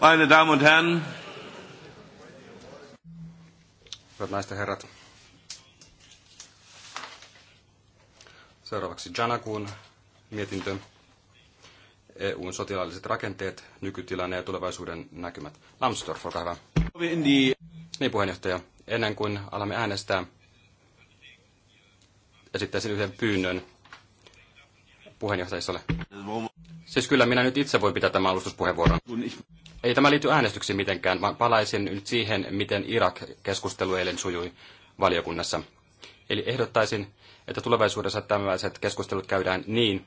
Meine Damen und Herren. Hyvät naiset ja herrat. Seuraavaksi Janakuun mietintö. EUn sotilaalliset rakenteet, nykytilanne ja tulevaisuuden näkymät. Lambsdorff, olkaa hyvä. Niin puheenjohtaja, ennen kuin alamme äänestää, esittäisin yhden pyynnön puheenjohtajissa ole. Siis kyllä minä nyt itse voin pitää tämän alustuspuheenvuoron. Ei tämä liity äänestyksiin mitenkään, vaan palaisin nyt siihen, miten Irak-keskustelu eilen sujui valiokunnassa. Eli ehdottaisin, että tulevaisuudessa tämmöiset keskustelut käydään niin,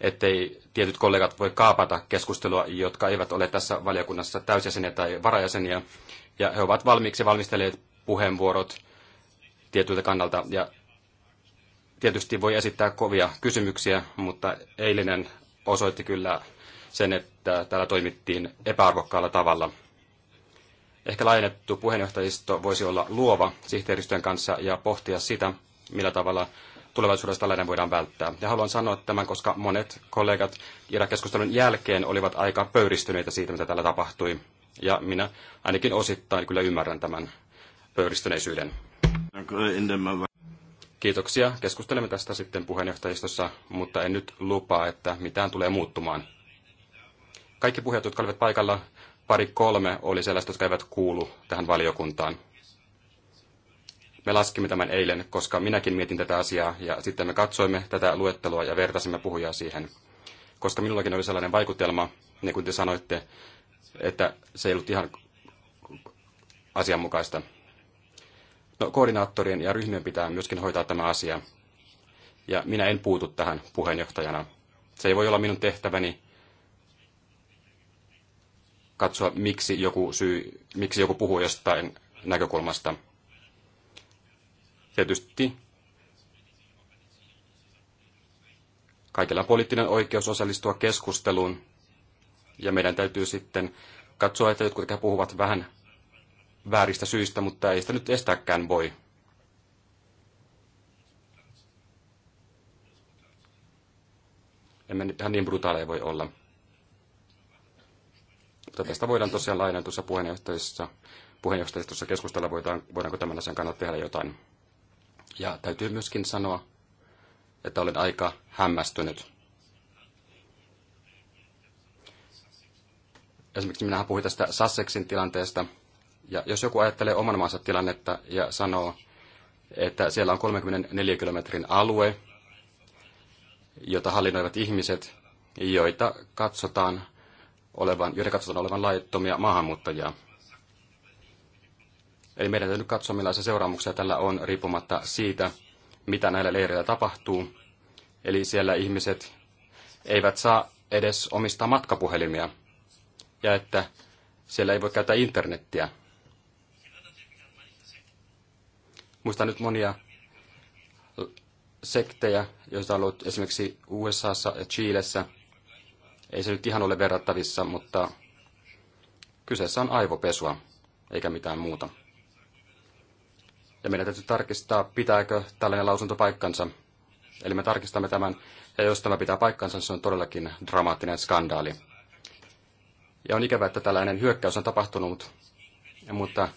ettei tietyt kollegat voi kaapata keskustelua, jotka eivät ole tässä valiokunnassa täysjäseniä tai varajäseniä, ja he ovat valmiiksi valmistelleet puheenvuorot tietyltä kannalta, ja tietysti voi esittää kovia kysymyksiä, mutta eilinen osoitti kyllä sen, että täällä toimittiin epäarvokkaalla tavalla. Ehkä laajennettu puheenjohtajisto voisi olla luova sihteeristön kanssa ja pohtia sitä, millä tavalla tulevaisuudessa tällainen voidaan välttää. Ja haluan sanoa tämän, koska monet kollegat Irak-keskustelun jälkeen olivat aika pöyristyneitä siitä, mitä täällä tapahtui. Ja minä ainakin osittain kyllä ymmärrän tämän pöyristyneisyyden. Kiitoksia. Keskustelemme tästä sitten puheenjohtajistossa, mutta en nyt lupaa, että mitään tulee muuttumaan. Kaikki puheet, jotka olivat paikalla, pari kolme oli sellaista, jotka eivät kuulu tähän valiokuntaan. Me laskimme tämän eilen, koska minäkin mietin tätä asiaa, ja sitten me katsoimme tätä luettelua ja vertasimme puhujaa siihen. Koska minullakin oli sellainen vaikutelma, niin kuin te sanoitte, että se ei ollut ihan asianmukaista. No, koordinaattorien ja ryhmien pitää myöskin hoitaa tämä asia. Ja minä en puutu tähän puheenjohtajana. Se ei voi olla minun tehtäväni katsoa, miksi joku, syy, miksi joku puhuu jostain näkökulmasta. Tietysti kaikilla on poliittinen oikeus osallistua keskusteluun, ja meidän täytyy sitten katsoa, että jotkut, jotka puhuvat vähän vääristä syistä, mutta ei sitä nyt estääkään voi. Emme ihan niin brutaaleja voi olla. Mutta tästä voidaan tosiaan lainaa tuossa puheenjohtajassa, puheenjohtajistossa keskustella, voidaan, voidaanko tämän asian kannalta tehdä jotain. Ja täytyy myöskin sanoa, että olen aika hämmästynyt. Esimerkiksi minä puhuin tästä Sasseksin tilanteesta, ja jos joku ajattelee oman maansa tilannetta ja sanoo, että siellä on 34 kilometrin alue, jota hallinnoivat ihmiset, joita katsotaan olevan, joiden katsotaan olevan laittomia maahanmuuttajia. Eli meidän täytyy katsoa, millaisia seuraamuksia tällä on, riippumatta siitä, mitä näillä leireillä tapahtuu. Eli siellä ihmiset eivät saa edes omistaa matkapuhelimia ja että siellä ei voi käyttää internettiä. muistan nyt monia sektejä, joita on ollut esimerkiksi USAssa ja Chiilessä. Ei se nyt ihan ole verrattavissa, mutta kyseessä on aivopesua, eikä mitään muuta. Ja meidän täytyy tarkistaa, pitääkö tällainen lausunto paikkansa. Eli me tarkistamme tämän, ja jos tämä pitää paikkansa, se on todellakin dramaattinen skandaali. Ja on ikävä, että tällainen hyökkäys on tapahtunut, mutta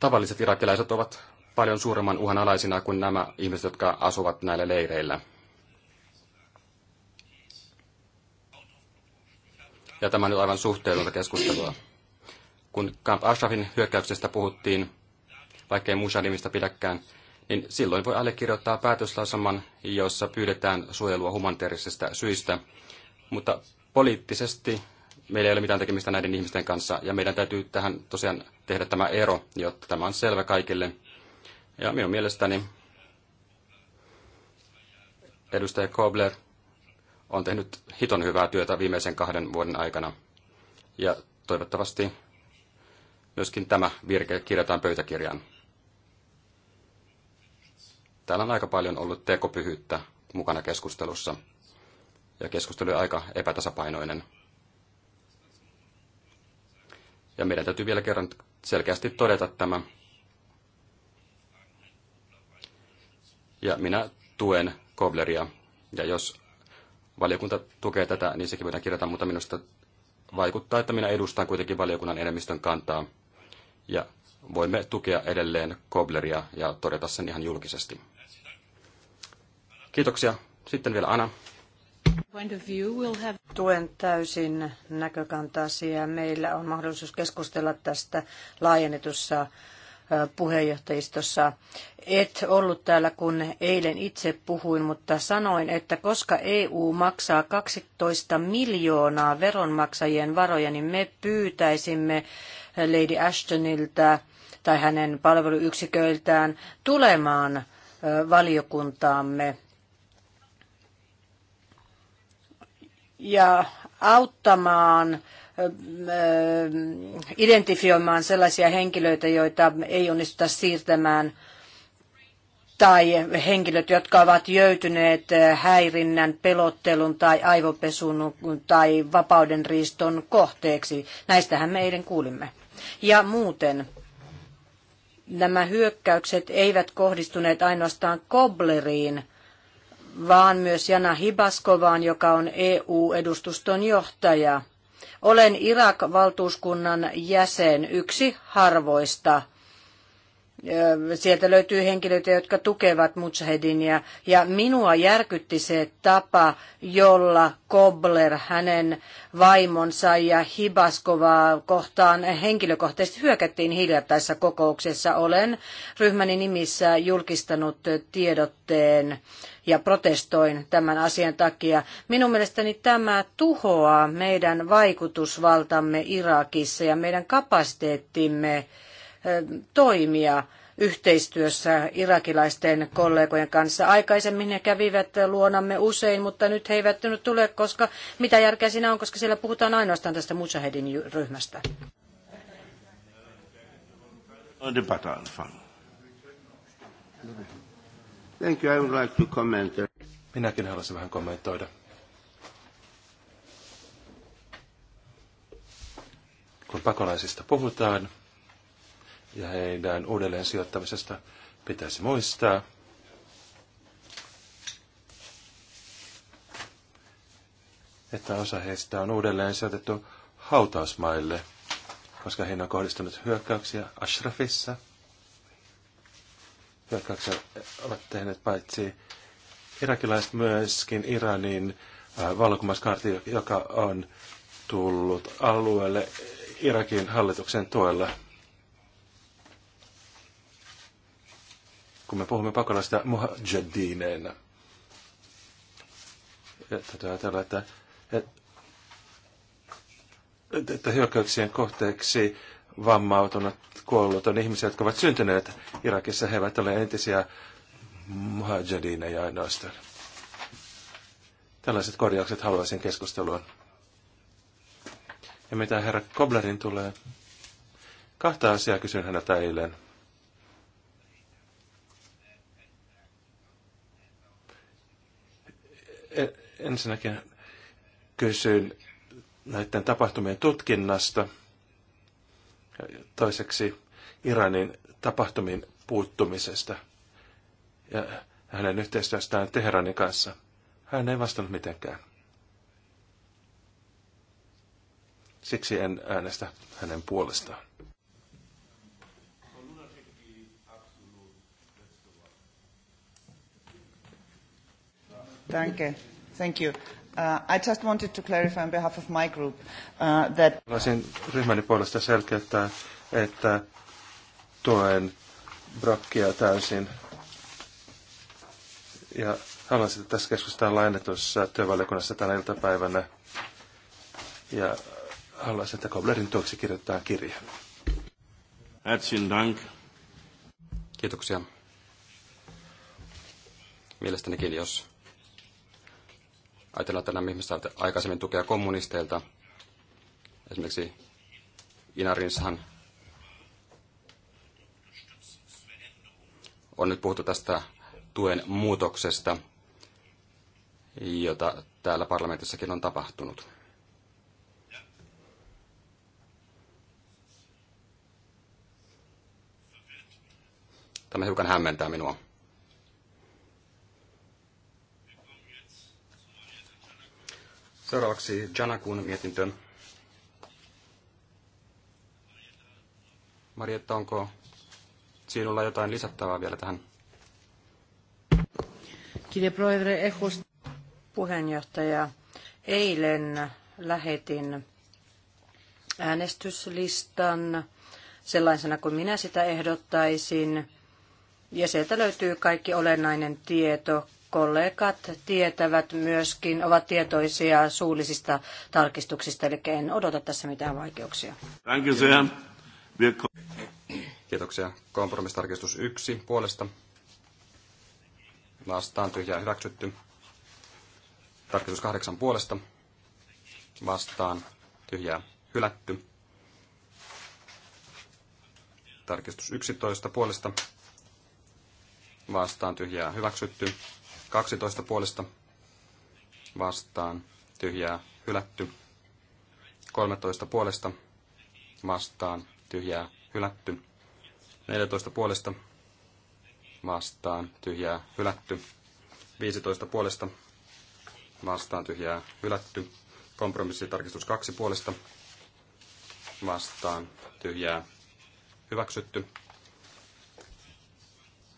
tavalliset irakilaiset ovat paljon suuremman uhan alaisina kuin nämä ihmiset, jotka asuvat näillä leireillä. Ja tämä on nyt aivan suhteellista keskustelua. Kun Camp Ashrafin hyökkäyksestä puhuttiin, vaikkei Mushadimista pidäkään, niin silloin voi allekirjoittaa päätöslausaman, jossa pyydetään suojelua humanitaarisista syistä, mutta poliittisesti meillä ei ole mitään tekemistä näiden ihmisten kanssa, ja meidän täytyy tähän tosiaan tehdä tämä ero, jotta tämä on selvä kaikille. Ja minun mielestäni edustaja Kobler on tehnyt hiton hyvää työtä viimeisen kahden vuoden aikana. Ja toivottavasti myöskin tämä virke kirjataan pöytäkirjaan. Täällä on aika paljon ollut tekopyhyyttä mukana keskustelussa, ja keskustelu on aika epätasapainoinen – ja meidän täytyy vielä kerran selkeästi todeta tämä. Ja minä tuen Kobleria. Ja jos valiokunta tukee tätä, niin sekin voidaan kirjata, mutta minusta vaikuttaa, että minä edustan kuitenkin valiokunnan enemmistön kantaa. Ja voimme tukea edelleen Kobleria ja todeta sen ihan julkisesti. Kiitoksia. Sitten vielä Ana. Point of view, we'll have... Tuen täysin näkökantaasi ja meillä on mahdollisuus keskustella tästä laajennetussa puheenjohtajistossa. Et ollut täällä, kun eilen itse puhuin, mutta sanoin, että koska EU maksaa 12 miljoonaa veronmaksajien varoja, niin me pyytäisimme Lady Ashtoniltä tai hänen palveluyksiköiltään tulemaan valiokuntaamme ja auttamaan identifioimaan sellaisia henkilöitä, joita ei onnistuta siirtämään tai henkilöt, jotka ovat joutuneet häirinnän, pelottelun tai aivopesun tai vapaudenriiston kohteeksi. Näistähän me eilen kuulimme. Ja muuten nämä hyökkäykset eivät kohdistuneet ainoastaan Kobleriin, vaan myös Jana Hibaskovaan, joka on EU-edustuston johtaja. Olen Irak-valtuuskunnan jäsen, yksi harvoista – Sieltä löytyy henkilöitä, jotka tukevat Mujahedinia. Ja minua järkytti se tapa, jolla Kobler, hänen vaimonsa ja Hibaskovaa kohtaan henkilökohtaisesti hyökättiin hiljattaessa kokouksessa. Olen ryhmäni nimissä julkistanut tiedotteen ja protestoin tämän asian takia. Minun mielestäni tämä tuhoaa meidän vaikutusvaltamme Irakissa ja meidän kapasiteettimme toimia yhteistyössä irakilaisten kollegojen kanssa. Aikaisemmin he kävivät luonamme usein, mutta nyt he eivät nyt tule, koska mitä järkeä siinä on, koska siellä puhutaan ainoastaan tästä Mujahedin ryhmästä. Thank you. I would like to comment. Minäkin haluaisin vähän kommentoida. Kun pakolaisista puhutaan, ja heidän uudelleen sijoittamisesta pitäisi muistaa. että osa heistä on uudelleen sijoitettu hautausmaille, koska heihin on kohdistunut hyökkäyksiä Ashrafissa. Hyökkäyksiä ovat tehneet paitsi irakilaiset myöskin Iranin äh, valokumaskartti, joka on tullut alueelle Irakin hallituksen tuella. kun me puhumme pakolaista muhajadineina. Täytyy ajatella, että, että, että hyökkäyksien kohteeksi vammautunut, kuollut on ihmisiä, jotka ovat syntyneet Irakissa. He eivät ole entisiä muhajadineja ainoastaan. Tällaiset korjaukset haluaisin keskusteluun. Ja mitä herra Koblerin tulee? Kahta asiaa kysyn häneltä eilen. ensinnäkin kysyin näiden tapahtumien tutkinnasta. Toiseksi Iranin tapahtumiin puuttumisesta ja hänen yhteistyöstään Teheranin kanssa. Hän ei vastannut mitenkään. Siksi en äänestä hänen puolestaan. Danke. Thank you. Uh, I just wanted to clarify on behalf of my group uh, that... Haluaisin ryhmäni puolesta selkeyttää, että tuen Brokkia täysin. Ja haluan että tässä keskustellaan laajennetussa työvaliokunnassa tänä iltapäivänä. Ja haluaisin, että Koblerin tuoksi kirjoittaa kirja. Herzlichen Dank. Kiitoksia. Mielestänikin, jos Ajatellaan, että nämä ihmiset saavat aikaisemmin tukea kommunisteilta. Esimerkiksi Inarinsahan on nyt puhuttu tästä tuen muutoksesta, jota täällä parlamentissakin on tapahtunut. Tämä hiukan hämmentää minua. Seuraavaksi Janakun mietintö. Marietta, onko sinulla jotain lisättävää vielä tähän? Puheenjohtaja, eilen lähetin äänestyslistan sellaisena kuin minä sitä ehdottaisin. Ja sieltä löytyy kaikki olennainen tieto kollegat tietävät myöskin, ovat tietoisia suullisista tarkistuksista, eli en odota tässä mitään vaikeuksia. Kiitoksia. Kompromistarkistus yksi puolesta. Vastaan tyhjää hyväksytty. Tarkistus kahdeksan puolesta. Vastaan tyhjää hylätty. Tarkistus 11 puolesta. Vastaan tyhjää hyväksytty. 12 puolesta vastaan tyhjää hylätty. 13 puolesta vastaan tyhjää hylätty. 14 puolesta vastaan tyhjää hylätty. 15 puolesta vastaan tyhjää hylätty. Kompromissitarkistus 2 puolesta vastaan tyhjää hyväksytty.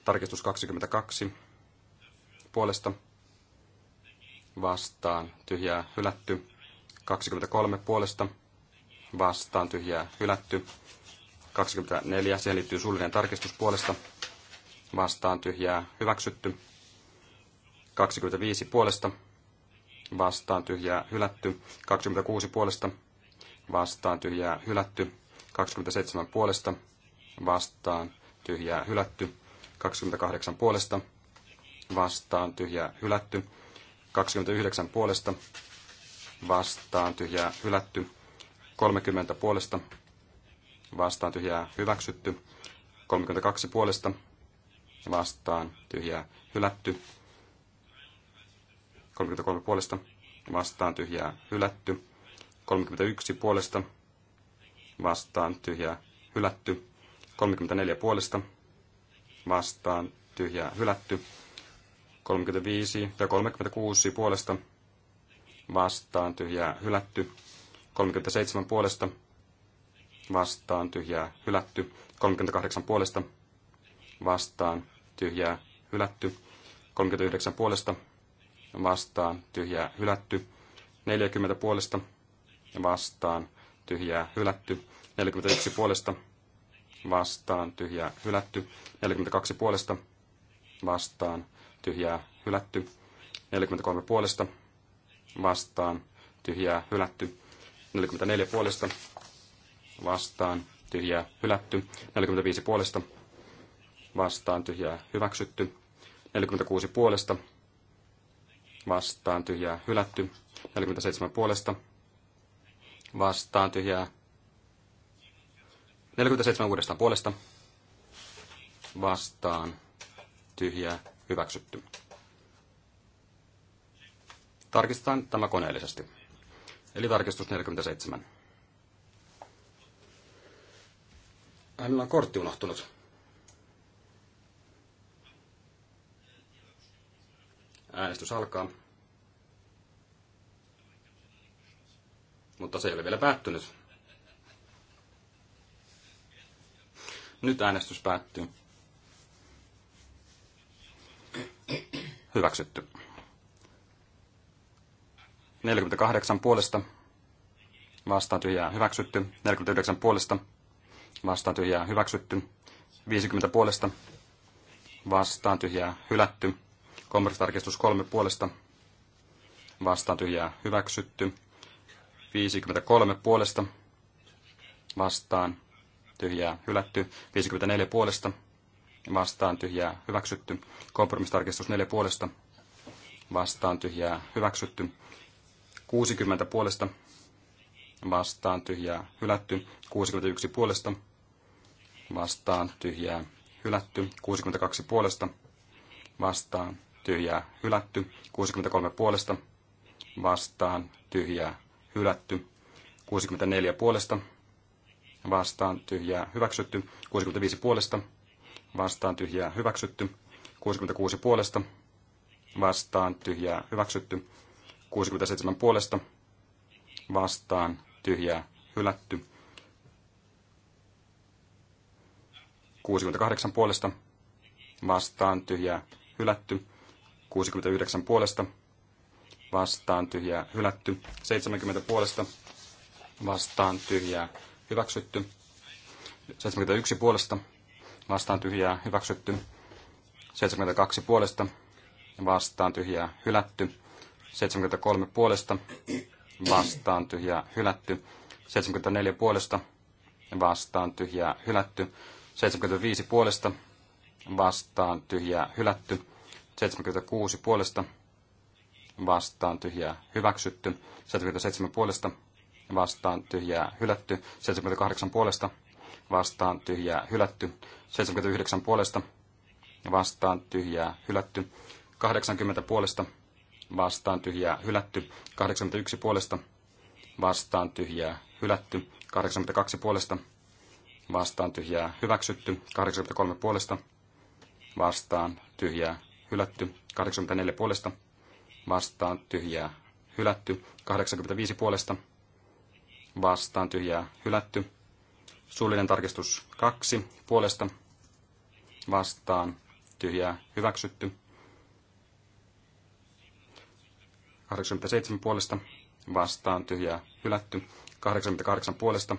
Tarkistus 22 puolesta vastaan tyhjää hylätty. 23 puolesta vastaan tyhjää hylätty. 24, siihen liittyy suullinen tarkistus puolesta vastaan tyhjää hyväksytty. 25 puolesta vastaan tyhjää hylätty. 26 puolesta vastaan tyhjää hylätty. 27 puolesta vastaan tyhjää hylätty. 28 puolesta vastaan tyhjää hylätty. 29 puolesta vastaan tyhjää hylätty. 30 puolesta vastaan tyhjää hyväksytty. 32 puolesta vastaan tyhjää hylätty. 33 puolesta vastaan tyhjää hylätty. 31 puolesta vastaan tyhjää hylätty. 34 puolesta vastaan tyhjää hylätty. 35 ja 36 puolesta vastaan tyhjää hylätty. 37 puolesta vastaan tyhjää hylätty. 38 puolesta vastaan tyhjää hylätty. 39 puolesta vastaan tyhjää hylätty. 40 puolesta vastaan tyhjää hylätty. 41 puolesta vastaan tyhjää hylätty. 42 puolesta vastaan tyhjää tyhjää hylätty. 43 puolesta vastaan tyhjää hylätty. 44 puolesta vastaan tyhjää hylätty. 45 puolesta vastaan tyhjää hyväksytty. 46 puolesta vastaan tyhjää hylätty. 47 puolesta vastaan tyhjää. 47 uudestaan puolesta vastaan tyhjää hyväksytty. Tarkistetaan tämä koneellisesti. Eli tarkistus 47. Hänellä on kortti unohtunut. Äänestys alkaa. Mutta se ei ole vielä päättynyt. Nyt äänestys päättyy. Hyväksytty. 48 puolesta vastaan tyhjää hyväksytty. 49 puolesta vastaan tyhjää hyväksytty. 50 puolesta vastaan tyhjää hylätty. Kommerstarkistus 3 puolesta vastaan tyhjää hyväksytty. 53 puolesta vastaan tyhjää hylätty. 54 puolesta vastaan tyhjää hyväksytty. Kompromistarkistus 4 puolesta vastaan tyhjää hyväksytty. 60 puolesta vastaan tyhjää hylätty. 61 puolesta vastaan tyhjää hylätty. 62 puolesta vastaan tyhjää hylätty. 63 puolesta vastaan tyhjää hylätty. 64 puolesta vastaan tyhjää hyväksytty. 65 puolesta vastaan, vastaan tyhjää hyväksytty. 66 puolesta vastaan tyhjää hyväksytty. 67 puolesta vastaan tyhjää hylätty. 68 puolesta vastaan tyhjää hylätty. 69 puolesta vastaan tyhjää hylätty. 70 puolesta vastaan tyhjää hyväksytty. 71 puolesta vastaan tyhjää hyväksytty. 72 puolesta vastaan tyhjää hylätty. 73 puolesta vastaan tyhjää hylätty. 74 puolesta vastaan tyhjää hylätty. 75 puolesta vastaan tyhjää hylätty. 76 puolesta vastaan tyhjää hyväksytty. 77 puolesta vastaan tyhjää hylätty. 78 puolesta vastaan tyhjää hylätty. 79 puolesta vastaan tyhjää hylätty. 80 puolesta vastaan tyhjää hylätty. 81 puolesta vastaan tyhjää hylätty. 82 puolesta vastaan tyhjää hyväksytty. 83 puolesta vastaan tyhjää hylätty. 84 puolesta vastaan tyhjää hylätty. 85 puolesta vastaan tyhjää hylätty. Suullinen tarkistus 2 puolesta vastaan tyhjää hyväksytty. 87 puolesta vastaan tyhjää hylätty. 88 puolesta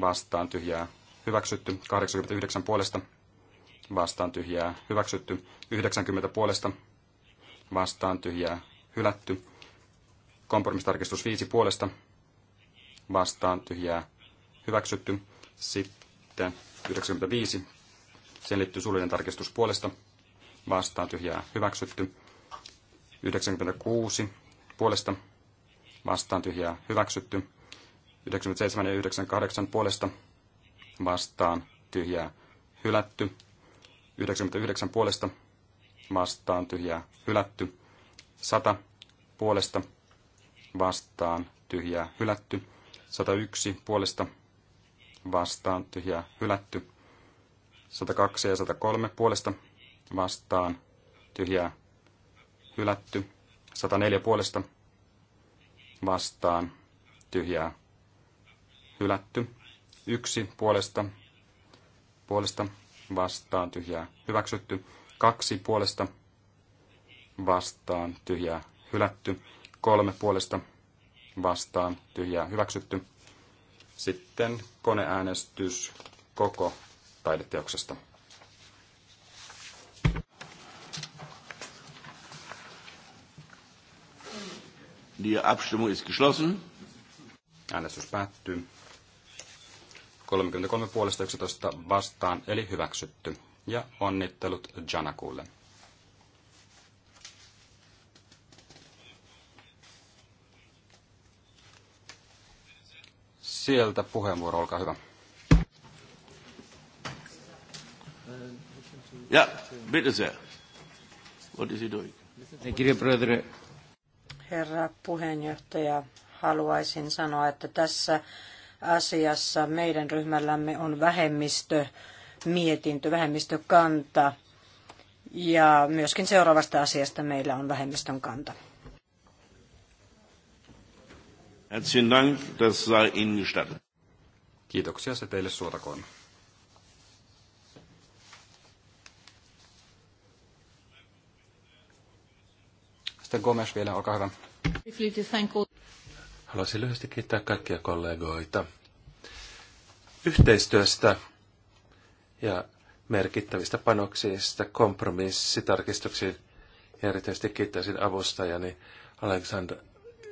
vastaan tyhjää hyväksytty. 89 puolesta vastaan tyhjää hyväksytty. 90 puolesta vastaan tyhjää hylätty. Kompromistarkistus 5 puolesta vastaan tyhjää hyväksytty. Sitten 95, sen liittyy suullinen tarkistus puolesta, vastaan tyhjää hyväksytty. 96 puolesta, vastaan tyhjää hyväksytty. 97 ja 98 puolesta, vastaan tyhjää hylätty. 99 puolesta, vastaan tyhjää hylätty. 100 puolesta, vastaan tyhjää hylätty. 101 puolesta, vastaan tyhjää hylätty. 102 ja 103 puolesta vastaan tyhjää hylätty. 104 puolesta vastaan tyhjää hylätty. 1 puolesta, puolesta vastaan tyhjää hyväksytty. 2 puolesta vastaan tyhjää hylätty. 3 puolesta vastaan tyhjää hyväksytty. Sitten koneäänestys koko taideteoksesta. Die Abstimmung ist geschlossen. Äänestys päättyy. 33 puolesta 11 vastaan, eli hyväksytty. Ja onnittelut Janakulle. sieltä puheenvuoro, olkaa hyvä. Ja, bitte sehr. What is he doing? Herra puheenjohtaja, haluaisin sanoa, että tässä asiassa meidän ryhmällämme on vähemmistö mietintö, vähemmistökanta ja myöskin seuraavasta asiasta meillä on vähemmistön kanta. Herzlichen Dank, das sei Ihnen gestattet. Kiitoksia se teille suotakoon. Sitten Gomes vielä, olkaa hyvä. Haluaisin lyhyesti kiittää kaikkia kollegoita yhteistyöstä ja merkittävistä panoksista kompromissitarkistuksiin. Ja erityisesti kiittäisin avustajani Alexander.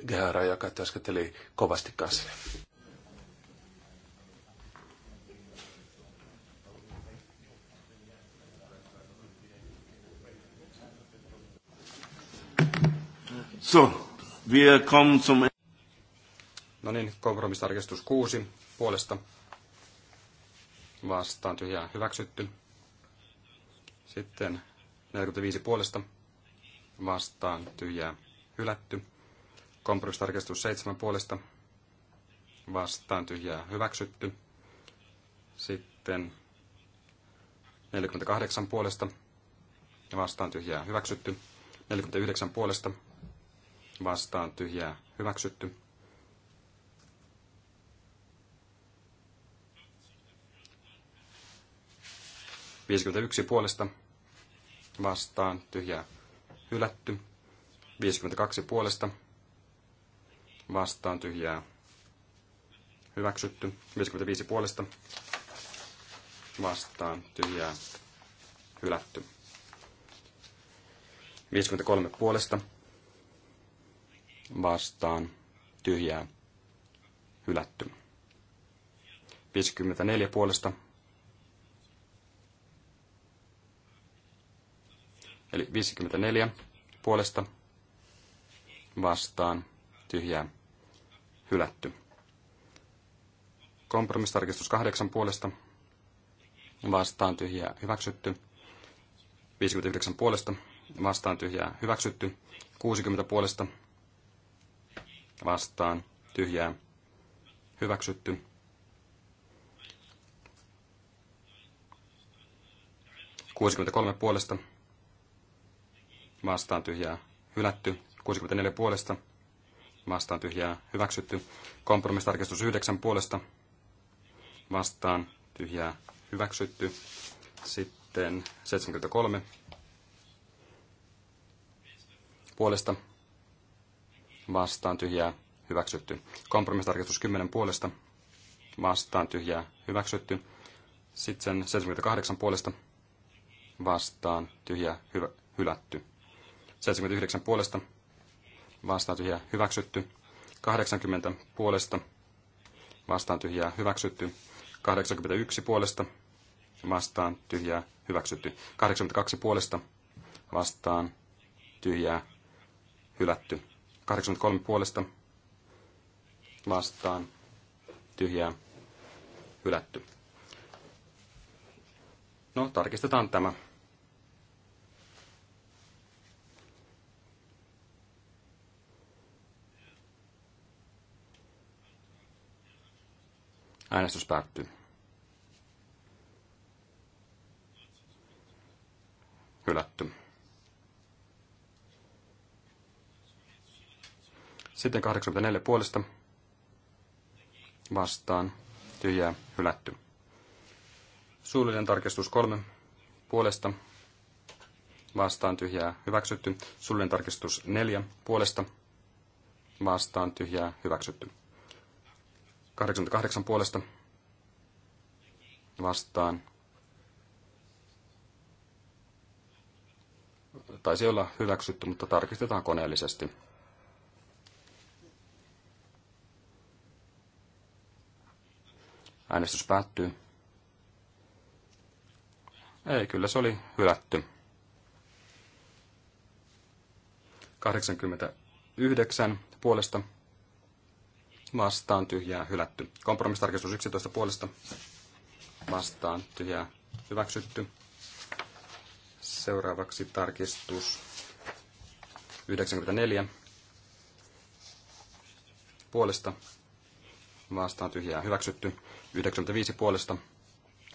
Gehara, joka työskenteli kovasti kanssani. So, wir kommen zum... No niin, kompromistarkistus 6 puolesta vastaan tyhjää hyväksytty. Sitten 45 puolesta vastaan tyhjää hylätty. Kompromistarkistus 7 puolesta vastaan tyhjää hyväksytty. Sitten 48 puolesta vastaan tyhjää hyväksytty. 49 puolesta vastaan tyhjää hyväksytty. Viisikymmentäyksi puolesta vastaan tyhjää hylätty. 52 puolesta vastaan tyhjää hyväksytty. 55 puolesta vastaan tyhjää hylätty. 53 puolesta vastaan tyhjää hylätty. 54 puolesta eli 54 puolesta vastaan tyhjää hylätty. Kompromissitarkistus kahdeksan puolesta vastaan tyhjää hyväksytty. 59 puolesta vastaan tyhjää hyväksytty. 60 puolesta vastaan tyhjää hyväksytty. Kuusikymmentäkolme puolesta vastaan tyhjää hylätty. 64 puolesta vastaan tyhjää hyväksytty. Kompromistarkistus 9 puolesta vastaan tyhjää hyväksytty. Sitten 73 puolesta vastaan tyhjää hyväksytty. Kompromistarkistus 10 puolesta vastaan tyhjää hyväksytty. Sitten 78 puolesta vastaan tyhjää hyvä, hylätty. 79 puolesta vastaan tyhjää hyväksytty. 80 puolesta vastaan tyhjää hyväksytty. 81 puolesta vastaan tyhjää hyväksytty. 82 puolesta vastaan tyhjää hylätty. 83 puolesta vastaan tyhjää hylätty. No, tarkistetaan tämä. Äänestys päättyy. Hylätty. Sitten 84 puolesta vastaan tyhjää hylätty. Suullinen tarkistus 3 puolesta vastaan tyhjää hyväksytty. Suullinen tarkistus 4 puolesta vastaan tyhjää hyväksytty. 88 puolesta vastaan. Taisi olla hyväksytty, mutta tarkistetaan koneellisesti. Äänestys päättyy. Ei, kyllä se oli hylätty. 89 puolesta vastaan tyhjää hylätty. Kompromistarkistus 11 puolesta vastaan tyhjää hyväksytty. Seuraavaksi tarkistus 94 puolesta vastaan tyhjää hyväksytty. 95 puolesta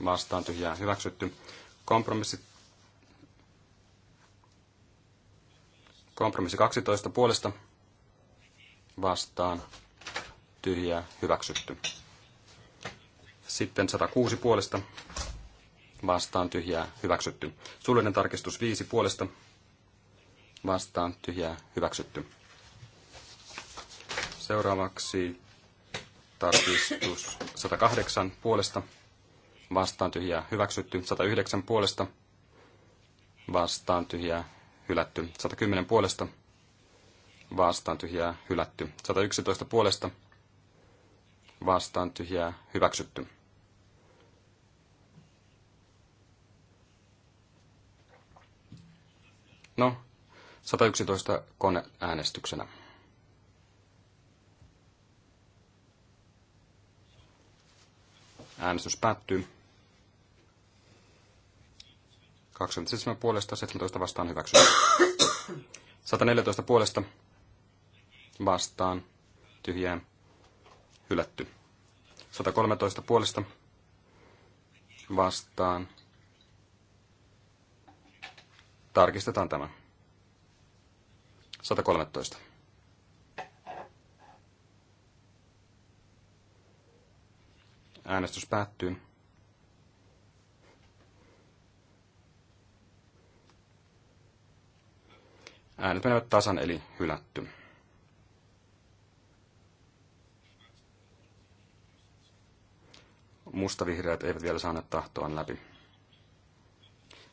vastaan tyhjää hyväksytty. Kompromissi, kompromissi 12 puolesta vastaan tyhjää hyväksytty. Sitten 106 puolesta vastaan tyhjää hyväksytty. Suullinen tarkistus 5 puolesta vastaan tyhjää hyväksytty. Seuraavaksi tarkistus 108 puolesta vastaan tyhjää hyväksytty. 109 puolesta vastaan tyhjää hylätty. 110 puolesta vastaan tyhjää hylätty. 111 puolesta vastaan tyhjää hyväksytty. No, 111 koneäänestyksenä. Äänestys päättyy. 27 puolesta, 17 vastaan hyväksytty. 114 puolesta vastaan tyhjää hylätty. 113 puolesta vastaan. Tarkistetaan tämä. 113. Äänestys päättyy. Äänet menevät tasan eli hylätty. mustavihreät eivät vielä saaneet tahtoaan läpi.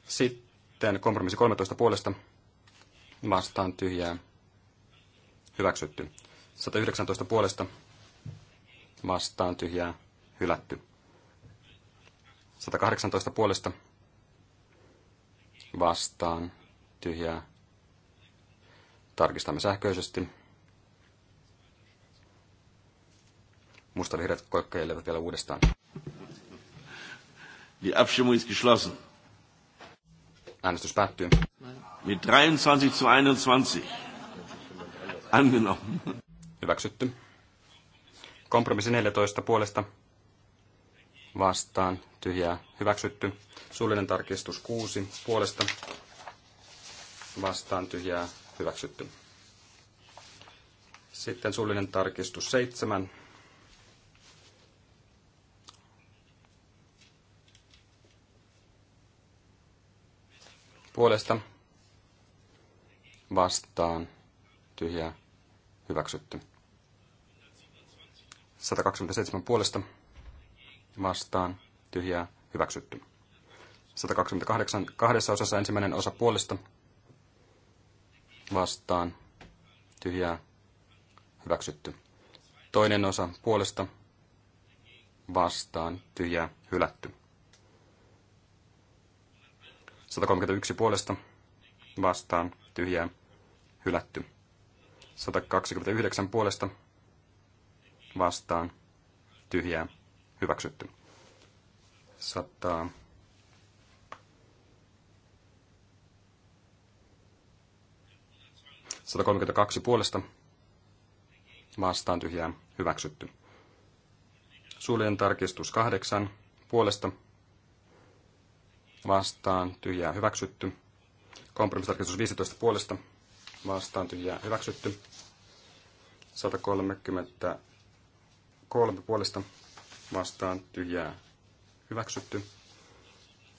Sitten kompromissi 13 puolesta vastaan tyhjää hyväksytty. 119 puolesta vastaan tyhjää hylätty. 118 puolesta vastaan tyhjää. Tarkistamme sähköisesti. Mustavihreät kokkeilevat vielä uudestaan. Die Abstimmung ist geschlossen. Äänestys päättyy. Mit 23 zu 21. Angenommen. Hyväksytty. Kompromissi 14 puolesta. Vastaan. Tyhjää. Hyväksytty. Suullinen tarkistus 6 puolesta. Vastaan. Tyhjää. Hyväksytty. Sitten suullinen tarkistus 7 puolesta vastaan tyhjää hyväksytty. 127 puolesta vastaan tyhjää hyväksytty. 128 kahdessa osassa ensimmäinen osa puolesta vastaan tyhjää hyväksytty. Toinen osa puolesta vastaan tyhjää hylätty. 131 puolesta vastaan tyhjää hylätty. 129 puolesta vastaan tyhjää hyväksytty. 100 132 puolesta vastaan tyhjää hyväksytty. Suljen tarkistus 8 puolesta vastaan tyhjää hyväksytty. Kompromissitarkistus 15 puolesta vastaan tyhjää hyväksytty. 133 puolesta vastaan tyhjää hyväksytty.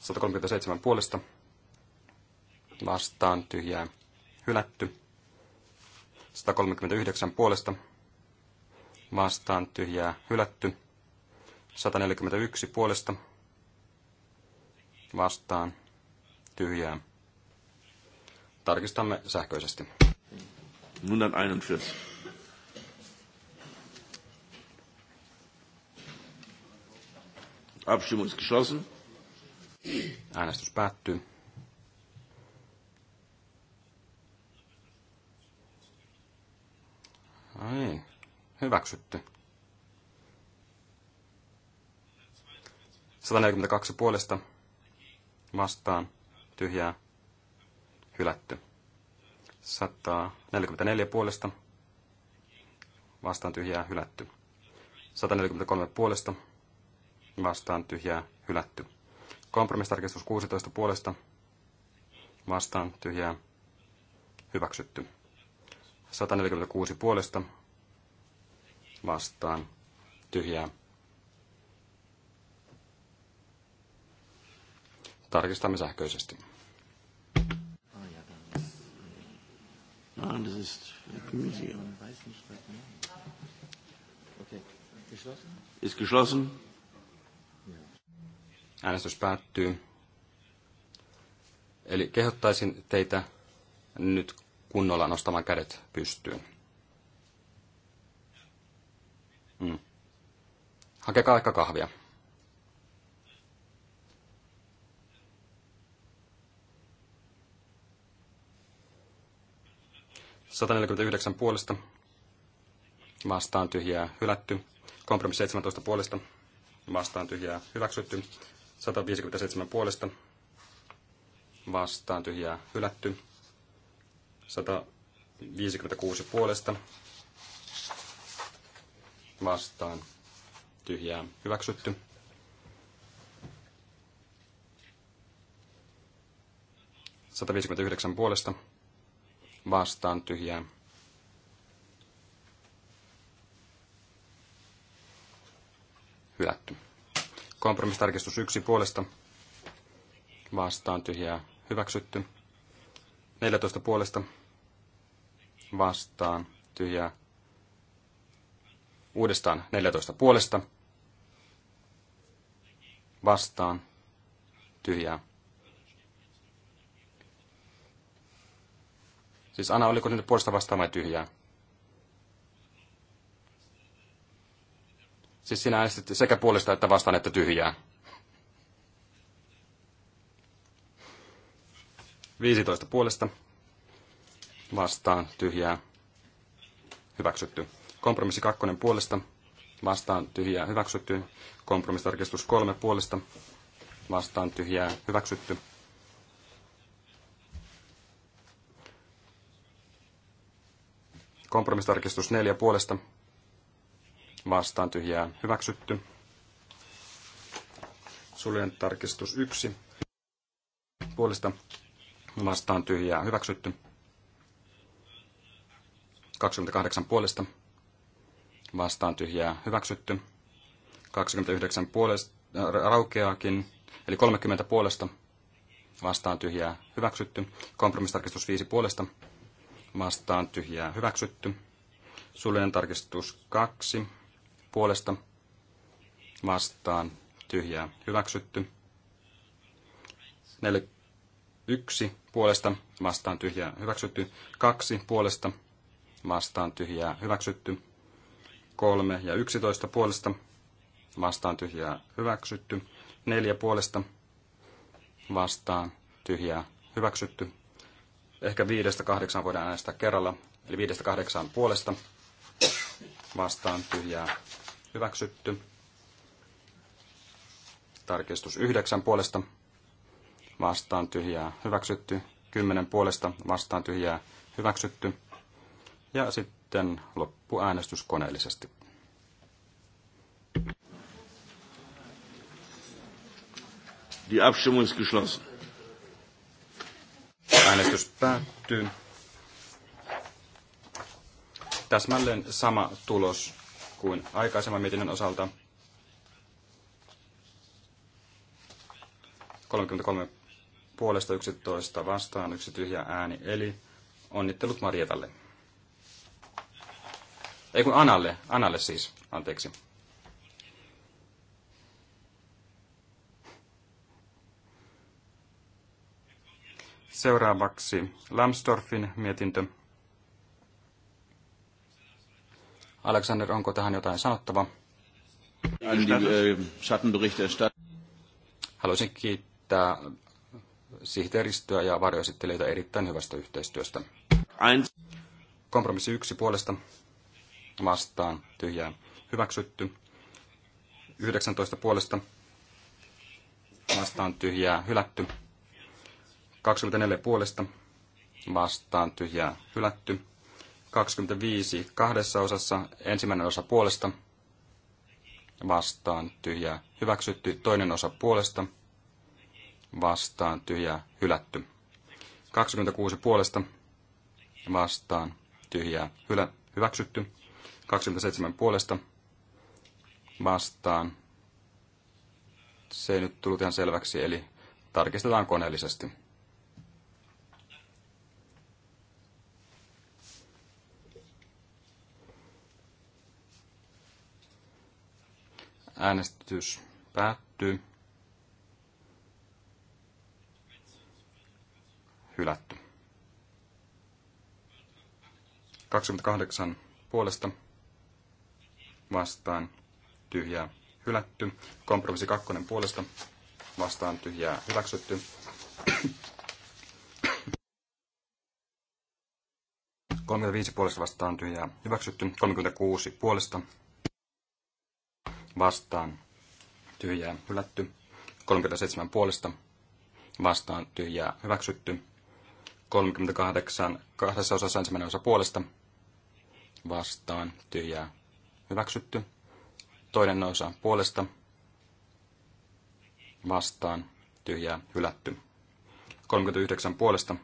137 puolesta vastaan tyhjää hylätty. 139 puolesta vastaan tyhjää hylätty. 141 puolesta vastaan, tyhjää. Tarkistamme sähköisesti. 141. Abstimmung ist geschlossen. Äänestys päättyy. Ai, niin, hyväksytty. 142 puolesta vastaan tyhjää hylätty. 144 puolesta vastaan tyhjää hylätty. 143 puolesta vastaan tyhjää hylätty. Kompromistarkistus 16 puolesta vastaan tyhjää hyväksytty. 146 puolesta vastaan tyhjää Tarkistamme sähköisesti. Ah, ah, Äänestys päättyy. Eli kehottaisin teitä nyt kunnolla nostamaan kädet pystyyn. Hmm. Hakekaa ehkä kahvia. 149 puolesta vastaan tyhjää hylätty. Kompromissi 17 puolesta vastaan tyhjää hyväksytty. 157 puolesta vastaan tyhjää hylätty. 156 puolesta vastaan tyhjää hyväksytty. Sataviisikymmentäyhdeksän puolesta vastaan tyhjää. Hylätty. Kompromistarkistus yksi puolesta vastaan tyhjää. Hyväksytty. 14 puolesta vastaan tyhjää. Uudestaan 14 puolesta vastaan tyhjää Siis Anna, oliko nyt puolesta vastaan vai tyhjää? Siis sinä äänestit sekä puolesta että vastaan että tyhjää. 15 puolesta vastaan tyhjää hyväksytty. Kompromissi 2 puolesta vastaan tyhjää hyväksytty. Kompromissitarkistus 3 puolesta vastaan tyhjää hyväksytty. Kompromistarkistus neljä puolesta vastaan tyhjää hyväksytty. Suljen tarkistus yksi puolesta vastaan tyhjää hyväksytty. 28 puolesta vastaan tyhjää hyväksytty. 29 puolesta äh, raukeakin, eli 30 puolesta vastaan tyhjää hyväksytty. Kompromistarkistus 5 puolesta vastaan tyhjää hyväksytty. Suljen tarkistus 2 puolesta vastaan tyhjää hyväksytty. neljä 1 puolesta vastaan tyhjää hyväksytty. 2 puolesta vastaan tyhjää hyväksytty. 3 ja 11 puolesta vastaan tyhjää hyväksytty. 4 puolesta vastaan tyhjää hyväksytty. Ehkä viidestä kahdeksaan voidaan äänestää kerralla, eli viidestä kahdeksaan puolesta vastaan tyhjää hyväksytty. Tarkistus yhdeksän puolesta vastaan tyhjää hyväksytty. Kymmenen puolesta vastaan tyhjää hyväksytty. Ja sitten äänestys koneellisesti. Die Abstimmung ist geschlossen. Äänestys päättyy. Täsmälleen sama tulos kuin aikaisemman mietinnön osalta. 33 puolesta 11 vastaan, yksi tyhjä ääni, eli onnittelut Marietalle. Ei kun Analle, Analle siis, anteeksi. Seuraavaksi Lambsdorffin mietintö. Alexander, onko tähän jotain sanottavaa? Äh, Haluaisin kiittää sihteeristöä ja varjoesittelijöitä erittäin hyvästä yhteistyöstä. Kompromissi yksi puolesta vastaan tyhjää hyväksytty. 19 puolesta vastaan tyhjää hylätty. 24 puolesta vastaan tyhjää hylätty. 25 kahdessa osassa ensimmäinen osa puolesta vastaan tyhjää hyväksytty, toinen osa puolesta vastaan tyhjää hylätty. 26 puolesta vastaan tyhjää hylä, hyväksytty. 27 puolesta vastaan. Se ei nyt tullut ihan selväksi, eli tarkistetaan koneellisesti. Äänestys päättyy. Hylätty. 28 puolesta vastaan tyhjää hylätty. Kompromissi 2 puolesta vastaan tyhjää hyväksytty. viisi puolesta vastaan tyhjää hyväksytty. 36 puolesta vastaan tyhjää hylätty. 37 puolesta vastaan tyhjää hyväksytty. 38 kahdessa osassa ensimmäinen osa puolesta vastaan tyhjää hyväksytty. Toinen osa puolesta vastaan tyhjää hylätty. 39 puolesta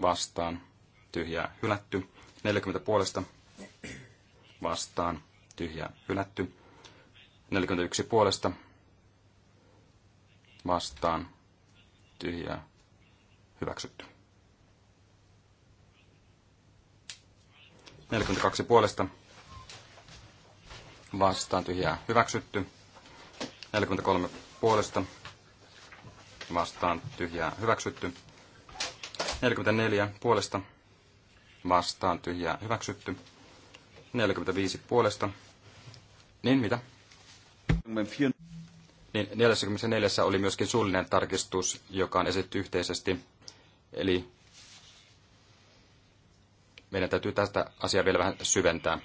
vastaan tyhjää hylätty. 40 puolesta vastaan tyhjää hylätty. 41 puolesta vastaan tyhjää hyväksytty. 42 puolesta vastaan tyhjää hyväksytty. 43 puolesta vastaan tyhjää hyväksytty. 44 puolesta vastaan tyhjää hyväksytty. 45 puolesta niin mitä? Niin 44 oli myöskin suullinen tarkistus, joka on esitetty yhteisesti. Eli meidän täytyy tästä asiaa vielä vähän syventää.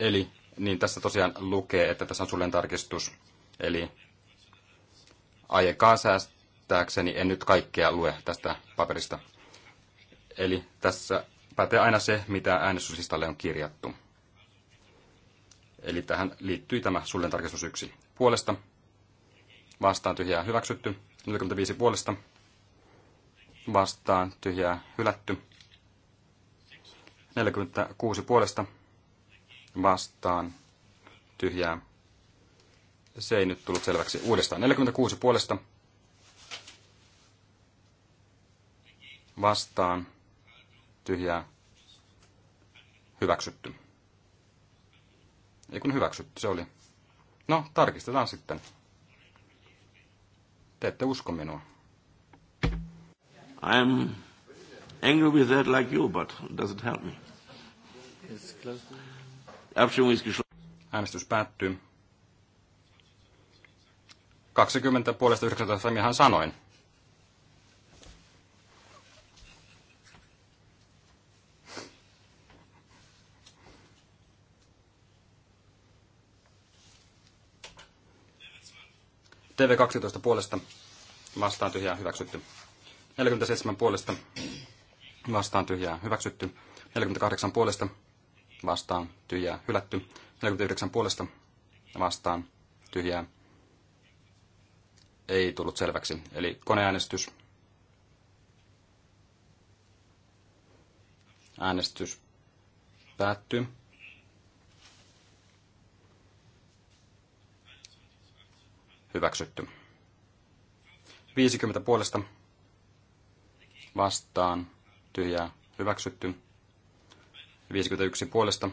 Eli niin tässä tosiaan lukee, että tässä on suullinen tarkistus. Eli aiekaan säästääkseni en nyt kaikkea lue tästä paperista. Eli tässä pätee aina se, mitä äänestyslistalle on kirjattu. Eli tähän liittyy tämä sullen tarkistus 1. Puolesta vastaan tyhjää hyväksytty. 45 puolesta vastaan tyhjää hylätty. 46 puolesta vastaan tyhjää. Se ei nyt tullut selväksi. Uudestaan 46 puolesta vastaan tyhjää hyväksytty. Ei kun hyväksytty se oli. No, tarkistetaan sitten. Te ette usko minua. I'm angry with that like you, but does it help me. Äänestys päättyy. 20 puolesta 19 minähän sanoin. TV12 puolesta vastaan tyhjää hyväksytty. 47 puolesta vastaan tyhjää hyväksytty. 48 puolesta vastaan tyhjää hylätty. 49 puolesta vastaan tyhjää ei tullut selväksi. Eli koneäänestys. Äänestys päättyy. Hyväksytty. 50 puolesta vastaan tyhjää hyväksytty. 51 puolesta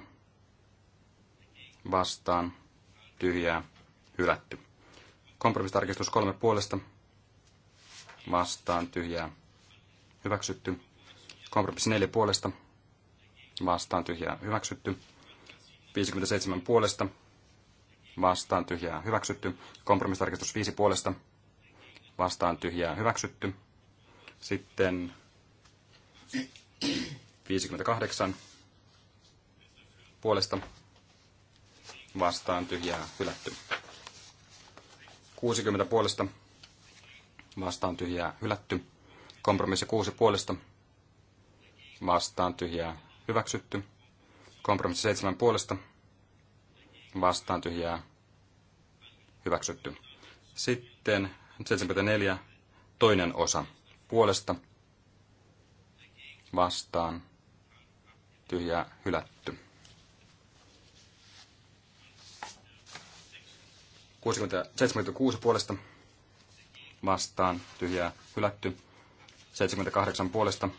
vastaan tyhjää hylätty. Kompromistarkistus kolme puolesta vastaan tyhjää hyväksytty. Kompromissi neljä puolesta vastaan tyhjää hyväksytty. 57 puolesta vastaan tyhjää hyväksytty. Kompromissitarkistus 5 puolesta vastaan tyhjää hyväksytty. Sitten 58 puolesta vastaan tyhjää hylätty. 60 puolesta vastaan tyhjää hylätty. Kompromissi 6 puolesta vastaan tyhjää hyväksytty. Kompromissi 7 puolesta vastaan tyhjää hyväksytty. Sitten 74 toinen osa puolesta vastaan tyhjää hylätty. 76 puolesta vastaan tyhjää hylätty. 78 puolesta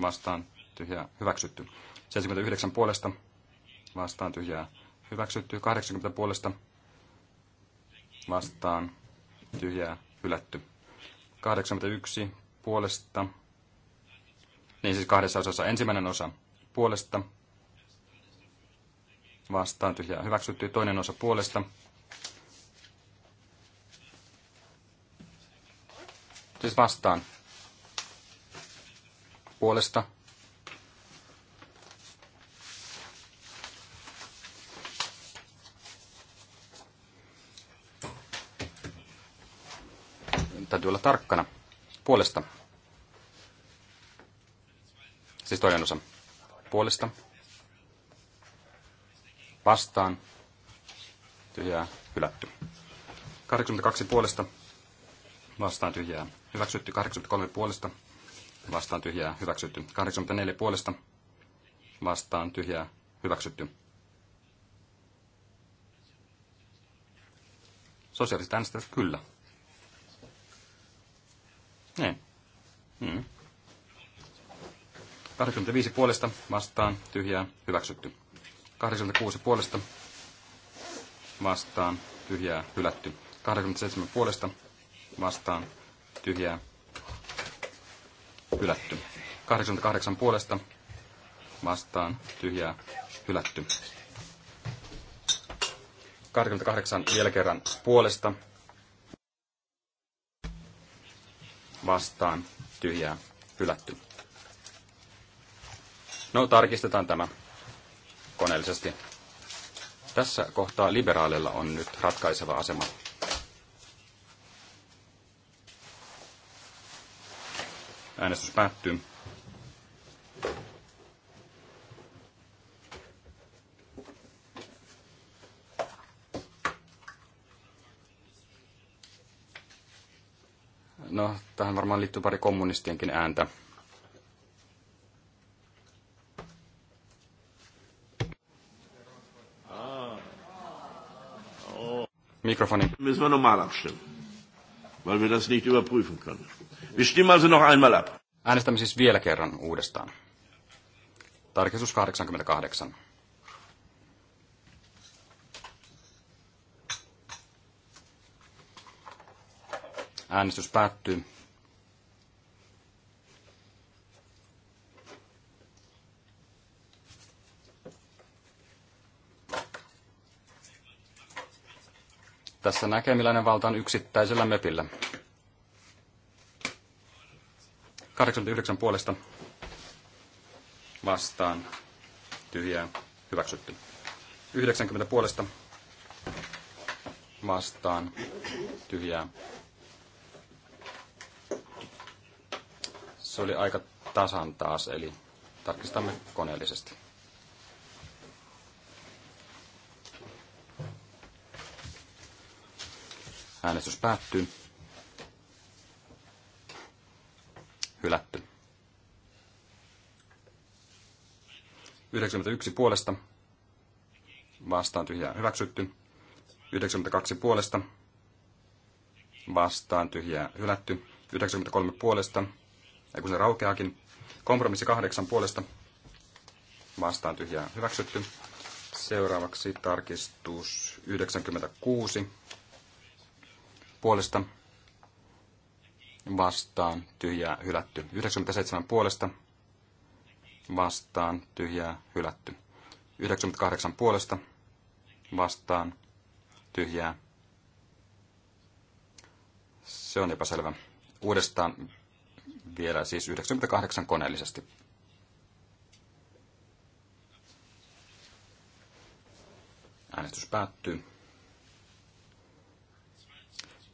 vastaan tyhjää hyväksytty. 79 puolesta vastaan tyhjää hyväksytty, 80 puolesta vastaan tyhjää hylätty. 81 puolesta, niin siis kahdessa osassa ensimmäinen osa puolesta vastaan tyhjää hyväksytty, toinen osa puolesta siis vastaan puolesta Täytyy olla tarkkana. Puolesta. Siis toinen osa. Puolesta. Vastaan. Tyhjää. Hylätty. 82 puolesta. Vastaan tyhjää. Hyväksytty. 83 puolesta. Vastaan tyhjää. Hyväksytty. 84 puolesta. Vastaan tyhjää. Hyväksytty. Sosiaaliset äänestävät kyllä. Niin. Mm. 25 puolesta vastaan tyhjää hyväksytty. 86 puolesta vastaan tyhjää hylätty. 87 puolesta vastaan tyhjää hylätty. 88 puolesta vastaan tyhjää hylätty. 88 vielä kerran puolesta vastaan tyhjää hylätty. No, tarkistetaan tämä koneellisesti. Tässä kohtaa liberaalilla on nyt ratkaiseva asema. Äänestys päättyy. Tähän varmaan liittyy pari kommunistienkin ääntä. Mikrofoni. Müssen wir nochmal abstimmen, weil wir das nicht überprüfen können. Wir stimmen also noch einmal ab. Äänestämme siis vielä kerran uudestaan. Tarkistus 88. Äänestys päättyy. Tässä näkee, millainen valta on yksittäisellä mepillä. 89 puolesta vastaan tyhjää hyväksytty. 90 puolesta vastaan tyhjää. Se oli aika tasan taas, eli tarkistamme koneellisesti. Äänestys päättyy. Hylätty. 91 puolesta. Vastaan tyhjää hyväksytty. 92 puolesta. Vastaan tyhjää hylätty. 93 puolesta. Ei kun se raukeakin. Kompromissi 8 puolesta. Vastaan tyhjää hyväksytty. Seuraavaksi tarkistus 96 puolesta vastaan tyhjää hylätty. 97 puolesta vastaan tyhjää hylätty. 98 puolesta vastaan tyhjää. Se on epäselvä. Uudestaan vielä siis 98 koneellisesti. Äänestys päättyy.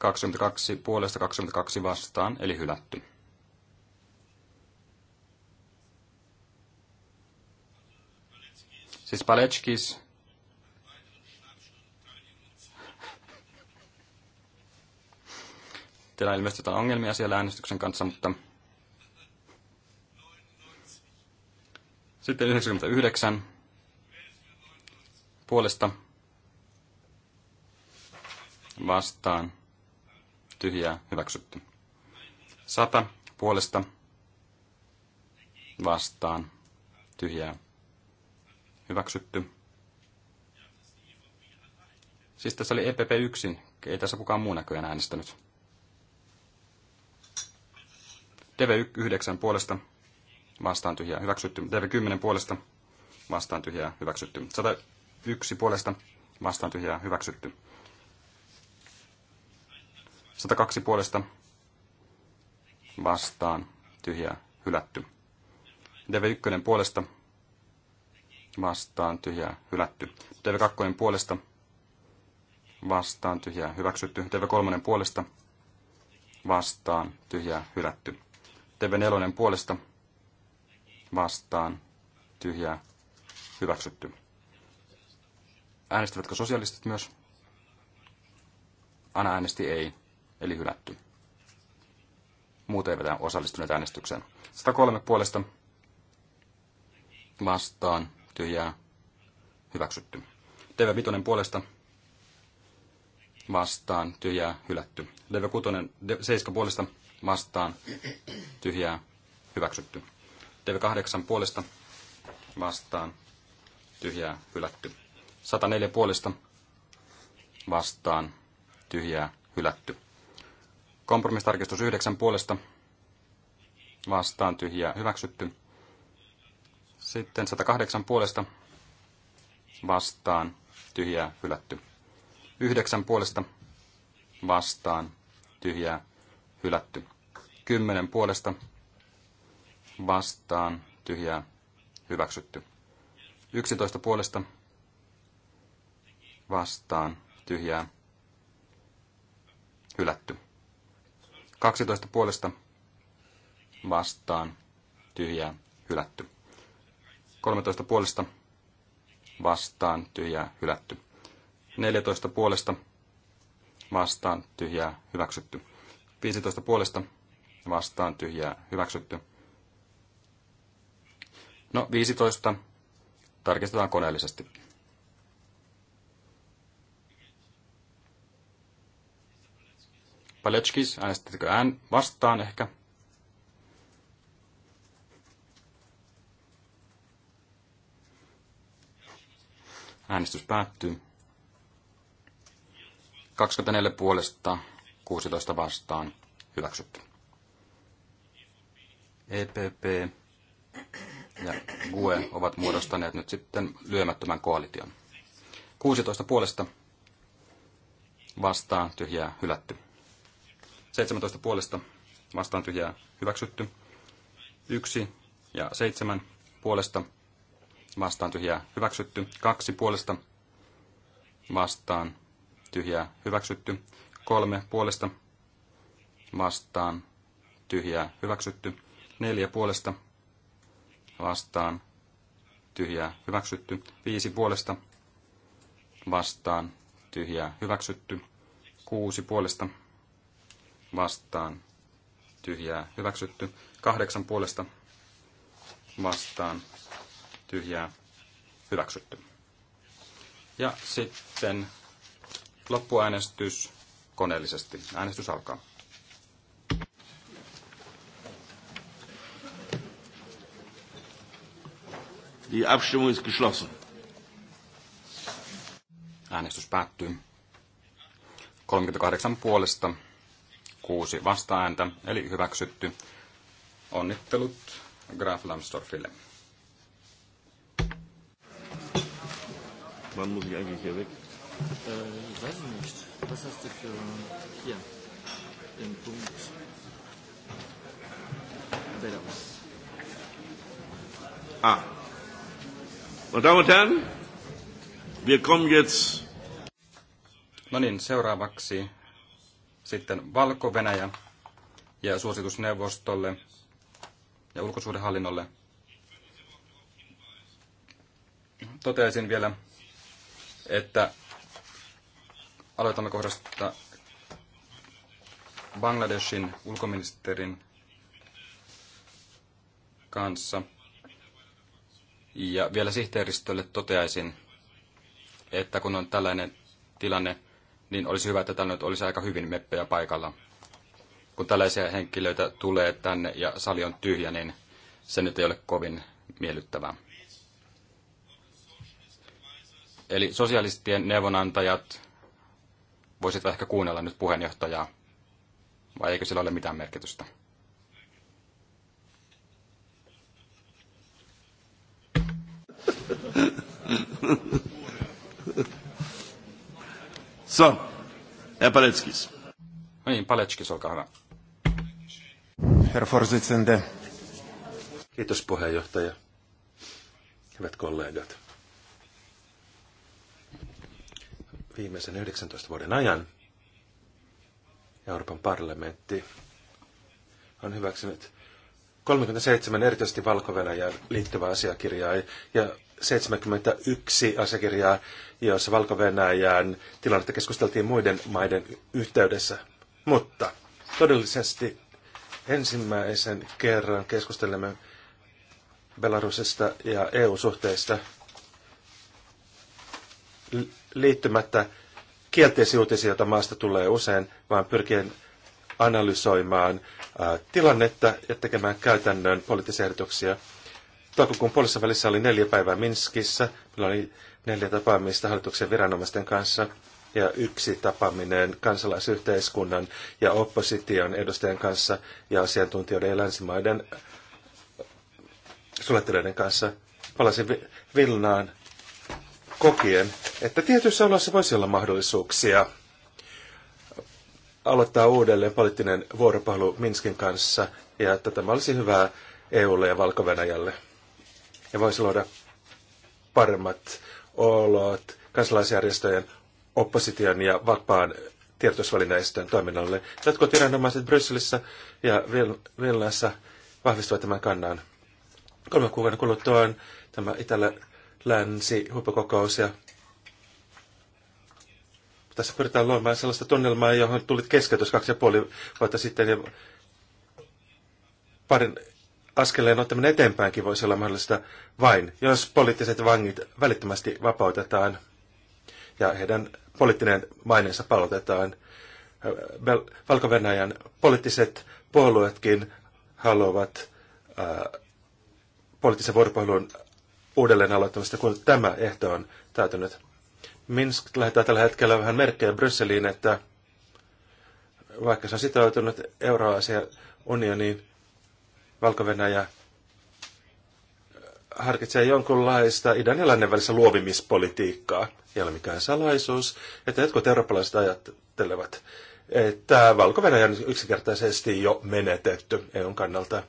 22 puolesta 22 vastaan, eli hylätty. Siis Paletskis. Teillä on ilmeisesti jotain ongelmia siellä äänestyksen kanssa, mutta... Sitten 99 puolesta vastaan tyhjää, hyväksytty. sata puolesta vastaan, tyhjää, hyväksytty. Siis tässä oli EPP yksin, ei tässä kukaan muu näköjään äänestänyt. TV9 puolesta vastaan tyhjää hyväksytty. TV10 puolesta vastaan tyhjää hyväksytty. 101 puolesta vastaan tyhjää hyväksytty. 102 puolesta vastaan tyhjää hylätty. DV1 puolesta vastaan tyhjää hylätty. DV2 puolesta vastaan tyhjää hyväksytty. DV3 puolesta vastaan tyhjää hylätty. DV4 puolesta vastaan tyhjää hyväksytty. Äänestivätkö sosialistit myös? Anna äänesti ei eli hylätty. Muut eivät osallistuneet äänestykseen. 103 puolesta vastaan tyhjää hyväksytty. TV5 puolesta vastaan tyhjää hylätty. TV6 7 puolesta vastaan tyhjää hyväksytty. TV8 puolesta vastaan tyhjää hylätty. 104 puolesta vastaan tyhjää hylätty. Kompromistarkistus 9 puolesta vastaan tyhjää hyväksytty. Sitten 108 puolesta vastaan tyhjää hylätty. 9 puolesta vastaan tyhjää hylätty. 10 puolesta vastaan tyhjää hyväksytty. 11 puolesta vastaan tyhjää hylätty. 12 puolesta vastaan tyhjää hylätty. 13 puolesta vastaan tyhjää hylätty. 14 puolesta vastaan tyhjää hyväksytty. 15 puolesta vastaan tyhjää hyväksytty. No 15 tarkistetaan koneellisesti. Paletskis, äänestittekö ään vastaan ehkä? Äänestys päättyy. 24 puolesta, 16 vastaan. Hyväksytty. EPP ja GUE ovat muodostaneet nyt sitten lyömättömän koalition. 16 puolesta vastaan tyhjää hylätty. 17 puolesta vastaan tyhjää hyväksytty. 1 ja 7 puolesta vastaan tyhjää hyväksytty. 2 puolesta vastaan tyhjää hyväksytty. 3 puolesta vastaan tyhjää hyväksytty. 4 puolesta vastaan tyhjää hyväksytty. 5 puolesta vastaan tyhjää hyväksytty. 6 puolesta vastaan, vastaan tyhjää hyväksytty. Kahdeksan puolesta vastaan tyhjää hyväksytty. Ja sitten loppuäänestys koneellisesti. Äänestys alkaa. Die Abstimmung ist geschlossen. Äänestys päättyy. 38 puolesta, kuusi vastaääntä, eli hyväksytty. Onnittelut Graf Lambsdorffille. Wann muss ich eigentlich hier weg? Äh, ich weiß nicht. Was hast du für hier? Den Punkt. Ah. Meine Damen und Herren, wir kommen jetzt. No niin, seuraavaksi sitten Valko-Venäjä ja suositusneuvostolle ja ulkosuhdehallinnolle. Toteaisin vielä, että aloitamme kohdasta Bangladeshin ulkoministerin kanssa. Ja vielä sihteeristölle toteaisin, että kun on tällainen tilanne, niin olisi hyvä, että täällä nyt olisi aika hyvin meppejä paikalla. Kun tällaisia henkilöitä tulee tänne ja sali on tyhjä, niin se nyt ei ole kovin miellyttävää. Eli sosialistien neuvonantajat voisit ehkä kuunnella nyt puheenjohtajaa, vai eikö sillä ole mitään merkitystä? So, Herr Paletskis. No niin, Paletskis, olkaa hyvä. Herr Forsitsende. Kiitos puheenjohtaja. Hyvät kollegat. Viimeisen 19 vuoden ajan Euroopan parlamentti on hyväksynyt 37 erityisesti valko liittyvää asiakirjaa ja 71 asiakirjaa, joissa valko tilannetta keskusteltiin muiden maiden yhteydessä. Mutta todellisesti ensimmäisen kerran keskustelemme Belarusista ja EU-suhteista liittymättä kielteisiä uutisia, joita maasta tulee usein, vaan pyrkien analysoimaan tilannetta ja tekemään käytännön poliittisia ehdotuksia. Toukokuun puolessa välissä oli neljä päivää Minskissä. Meillä oli neljä tapaamista hallituksen viranomaisten kanssa ja yksi tapaaminen kansalaisyhteiskunnan ja opposition edustajien kanssa ja asiantuntijoiden ja länsimaiden suunnittelijoiden kanssa. Palasin Vilnaan kokien, että tietyissä oloissa voisi olla mahdollisuuksia – aloittaa uudelleen poliittinen vuoropuhelu Minskin kanssa ja että tämä olisi hyvää EUlle ja valko Ja voisi luoda paremmat olot kansalaisjärjestöjen, opposition ja vapaan tiedotusvälineistön toiminnalle. Jotkut viranomaiset Brysselissä ja Vilnassa vahvistuvat tämän kannan. Kolme kuukauden kuluttua on tämä Itä-Länsi huippukokous ja tässä pyritään luomaan sellaista tunnelmaa, johon tulit keskeytys kaksi ja puoli vuotta sitten ja parin askeleen ottaminen eteenpäinkin voisi olla mahdollista vain, jos poliittiset vangit välittömästi vapautetaan ja heidän poliittinen maineensa palautetaan. valko poliittiset puolueetkin haluavat ää, poliittisen vuoropuhelun uudelleen aloittamista, kun tämä ehto on täytynyt. Minsk lähettää tällä hetkellä vähän merkkejä Brysseliin, että vaikka se on sitoutunut Euroasian unioniin, valko harkitsee jonkunlaista idän ja lännen välissä luovimispolitiikkaa. Ei ole mikään salaisuus, että jotkut eurooppalaiset ajattelevat, että valko on yksinkertaisesti jo menetetty EUn kannalta,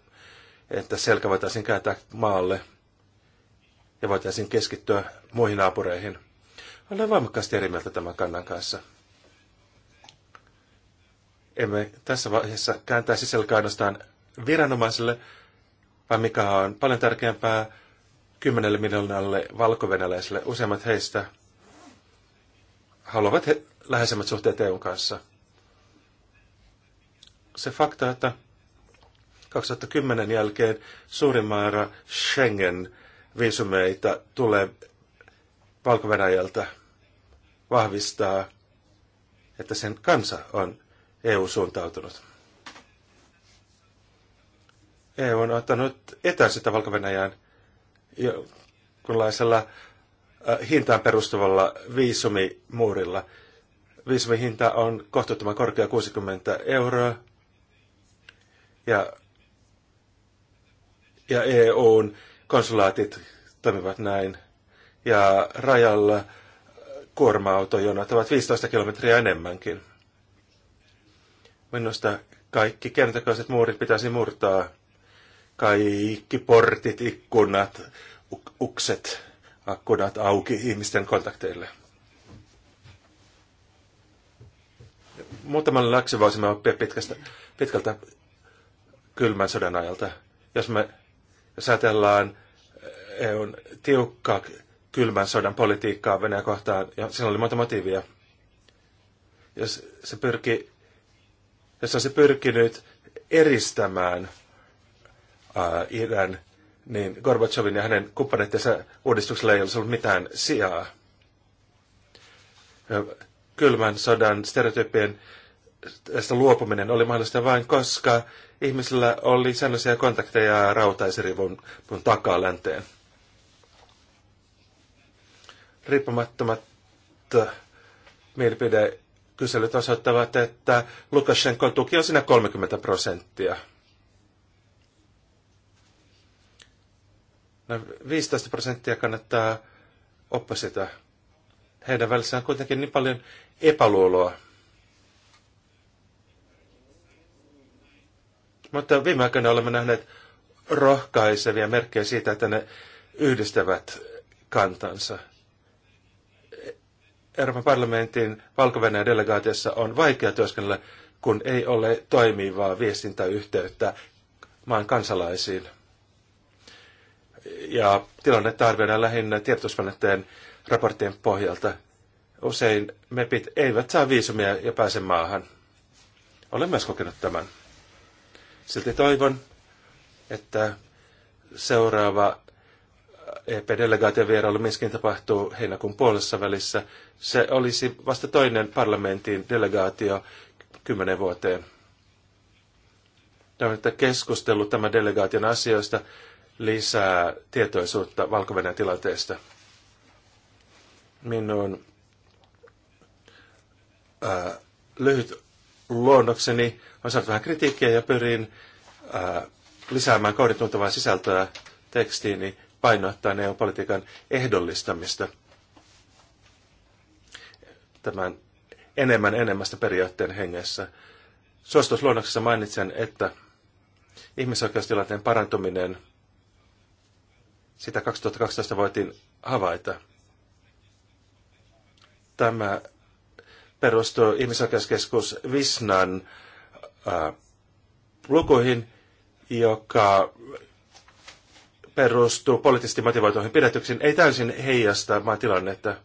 että selkä voitaisiin kääntää maalle ja voitaisiin keskittyä muihin naapureihin – olen voimakkaasti eri mieltä tämän kannan kanssa. Emme tässä vaiheessa kääntäisi selkää ainoastaan viranomaiselle, vaan mikä on paljon tärkeämpää, kymmenelle miljoonalle valko useimmat heistä haluavat he läheisemmät suhteet EUn kanssa. Se fakta, että 2010 jälkeen suurin määrä Schengen-viisumeita tulee valko vahvistaa, että sen kansa on EU-suuntautunut. EU on ottanut etäisyyttä valko jonkunlaisella äh, hintaan perustuvalla viisumimuurilla. Viisumihinta on kohtuuttoman korkea 60 euroa ja, ja EUn konsulaatit toimivat näin. Ja rajalla kuorma-autojonot ovat 15 kilometriä enemmänkin. Minusta kaikki kertakaiset muurit pitäisi murtaa. Kaikki portit, ikkunat, ukset, akkunat auki ihmisten kontakteille. Muutaman läksy voisimme oppia pitkästä, pitkältä kylmän sodan ajalta. Jos me jos ajatellaan EUn eh, tiukkaa kylmän sodan politiikkaa Venäjä kohtaan, ja siinä oli monta motiivia. Jos se pyrki, jos se pyrkinyt eristämään ää, äh, idän, niin Gorbachevin ja hänen kumppaneittensa uudistuksella ei olisi ollut mitään sijaa. Kylmän sodan stereotypien tästä luopuminen oli mahdollista vain, koska ihmisillä oli sellaisia kontakteja rautaisirivun takaa länteen riippumattomat äh, mielipidekyselyt osoittavat, että Lukashenkon tuki on siinä 30 prosenttia. No 15 prosenttia kannattaa opposita. Heidän välissä on kuitenkin niin paljon epäluuloa. Mutta viime aikoina olemme nähneet rohkaisevia merkkejä siitä, että ne yhdistävät kantansa. Euroopan parlamentin valko delegaatiossa on vaikea työskennellä, kun ei ole toimivaa viestintäyhteyttä maan kansalaisiin. Ja tilannetta arvioidaan lähinnä tiedotusvälineiden raporttien pohjalta. Usein MEPit eivät saa viisumia ja pääse maahan. Olen myös kokenut tämän. Silti toivon, että seuraava ep vierailu Minskin tapahtuu heinäkuun puolessa välissä. Se olisi vasta toinen parlamentin delegaatio kymmenen vuoteen. Tämä keskustelu tämän delegaation asioista lisää tietoisuutta valko tilanteesta. Minun ää, äh, lyhyt luonnokseni on saanut vähän kritiikkiä ja pyrin ää, äh, lisäämään kohdituntavaa sisältöä tekstiini painottaa EU-politiikan ehdollistamista tämän enemmän enemmästä periaatteen hengessä. Suostusluonnoksessa mainitsen, että ihmisoikeustilanteen parantuminen, sitä 2012 voitiin havaita. Tämä perustuu ihmisoikeuskeskus Visnan äh, lukuihin, joka perustuu poliittisesti motivoituihin pidätyksiin, ei täysin heijasta maan tilannetta.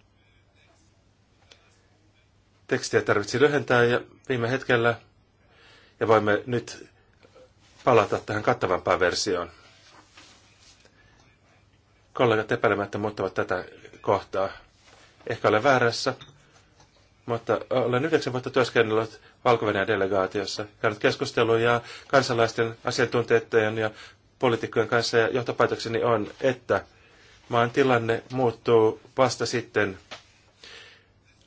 Tekstiä tarvitsi lyhentää ja viime hetkellä, ja voimme nyt palata tähän kattavampaan versioon. Kollegat epäilemättä muuttavat tätä kohtaa. Ehkä olen väärässä, mutta olen yhdeksän vuotta työskennellyt valko delegaatiossa, käynyt keskusteluja kansalaisten, asiantuntijoiden ja poliitikkojen kanssa ja johtopäätökseni on, että maan tilanne muuttuu vasta sitten,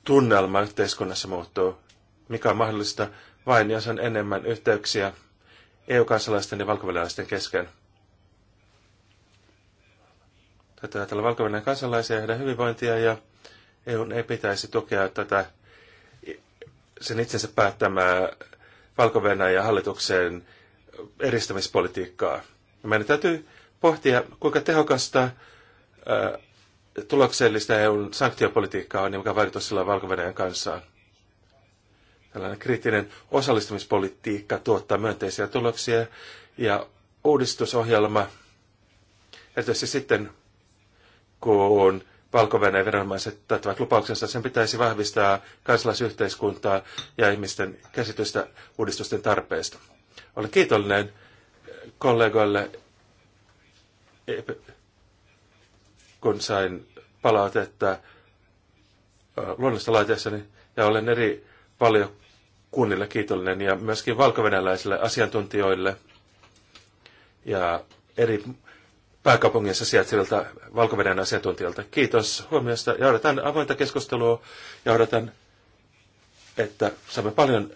tunnelma yhteiskunnassa muuttuu, mikä on mahdollista vain, jos on enemmän yhteyksiä EU-kansalaisten ja valkovenäläisten kesken. Tätä ajatella valko kansalaisia ja heidän hyvinvointia ja EU ei pitäisi tukea tätä sen itsensä päättämää valko ja hallituksen eristämispolitiikkaa. Ja meidän täytyy pohtia, kuinka tehokasta ää, tuloksellista EUn sanktiopolitiikkaa on, joka niin vaikutus sillä valko kanssa. Tällainen kriittinen osallistumispolitiikka tuottaa myönteisiä tuloksia ja uudistusohjelma, erityisesti sitten kun valko viranomaiset täyttävät lupauksensa, sen pitäisi vahvistaa kansalaisyhteiskuntaa ja ihmisten käsitystä uudistusten tarpeesta. Olen kiitollinen kollegoille, kun sain palautetta luonnosta laiteessani ja olen eri valiokunnille kiitollinen ja myöskin valkovenäläisille asiantuntijoille ja eri pääkaupungissa sijaitsevilta valko asiantuntijoilta. Kiitos huomiosta ja odotan avointa keskustelua ja odotan, että saamme paljon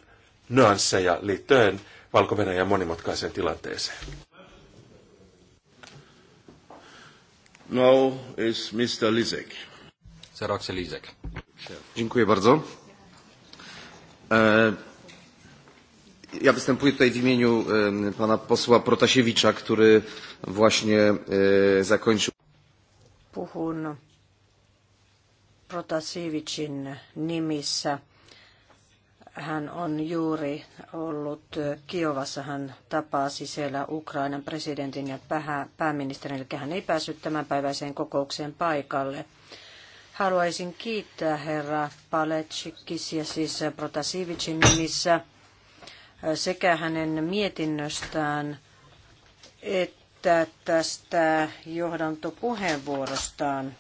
nyansseja liittyen valko monimutkaiseen tilanteeseen. No, is Mr. Lisek. Seuraavaksi Lisek. Dziękuję bardzo. E, ja występuję tutaj w imieniu e, pana posła Protasiewicza, który właśnie e, zakończył. Puhun Protasiewiczin nimissä hän on juuri ollut Kiovassa. Hän tapasi siellä Ukrainan presidentin ja pääministerin, eli hän ei päässyt tämänpäiväiseen kokoukseen paikalle. Haluaisin kiittää herra Paletsikis ja siis Protasivicin nimissä sekä hänen mietinnöstään että tästä johdantopuheenvuorostaan.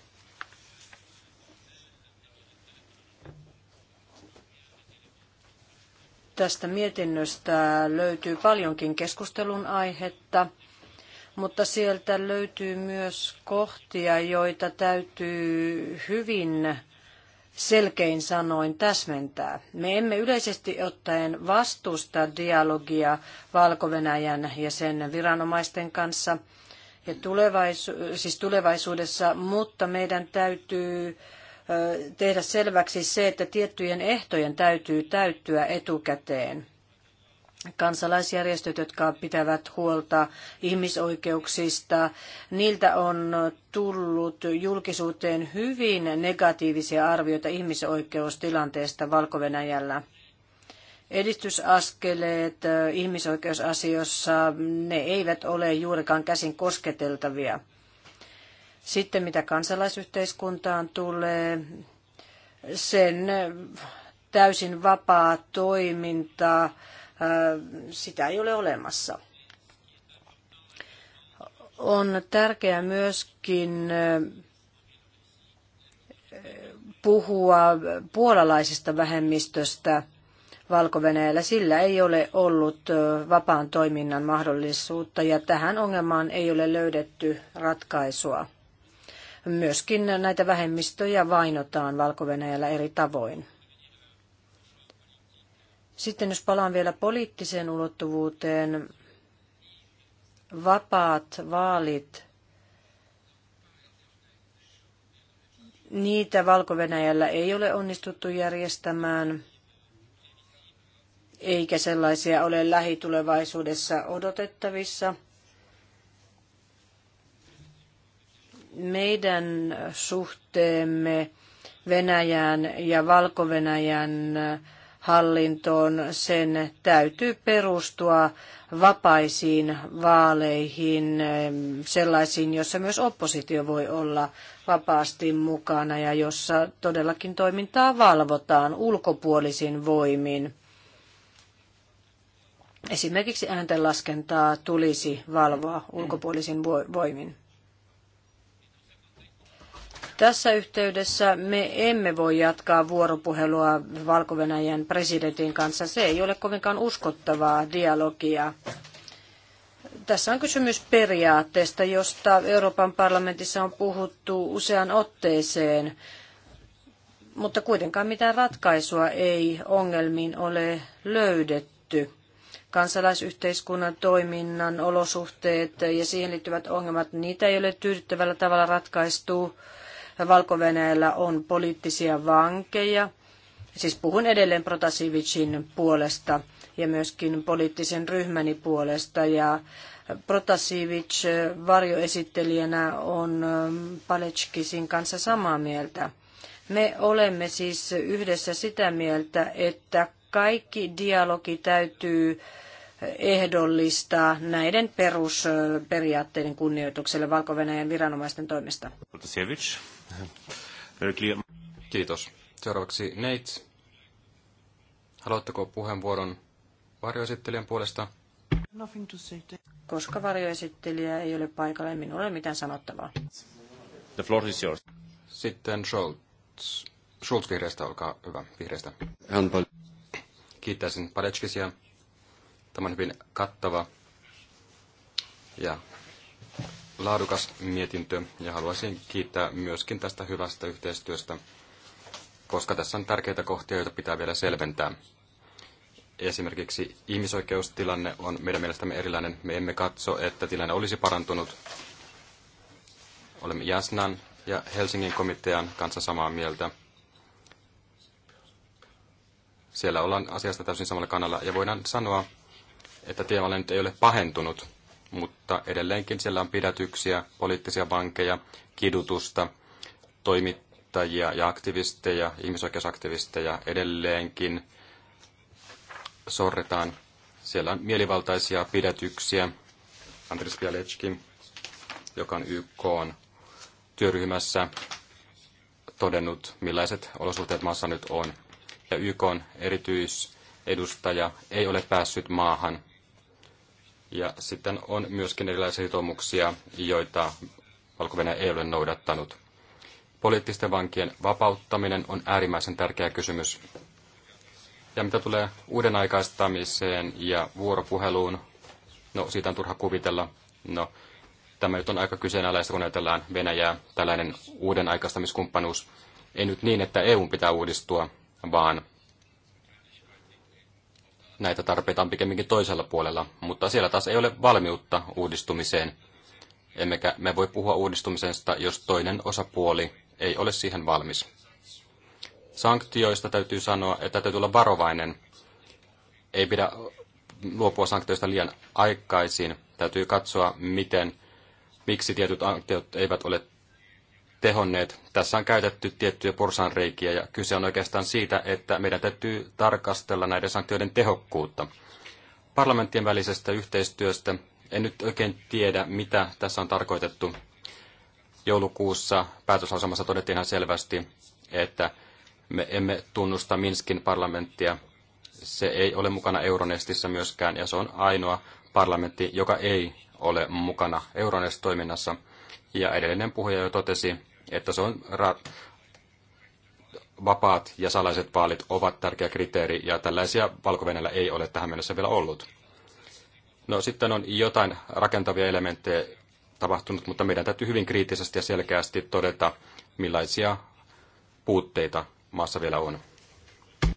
Tästä mietinnöstä löytyy paljonkin keskustelun aihetta, mutta sieltä löytyy myös kohtia, joita täytyy hyvin selkein sanoin täsmentää. Me emme yleisesti ottaen vastusta dialogia valko ja sen viranomaisten kanssa ja tulevaisu- siis tulevaisuudessa, mutta meidän täytyy tehdä selväksi se, että tiettyjen ehtojen täytyy täyttyä etukäteen. Kansalaisjärjestöt, jotka pitävät huolta ihmisoikeuksista, niiltä on tullut julkisuuteen hyvin negatiivisia arvioita ihmisoikeustilanteesta Valko-Venäjällä edistysaskeleet ihmisoikeusasioissa, ne eivät ole juurikaan käsin kosketeltavia. Sitten mitä kansalaisyhteiskuntaan tulee, sen täysin vapaa toiminta, sitä ei ole olemassa. On tärkeää myöskin puhua puolalaisesta vähemmistöstä valko -Venäjällä. Sillä ei ole ollut vapaan toiminnan mahdollisuutta ja tähän ongelmaan ei ole löydetty ratkaisua myöskin näitä vähemmistöjä vainotaan valko eri tavoin. Sitten jos palaan vielä poliittiseen ulottuvuuteen, vapaat vaalit, niitä valko ei ole onnistuttu järjestämään, eikä sellaisia ole lähitulevaisuudessa odotettavissa – Meidän suhteemme Venäjän ja Valko-Venäjän hallintoon sen täytyy perustua vapaisiin vaaleihin, sellaisiin, jossa myös oppositio voi olla vapaasti mukana ja jossa todellakin toimintaa valvotaan ulkopuolisin voimin. Esimerkiksi ääntenlaskentaa tulisi valvoa ulkopuolisin voimin. Tässä yhteydessä me emme voi jatkaa vuoropuhelua valko presidentin kanssa. Se ei ole kovinkaan uskottavaa dialogia. Tässä on kysymys periaatteesta, josta Euroopan parlamentissa on puhuttu usean otteeseen, mutta kuitenkaan mitään ratkaisua ei ongelmiin ole löydetty kansalaisyhteiskunnan toiminnan olosuhteet ja siihen liittyvät ongelmat, niitä ei ole tyydyttävällä tavalla ratkaistu valko on poliittisia vankeja. Siis puhun edelleen Protasivicin puolesta ja myöskin poliittisen ryhmäni puolesta. Ja Protasivic varjoesittelijänä on ähm, Palechkisin kanssa samaa mieltä. Me olemme siis yhdessä sitä mieltä, että kaikki dialogi täytyy ehdollistaa näiden perusperiaatteiden kunnioitukselle valko viranomaisten toimesta. Protasevich. Kiitos. Seuraavaksi Nate. Haluatteko puheenvuoron varjoesittelijän puolesta? Koska varjoesittelijä ei ole paikalla, ei minulla ole mitään sanottavaa. The floor is yours. Sitten Schultz. Schultz vihreästä, olkaa hyvä, vihreästä. Handball. Kiittäisin Padeckisia. Tämä on hyvin kattava ja laadukas mietintö ja haluaisin kiittää myöskin tästä hyvästä yhteistyöstä, koska tässä on tärkeitä kohtia, joita pitää vielä selventää. Esimerkiksi ihmisoikeustilanne on meidän mielestämme erilainen. Me emme katso, että tilanne olisi parantunut. Olemme Jasnan ja Helsingin komitean kanssa samaa mieltä. Siellä ollaan asiasta täysin samalla kannalla ja voidaan sanoa, että tilanne ei ole pahentunut – mutta edelleenkin siellä on pidätyksiä, poliittisia vankeja, kidutusta, toimittajia ja aktivisteja, ihmisoikeusaktivisteja edelleenkin sorretaan. Siellä on mielivaltaisia pidätyksiä. Andris Bialecki, joka on YK on työryhmässä todennut, millaiset olosuhteet maassa nyt on. Ja YK on erityisedustaja ei ole päässyt maahan ja sitten on myöskin erilaisia sitoumuksia, joita valko ei ole noudattanut. Poliittisten vankien vapauttaminen on äärimmäisen tärkeä kysymys. Ja mitä tulee uuden aikaistamiseen ja vuoropuheluun, no siitä on turha kuvitella. No, tämä nyt on aika kyseenalaista, kun ajatellaan Venäjää, tällainen uuden aikaistamiskumppanuus. Ei nyt niin, että EU pitää uudistua, vaan näitä tarpeita on pikemminkin toisella puolella, mutta siellä taas ei ole valmiutta uudistumiseen. Emmekä me voi puhua uudistumisesta, jos toinen osapuoli ei ole siihen valmis. Sanktioista täytyy sanoa, että täytyy olla varovainen. Ei pidä luopua sanktioista liian aikaisin. Täytyy katsoa, miten, miksi tietyt sanktiot eivät ole tehonneet. Tässä on käytetty tiettyjä porsanreikiä ja kyse on oikeastaan siitä, että meidän täytyy tarkastella näiden sanktioiden tehokkuutta. Parlamenttien välisestä yhteistyöstä en nyt oikein tiedä, mitä tässä on tarkoitettu. Joulukuussa päätösasemassa todettiin ihan selvästi, että me emme tunnusta Minskin parlamenttia. Se ei ole mukana Euronestissa myöskään ja se on ainoa parlamentti, joka ei ole mukana Euronest-toiminnassa. Ja edellinen puhuja jo totesi, että se on ra- vapaat ja salaiset vaalit ovat tärkeä kriteeri, ja tällaisia valko ei ole tähän mennessä vielä ollut. No sitten on jotain rakentavia elementtejä tapahtunut, mutta meidän täytyy hyvin kriittisesti ja selkeästi todeta, millaisia puutteita maassa vielä on.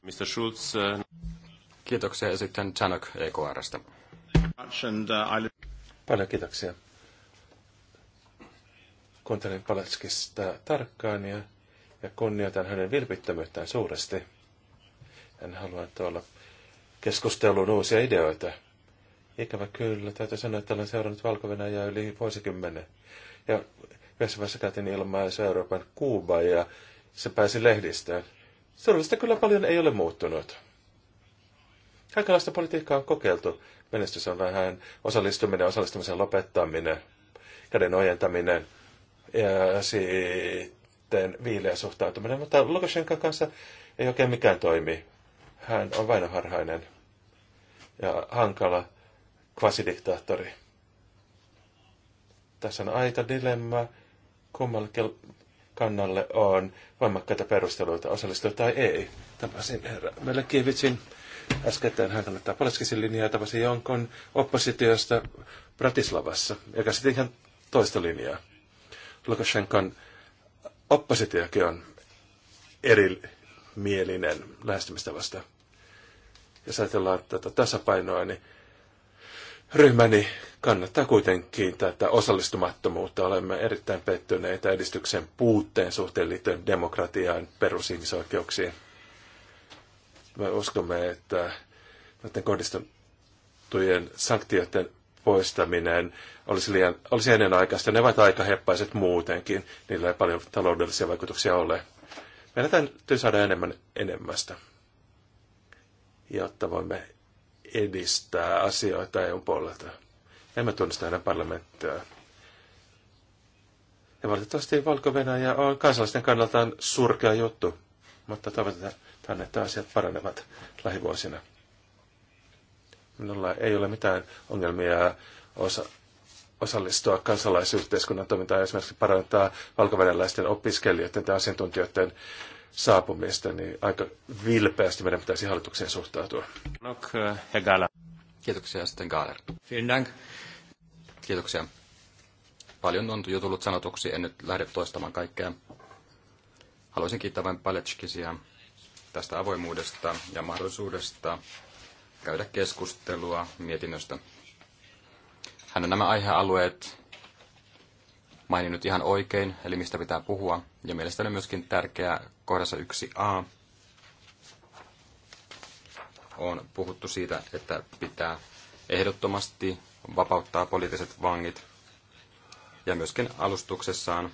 Mr. Schulz. Uh, kiitoksia ja sitten Chanok EKRstä. Uh, Paljon kiitoksia kuuntelen Palatskista tarkkaan ja, ja kunnioitan hänen vilpittömyyttään suuresti. Hän haluaa tuolla keskusteluun uusia ideoita. Ikävä kyllä, täytyy sanoa, että olen seurannut valko yli vuosikymmenen. Ja yhdessä vaiheessa käytin ilmaisu Euroopan Kuuba ja se pääsi lehdistöön. Surullista kyllä paljon ei ole muuttunut. Kaikenlaista politiikkaa on kokeiltu. Menestys on vähän osallistuminen, osallistumisen lopettaminen, käden ojentaminen, ja sitten viileä suhtautuminen, mutta Lukashenka kanssa ei oikein mikään toimi. Hän on harhainen ja hankala kvasidiktaattori. Tässä on aita dilemma, kummalle kannalle on voimakkaita perusteluita, osallistuu tai ei. Tapasin herra Melkiewiczin äskettäin hän kannattaa Palskisin linjaa, tapasin jonkun oppositiosta Bratislavassa, joka sitten ihan toista linjaa. Lukashenkan oppositiokin on erimielinen lähestymistavasta. Jos ajatellaan tätä tasapainoa, niin ryhmäni kannattaa kuitenkin tätä osallistumattomuutta. Olemme erittäin pettyneitä edistyksen puutteen suhteen liittyen demokratiaan, perusihmisoikeuksiin. Me uskomme, että näiden kohdistettujen sanktioiden poistaminen olisi, liian, olisi ennenaikaista. Ne ovat aika heppaiset muutenkin. Niillä ei paljon taloudellisia vaikutuksia ole. Meidän täytyy saada enemmän enemmästä, jotta voimme edistää asioita EUn puolelta. Emme tunnista enää parlamenttia. Ja valitettavasti valko on kansalaisten kannaltaan surkea juttu, mutta toivotetaan, että asiat paranevat lähivuosina. Minulla ei ole mitään ongelmia osa, osallistua kansalaisyhteiskunnan toimintaan, esimerkiksi parantaa valkovenäläisten opiskelijoiden tai asiantuntijoiden saapumista, niin aika vilpeästi meidän pitäisi hallitukseen suhtautua. Uh, Kiitoksia sitten Gaaler. Kiitoksia. Paljon on jo tullut sanotuksi, en nyt lähde toistamaan kaikkea. Haluaisin kiittää vain Paletskisiä tästä avoimuudesta ja mahdollisuudesta käydä keskustelua mietinnöstä. Hän on nämä aihealueet maininnut ihan oikein, eli mistä pitää puhua. Ja mielestäni myöskin tärkeää kohdassa 1a on puhuttu siitä, että pitää ehdottomasti vapauttaa poliittiset vangit. Ja myöskin alustuksessaan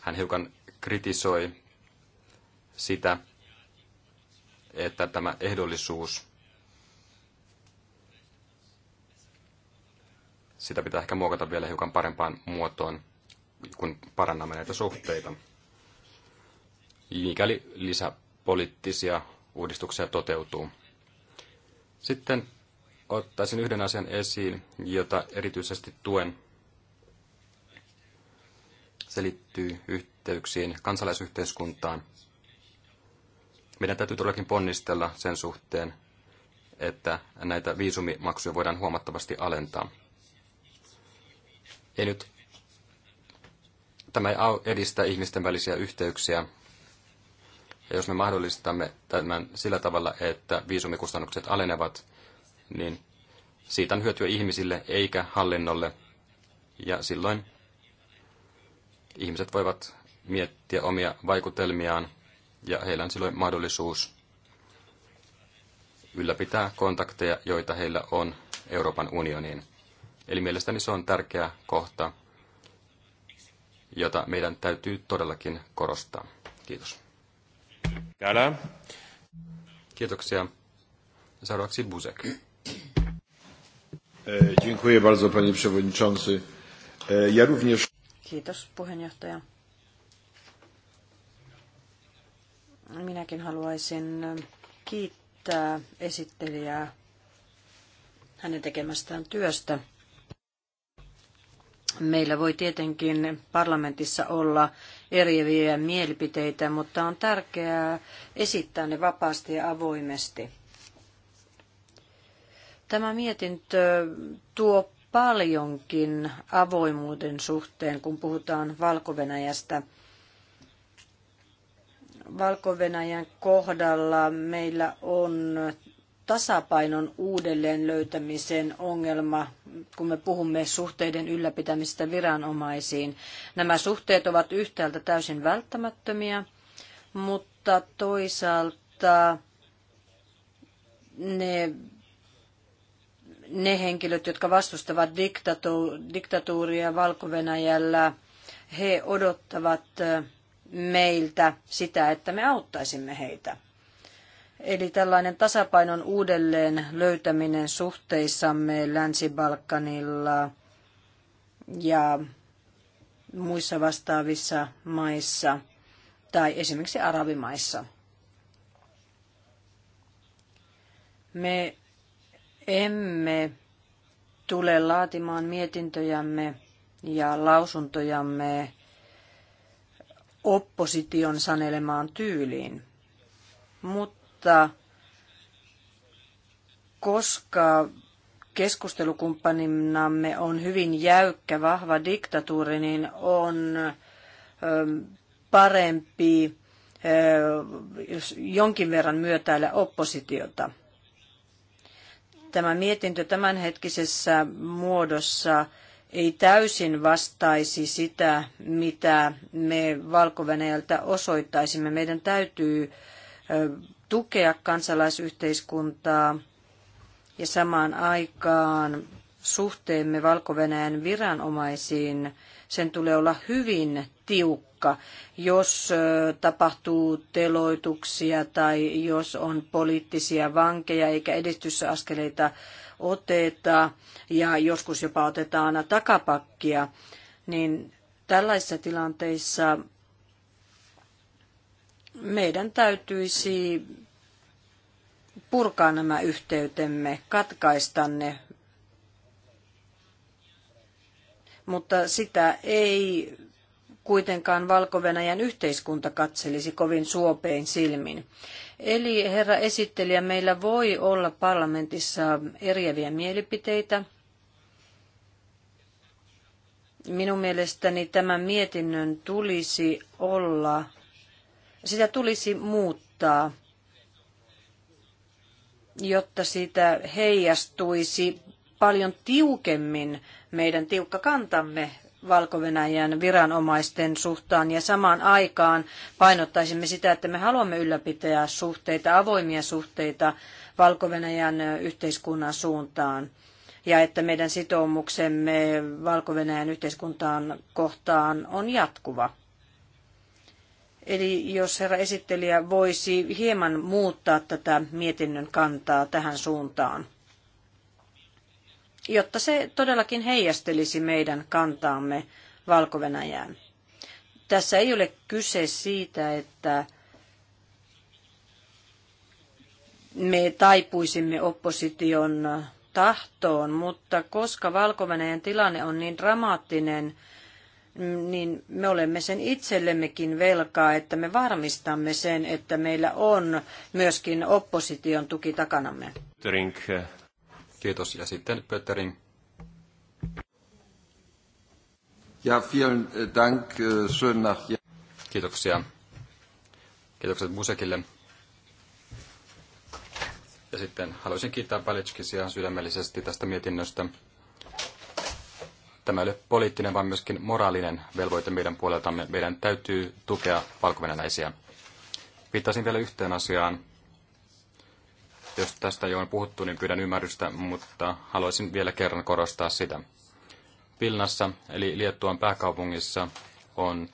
hän hiukan kritisoi sitä, että tämä ehdollisuus sitä pitää ehkä muokata vielä hiukan parempaan muotoon, kun parannamme näitä suhteita. Mikäli lisäpoliittisia uudistuksia toteutuu. Sitten ottaisin yhden asian esiin, jota erityisesti tuen. Se liittyy yhteyksiin kansalaisyhteiskuntaan. Meidän täytyy todellakin ponnistella sen suhteen, että näitä viisumimaksuja voidaan huomattavasti alentaa. Ei nyt, tämä ei edistä ihmisten välisiä yhteyksiä. Ja jos me mahdollistamme tämän sillä tavalla, että viisumikustannukset alenevat, niin siitä on hyötyä ihmisille eikä hallinnolle. Ja silloin ihmiset voivat miettiä omia vaikutelmiaan ja heillä on silloin mahdollisuus ylläpitää kontakteja, joita heillä on Euroopan unioniin. Eli mielestäni se on tärkeä kohta, jota meidän täytyy todellakin korostaa. Kiitos. Täällä. Kiitoksia. Seuraavaksi Buzek. E, dziękuję bardzo, panie przewodniczący. E, ja również... Kiitos, puheenjohtaja. Minäkin haluaisin kiittää esittelijää hänen tekemästään työstä. Meillä voi tietenkin parlamentissa olla eriäviä mielipiteitä, mutta on tärkeää esittää ne vapaasti ja avoimesti. Tämä mietintö tuo paljonkin avoimuuden suhteen, kun puhutaan Valko-Venäjästä. valko kohdalla meillä on tasapainon uudelleen löytämisen ongelma, kun me puhumme suhteiden ylläpitämisestä viranomaisiin. Nämä suhteet ovat yhtäältä täysin välttämättömiä, mutta toisaalta ne, ne henkilöt, jotka vastustavat diktatu- diktatuuria valko he odottavat meiltä sitä, että me auttaisimme heitä. Eli tällainen tasapainon uudelleen löytäminen suhteissamme Länsi-Balkanilla ja muissa vastaavissa maissa tai esimerkiksi arabimaissa. Me emme tule laatimaan mietintöjämme ja lausuntojamme opposition sanelemaan tyyliin, mutta mutta koska keskustelukumppanimme on hyvin jäykkä, vahva diktatuuri, niin on ähm, parempi äh, jonkin verran myötäillä oppositiota. Tämä mietintö tämänhetkisessä muodossa ei täysin vastaisi sitä, mitä me valko osoittaisimme. Meidän täytyy äh, tukea kansalaisyhteiskuntaa ja samaan aikaan suhteemme valko viranomaisiin, sen tulee olla hyvin tiukka, jos tapahtuu teloituksia tai jos on poliittisia vankeja eikä edistysaskeleita oteta ja joskus jopa otetaan takapakkia, niin tällaisissa tilanteissa meidän täytyisi purkaa nämä yhteytemme, katkaista ne, mutta sitä ei kuitenkaan valko yhteiskunta katselisi kovin suopein silmin. Eli herra esittelijä, meillä voi olla parlamentissa eriäviä mielipiteitä. Minun mielestäni tämän mietinnön tulisi olla sitä tulisi muuttaa, jotta siitä heijastuisi paljon tiukemmin meidän tiukka kantamme valko viranomaisten suhtaan ja samaan aikaan painottaisimme sitä, että me haluamme ylläpitää suhteita, avoimia suhteita valko yhteiskunnan suuntaan ja että meidän sitoumuksemme valko yhteiskuntaan kohtaan on jatkuva. Eli jos herra esittelijä voisi hieman muuttaa tätä mietinnön kantaa tähän suuntaan, jotta se todellakin heijastelisi meidän kantaamme valko -Venäjään. Tässä ei ole kyse siitä, että me taipuisimme opposition tahtoon, mutta koska valko tilanne on niin dramaattinen, niin me olemme sen itsellemmekin velkaa, että me varmistamme sen, että meillä on myöskin opposition tuki takanamme. Pöttering. Kiitos. Ja sitten Pöterin. Ja vielen äh, dank, äh, schön nach... Kiitoksia. Kiitokset Musekille. Ja sitten haluaisin kiittää Palitskisia sydämellisesti tästä mietinnöstä tämä ei ole poliittinen, vaan myöskin moraalinen velvoite meidän puoleltamme. Meidän täytyy tukea valkovenäläisiä. Viittasin vielä yhteen asiaan. Jos tästä jo on puhuttu, niin pyydän ymmärrystä, mutta haluaisin vielä kerran korostaa sitä. Vilnassa, eli Liettuan pääkaupungissa, on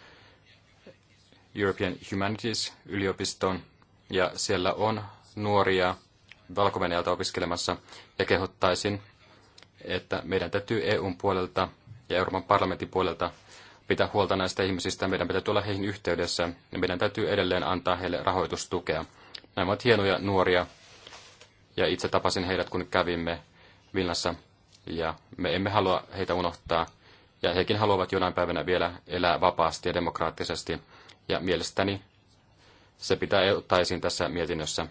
European Humanities-yliopiston, ja siellä on nuoria valko opiskelemassa, ja kehottaisin, että meidän täytyy EUn puolelta ja Euroopan parlamentin puolelta pitää huolta näistä ihmisistä. Meidän pitää olla heihin yhteydessä ja meidän täytyy edelleen antaa heille rahoitustukea. Nämä ovat hienoja nuoria ja itse tapasin heidät, kun kävimme Vilnassa ja me emme halua heitä unohtaa. Ja hekin haluavat jonain päivänä vielä elää vapaasti ja demokraattisesti. Ja mielestäni se pitää ottaa esiin tässä mietinnössä.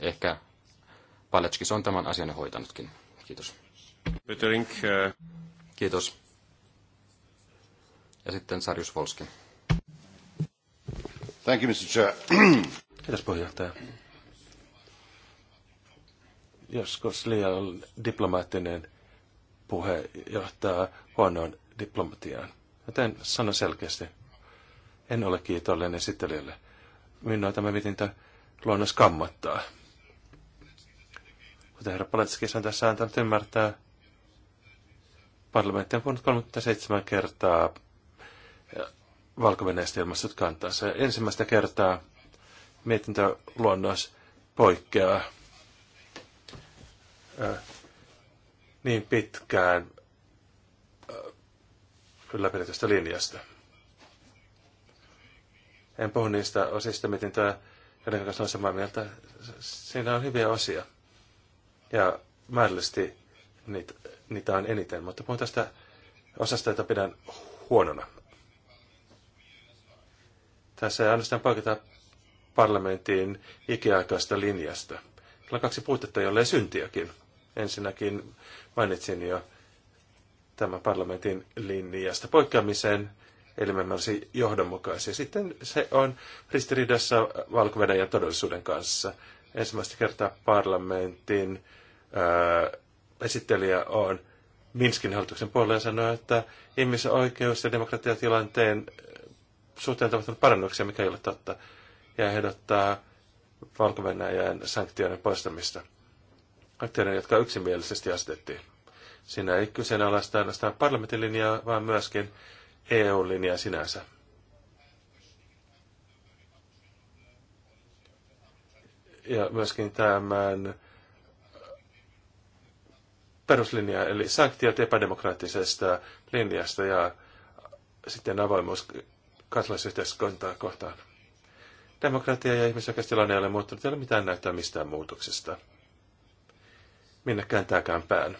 Ehkä Paletskis on tämän asian hoitanutkin. Kiitos. Äh. Kiitos. Ja sitten Sarjus Volski. Thank you, Mr. Chair. Kiitos puheenjohtaja. Joskus liian diplomaattinen puhe johtaa huonoon diplomatiaan. Joten sano selkeästi. En ole kiitollinen esittelijälle. Minua tämä mitintä luonnos kammattaa. Kuten herra Paletski on tässä antanut ymmärtää, parlamentti on puhunut 37 kertaa valko ilmastut kantaansa. Ensimmäistä kertaa mietintöluonnos poikkeaa niin pitkään ylläpidetystä linjasta. En puhu niistä osista, miten tämä joiden kanssa on samaa mieltä. Siinä on hyviä osia. Ja määrällisesti niitä, niitä on eniten, mutta puhun tästä osasta, jota pidän huonona. Tässä ei ainoastaan poiketa parlamentin ikiaikaista linjasta. Sillä on kaksi puutetta, ei syntiäkin. Ensinnäkin mainitsin jo tämän parlamentin linjasta poikkeamiseen, eli me olisi johdonmukaisia. Sitten se on ristiriidassa valko ja todellisuuden kanssa. Ensimmäistä kertaa parlamentin ää, esittelijä on Minskin hallituksen puolella ja sanoo, että ihmisoikeus- ja demokratiatilanteen suhteen tapahtunut parannuksia, mikä ei ole totta, ja ehdottaa valko sanktioiden poistamista. Sanktioiden, jotka yksimielisesti asetettiin. Siinä ei kyseenalaista ainoastaan parlamentin linjaa, vaan myöskin EU-linjaa sinänsä. Ja myöskin tämän peruslinja, eli sanktiot epädemokraattisesta linjasta ja sitten avoimuus kansalaisyhteiskuntaa kohtaan. Demokratia ja ihmisoikeustilanne ei ole muuttunut, ei ole mitään näyttää mistään muutoksesta. Minnekään tääkään pään.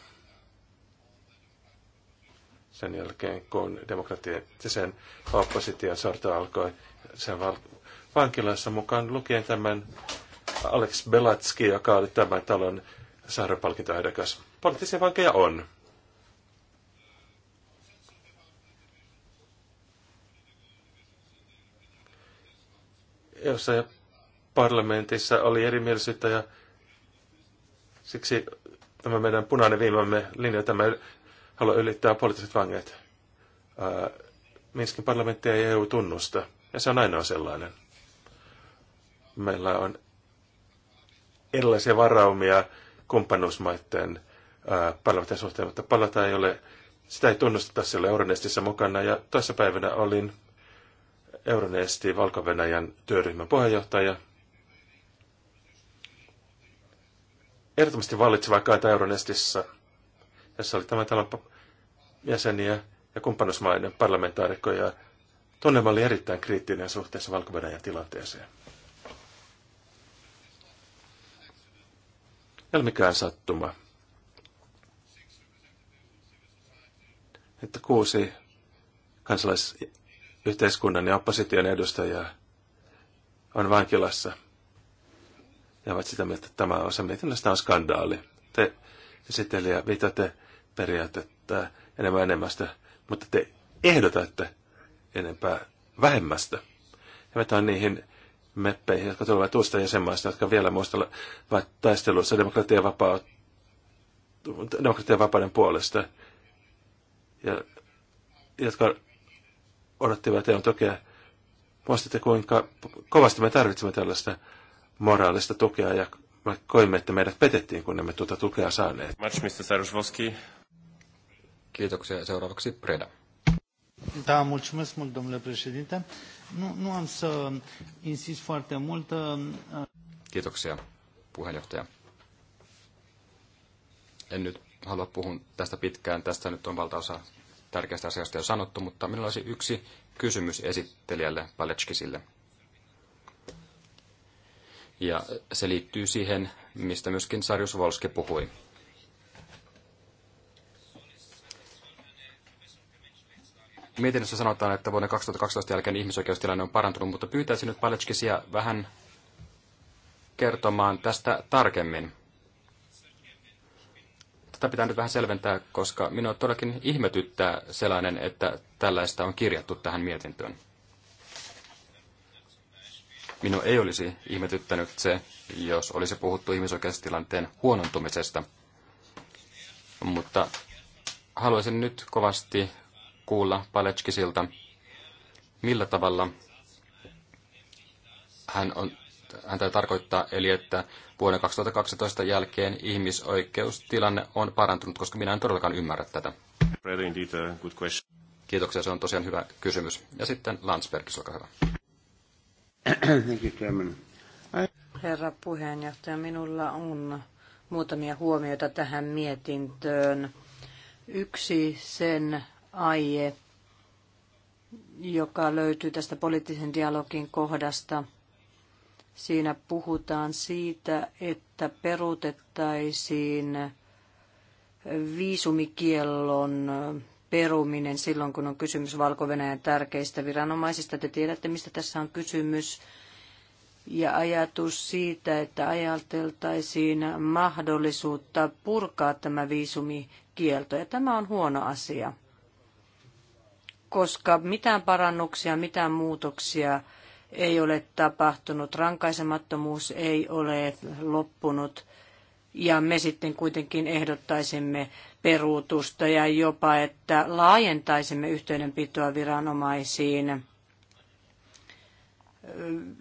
Sen jälkeen, kun demokratia sen opposition sorto alkoi sen vankilassa mukaan lukien tämän Alex Belatski, joka oli tämän talon saaropalkintoehdokas. Poliittisia vankeja on. jossa parlamentissa oli erimielisyyttä ja siksi tämä meidän punainen viimamme linja, tämä haluaa ylittää poliittiset vanget. Minskin parlamentti ei EU tunnusta, ja se on ainoa sellainen. Meillä on erilaisia varaumia kumppanuusmaiden parlamentin suhteen, mutta palata ei ole, sitä ei tunnusteta, siellä ei mukana, ja toissapäivänä olin Euroneesti Valko-Venäjän työryhmän puheenjohtaja. Ehdottomasti vallitseva kaita Euronestissa. jossa oli tämän talon jäseniä ja kumppanusmaiden parlamentaarikkoja. Tunnelma oli erittäin kriittinen suhteessa valko tilanteeseen. Ei ole mikään sattuma, että kuusi kansalais- yhteiskunnan ja opposition edustajaa on vankilassa. Ja ovat sitä mieltä, että tämä osa mietinnästä on skandaali. Te esittelijä viitatte periaatetta enemmän enemmästä, mutta te ehdotatte enempää vähemmästä. Ja vetoan niihin meppeihin, jotka tulevat uusista jäsenmaista, jotka vielä muistavat taistelussa demokratia vapaut, demokratian vapauden puolesta. Ja jotka odottivat on tukea. Muistatte, kuinka kovasti me tarvitsemme tällaista moraalista tukea ja me koimme, että meidät petettiin, kun emme tuota tukea saaneet. Kiitoksia. Seuraavaksi Preda. Da, mulțumesc mult, domnule președinte. Nu, nu am să insist foarte mult. Uh, Kiitoksia, puheenjohtaja. En nyt halua puhua tästä pitkään. Tästä nyt on valtaosa tärkeästä asiasta jo sanottu, mutta minulla olisi yksi kysymys esittelijälle Paletskisille. Ja se liittyy siihen, mistä myöskin Sarjus Volski puhui. Mietinnössä sanotaan, että vuoden 2012 jälkeen ihmisoikeustilanne on parantunut, mutta pyytäisin nyt Paletskisia vähän kertomaan tästä tarkemmin. Tätä pitää nyt vähän selventää, koska minua todellakin ihmetyttää sellainen, että tällaista on kirjattu tähän mietintöön. Minua ei olisi ihmetyttänyt se, jos olisi puhuttu ihmisoikeustilanteen huonontumisesta. Mutta haluaisin nyt kovasti kuulla Paletskisilta, millä tavalla hän on hän tarkoittaa, eli että vuoden 2012 jälkeen ihmisoikeustilanne on parantunut, koska minä en todellakaan ymmärrä tätä. Kiitoksia, se on tosiaan hyvä kysymys. Ja sitten Landsberg, olkaa hyvä. Herra puheenjohtaja, minulla on muutamia huomioita tähän mietintöön. Yksi sen aihe, joka löytyy tästä poliittisen dialogin kohdasta, Siinä puhutaan siitä, että peruutettaisiin viisumikiellon peruminen silloin, kun on kysymys valko tärkeistä viranomaisista. Te tiedätte, mistä tässä on kysymys. Ja ajatus siitä, että ajateltaisiin mahdollisuutta purkaa tämä viisumikielto. Ja tämä on huono asia, koska mitään parannuksia, mitään muutoksia ei ole tapahtunut, rankaisemattomuus ei ole loppunut ja me sitten kuitenkin ehdottaisimme peruutusta ja jopa, että laajentaisimme yhteydenpitoa viranomaisiin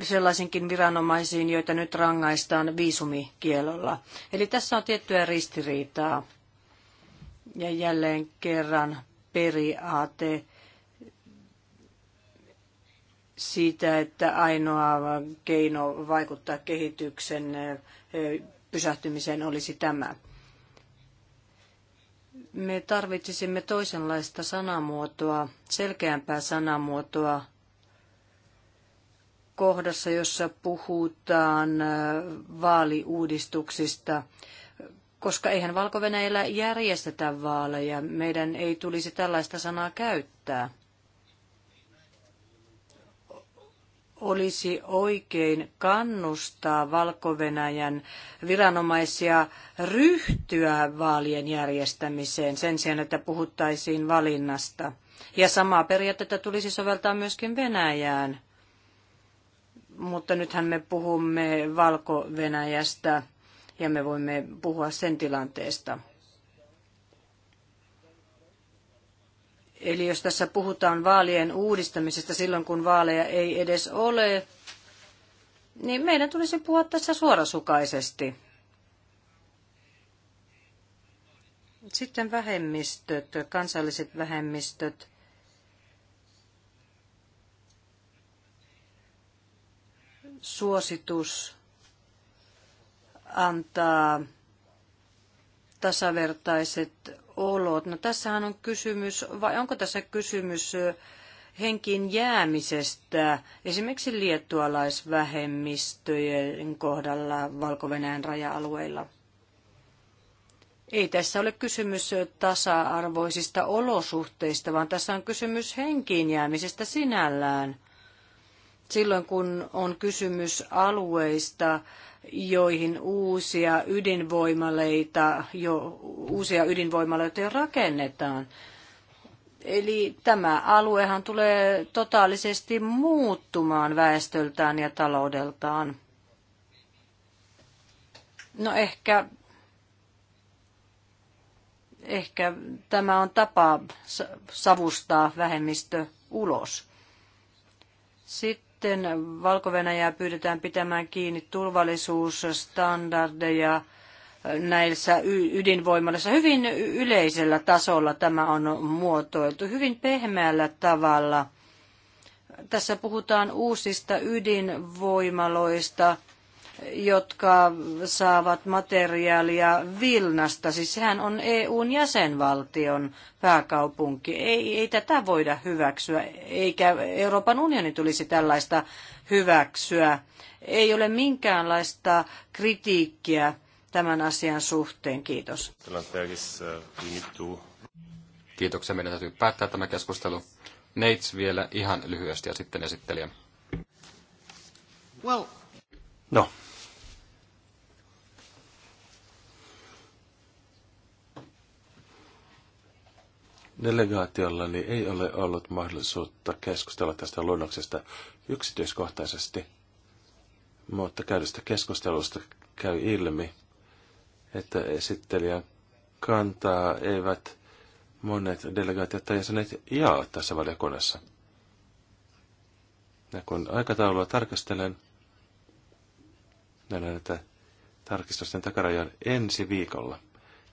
sellaisinkin viranomaisiin, joita nyt rangaistaan viisumikielolla. Eli tässä on tiettyä ristiriitaa. Ja jälleen kerran periaate siitä, että ainoa keino vaikuttaa kehityksen pysähtymiseen olisi tämä. Me tarvitsisimme toisenlaista sanamuotoa, selkeämpää sanamuotoa kohdassa, jossa puhutaan vaaliuudistuksista, koska eihän valko järjestetä vaaleja. Meidän ei tulisi tällaista sanaa käyttää. olisi oikein kannustaa Valko-Venäjän viranomaisia ryhtyä vaalien järjestämiseen sen sijaan, että puhuttaisiin valinnasta. Ja samaa periaatetta tulisi soveltaa myöskin Venäjään. Mutta nythän me puhumme Valko-Venäjästä ja me voimme puhua sen tilanteesta. Eli jos tässä puhutaan vaalien uudistamisesta silloin, kun vaaleja ei edes ole, niin meidän tulisi puhua tässä suorasukaisesti. Sitten vähemmistöt, kansalliset vähemmistöt. Suositus antaa tasavertaiset olot. No tässähän on kysymys, vai onko tässä kysymys henkiin jäämisestä esimerkiksi liettualaisvähemmistöjen kohdalla valko raja-alueilla? Ei tässä ole kysymys tasa-arvoisista olosuhteista, vaan tässä on kysymys henkiin jäämisestä sinällään. Silloin kun on kysymys alueista, joihin uusia ydinvoimaleita jo, uusia ydinvoimaloita jo rakennetaan. Eli tämä aluehan tulee totaalisesti muuttumaan väestöltään ja taloudeltaan. No ehkä, ehkä tämä on tapa savustaa vähemmistö ulos. Sitten sitten valko pyydetään pitämään kiinni turvallisuusstandardeja näissä ydinvoimaloissa. Hyvin yleisellä tasolla tämä on muotoiltu, hyvin pehmeällä tavalla. Tässä puhutaan uusista ydinvoimaloista – jotka saavat materiaalia Vilnasta. Siis sehän on EUn jäsenvaltion pääkaupunki. Ei, ei tätä voida hyväksyä, eikä Euroopan unioni tulisi tällaista hyväksyä. Ei ole minkäänlaista kritiikkiä tämän asian suhteen. Kiitos. Kiitoksia. Meidän täytyy päättää tämä keskustelu. Neits vielä ihan lyhyesti ja sitten esittelijä. Well. No, delegaatiollani niin ei ole ollut mahdollisuutta keskustella tästä luonnoksesta yksityiskohtaisesti, mutta käydystä keskustelusta käy ilmi, että esittelijän kantaa eivät monet delegaatiot tai jäsenet jaa tässä valiokunnassa. Ja kun aikataulua tarkastelen, näen, että tarkistusten takarajan ensi viikolla,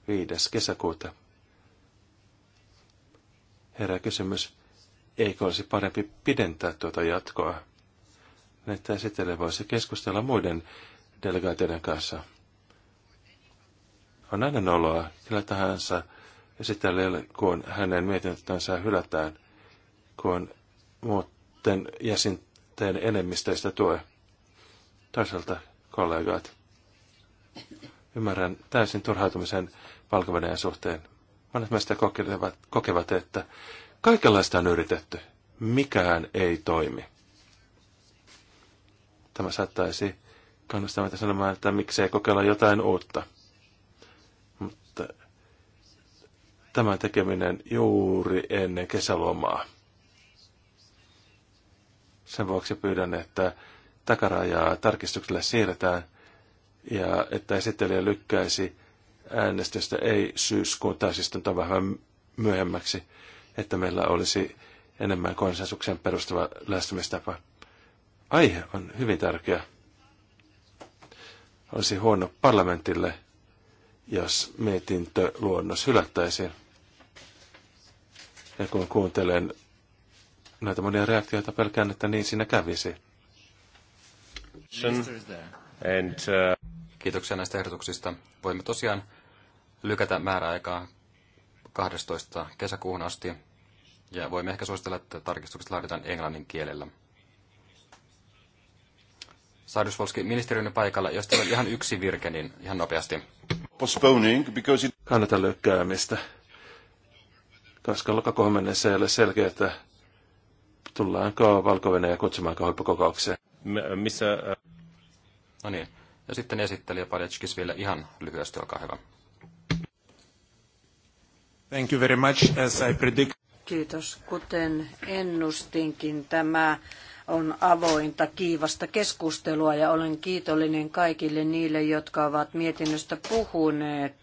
5. kesäkuuta herää kysymys, eikö olisi parempi pidentää tuota jatkoa? Että esitelle voisi keskustella muiden delegaatioiden kanssa. On aina noloa, kyllä tahansa esitelle, kun hänen mietintönsä hylätään, kun muuten jäsenten enemmistöistä tue. Toisaalta kollegat. Ymmärrän täysin turhautumisen valko suhteen, Monet meistä kokevat, kokevat, että kaikenlaista on yritetty. Mikään ei toimi. Tämä saattaisi kannustaa meitä sanomaan, että miksei kokeilla jotain uutta. Mutta tämän tekeminen juuri ennen kesälomaa. Sen vuoksi pyydän, että takarajaa tarkistukselle siirretään ja että esittelijä lykkäisi äänestystä ei syyskuun täysistuntoon vähän myöhemmäksi, että meillä olisi enemmän konsensuksen perustuva lähestymistapa. Aihe on hyvin tärkeä. Olisi huono parlamentille, jos mietintöluonnos hylättäisiin. Ja kun kuuntelen näitä monia reaktioita, pelkään, että niin siinä kävisi. And, uh... Kiitoksia näistä ehdotuksista. Voimme tosiaan lykätä määräaikaa 12. kesäkuuhun asti, ja voimme ehkä suositella, että tarkistukset laaditaan englannin kielellä. Saadusvolski, ministeriön paikalla. Jos teillä on ihan yksi virke, niin ihan nopeasti. Postponing because it... Kannata lykkäämistä, koska lokakuuhun mennessä ei ole selkeä, että tullaanko valko ja kutsumaan huippukokoukseen. Missä... Äh- no niin. Ja sitten esittelijä Paletskis vielä ihan lyhyesti, olkaa hyvä. Thank you very much, as I predict. Kiitos. Kuten ennustinkin, tämä on avointa, kiivasta keskustelua ja olen kiitollinen kaikille niille, jotka ovat mietinnöstä puhuneet.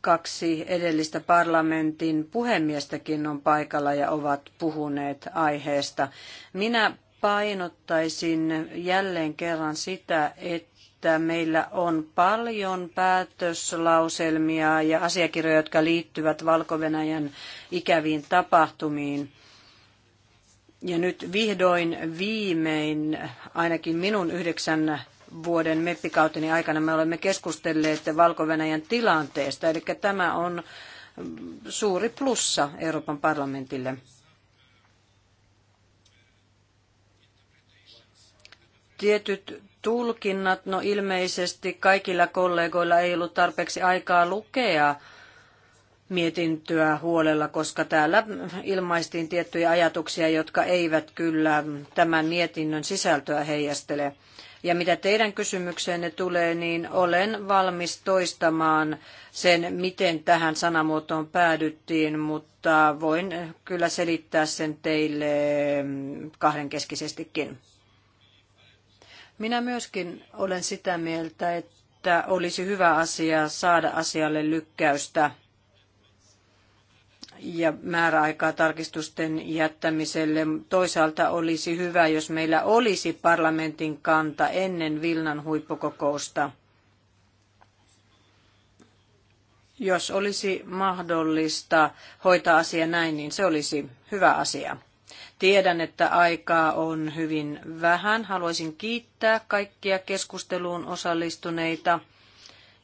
Kaksi edellistä parlamentin puhemiestäkin on paikalla ja ovat puhuneet aiheesta. Minä painottaisin jälleen kerran sitä, että että meillä on paljon päätöslauselmia ja asiakirjoja, jotka liittyvät valko ikäviin tapahtumiin. Ja nyt vihdoin viimein, ainakin minun yhdeksän vuoden meppikauteni aikana, me olemme keskustelleet valko tilanteesta. Eli tämä on suuri plussa Euroopan parlamentille. Tietyt tulkinnat. No ilmeisesti kaikilla kollegoilla ei ollut tarpeeksi aikaa lukea mietintöä huolella, koska täällä ilmaistiin tiettyjä ajatuksia, jotka eivät kyllä tämän mietinnön sisältöä heijastele. Ja mitä teidän kysymykseenne tulee, niin olen valmis toistamaan sen, miten tähän sanamuotoon päädyttiin, mutta voin kyllä selittää sen teille kahdenkeskisestikin. Minä myöskin olen sitä mieltä, että olisi hyvä asia saada asialle lykkäystä ja määräaikaa tarkistusten jättämiselle. Toisaalta olisi hyvä, jos meillä olisi parlamentin kanta ennen Vilnan huippukokousta. Jos olisi mahdollista hoitaa asia näin, niin se olisi hyvä asia. Tiedän, että aikaa on hyvin vähän. Haluaisin kiittää kaikkia keskusteluun osallistuneita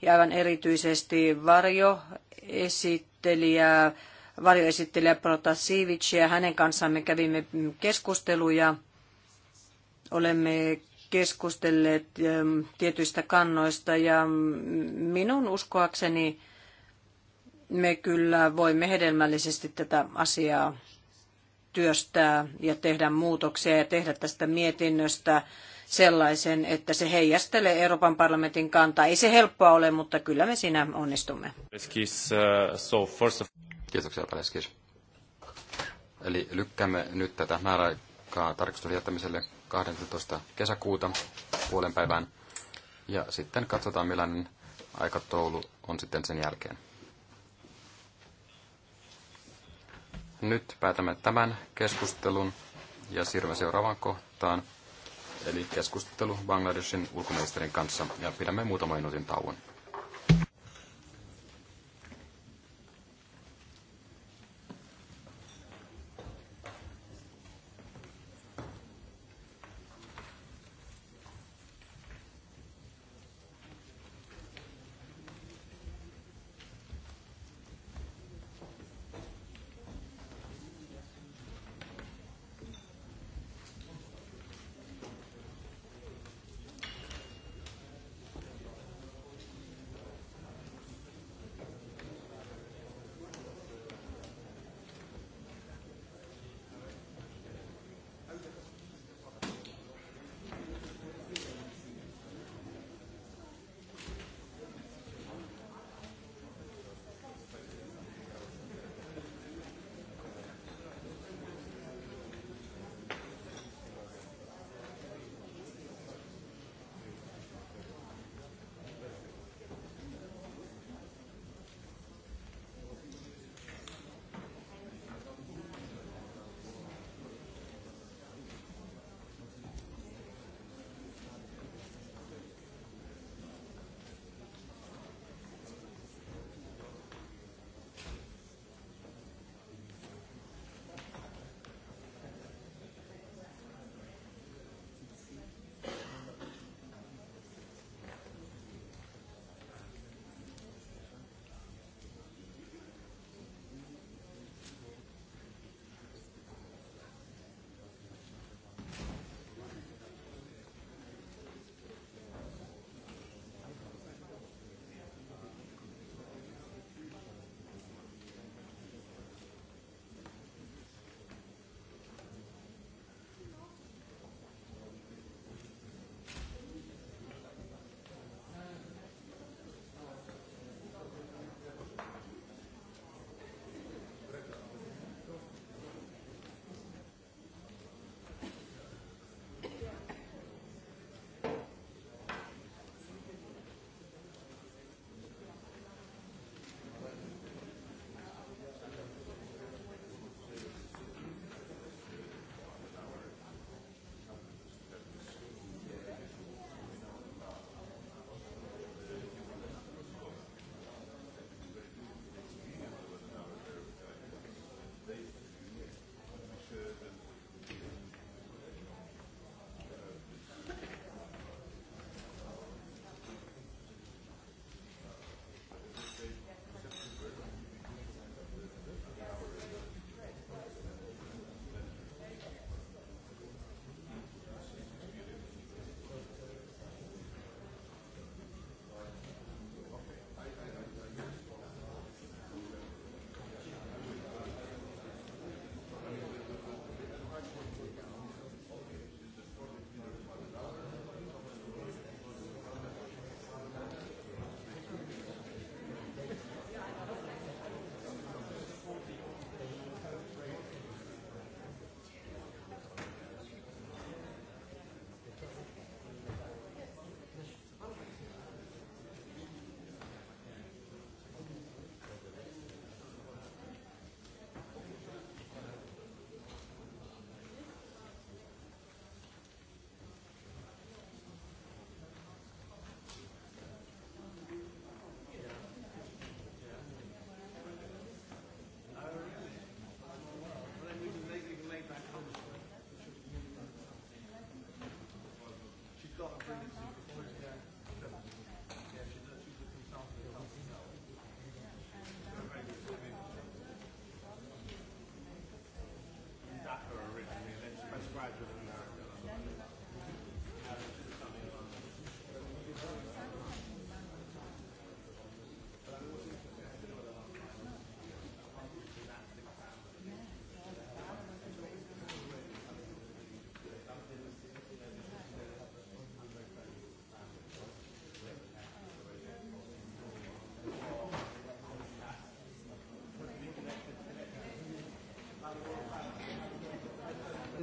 ja aivan erityisesti varjoesittelijää, varjoesittelijä ja Hänen kanssaan me kävimme keskusteluja. Olemme keskustelleet ähm, tietyistä kannoista ja minun uskoakseni me kyllä voimme hedelmällisesti tätä asiaa työstää ja tehdä muutoksia ja tehdä tästä mietinnöstä sellaisen, että se heijastelee Euroopan parlamentin kantaa. Ei se helppoa ole, mutta kyllä me siinä onnistumme. Uh, Kiitoksia, Paleskis. Eli lykkäämme nyt tätä määräaikaa tarkistuksen jättämiselle 12. kesäkuuta puolen päivään. Ja sitten katsotaan, millainen aikataulu on sitten sen jälkeen. Nyt päätämme tämän keskustelun ja siirrymme seuraavaan kohtaan, eli keskustelu Bangladeshin ulkoministerin kanssa, ja pidämme muutaman minuutin tauon.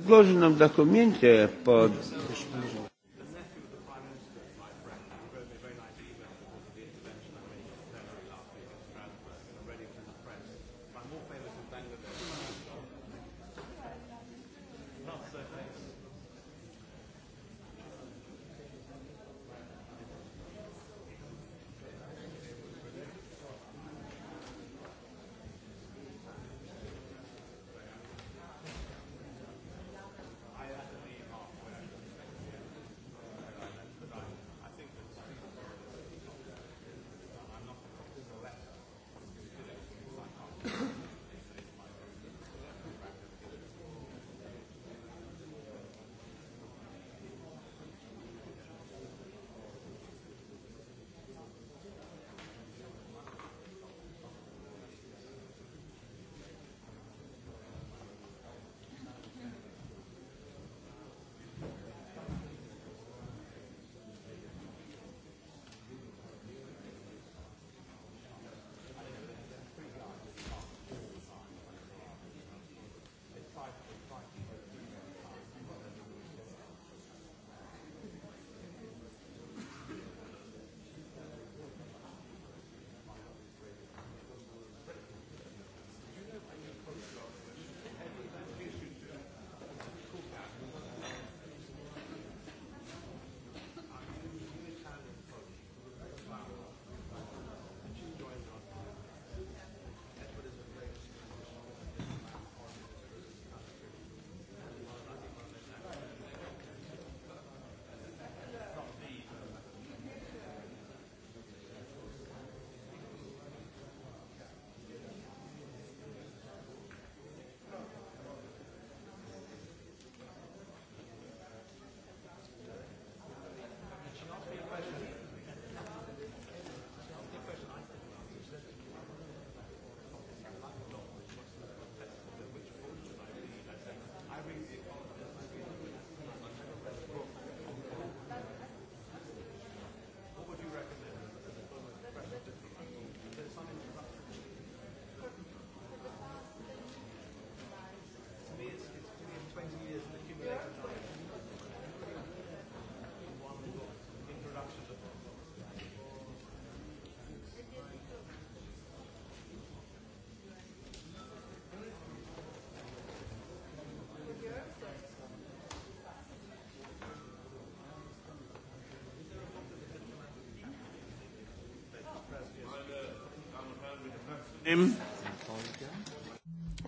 предложенном документе под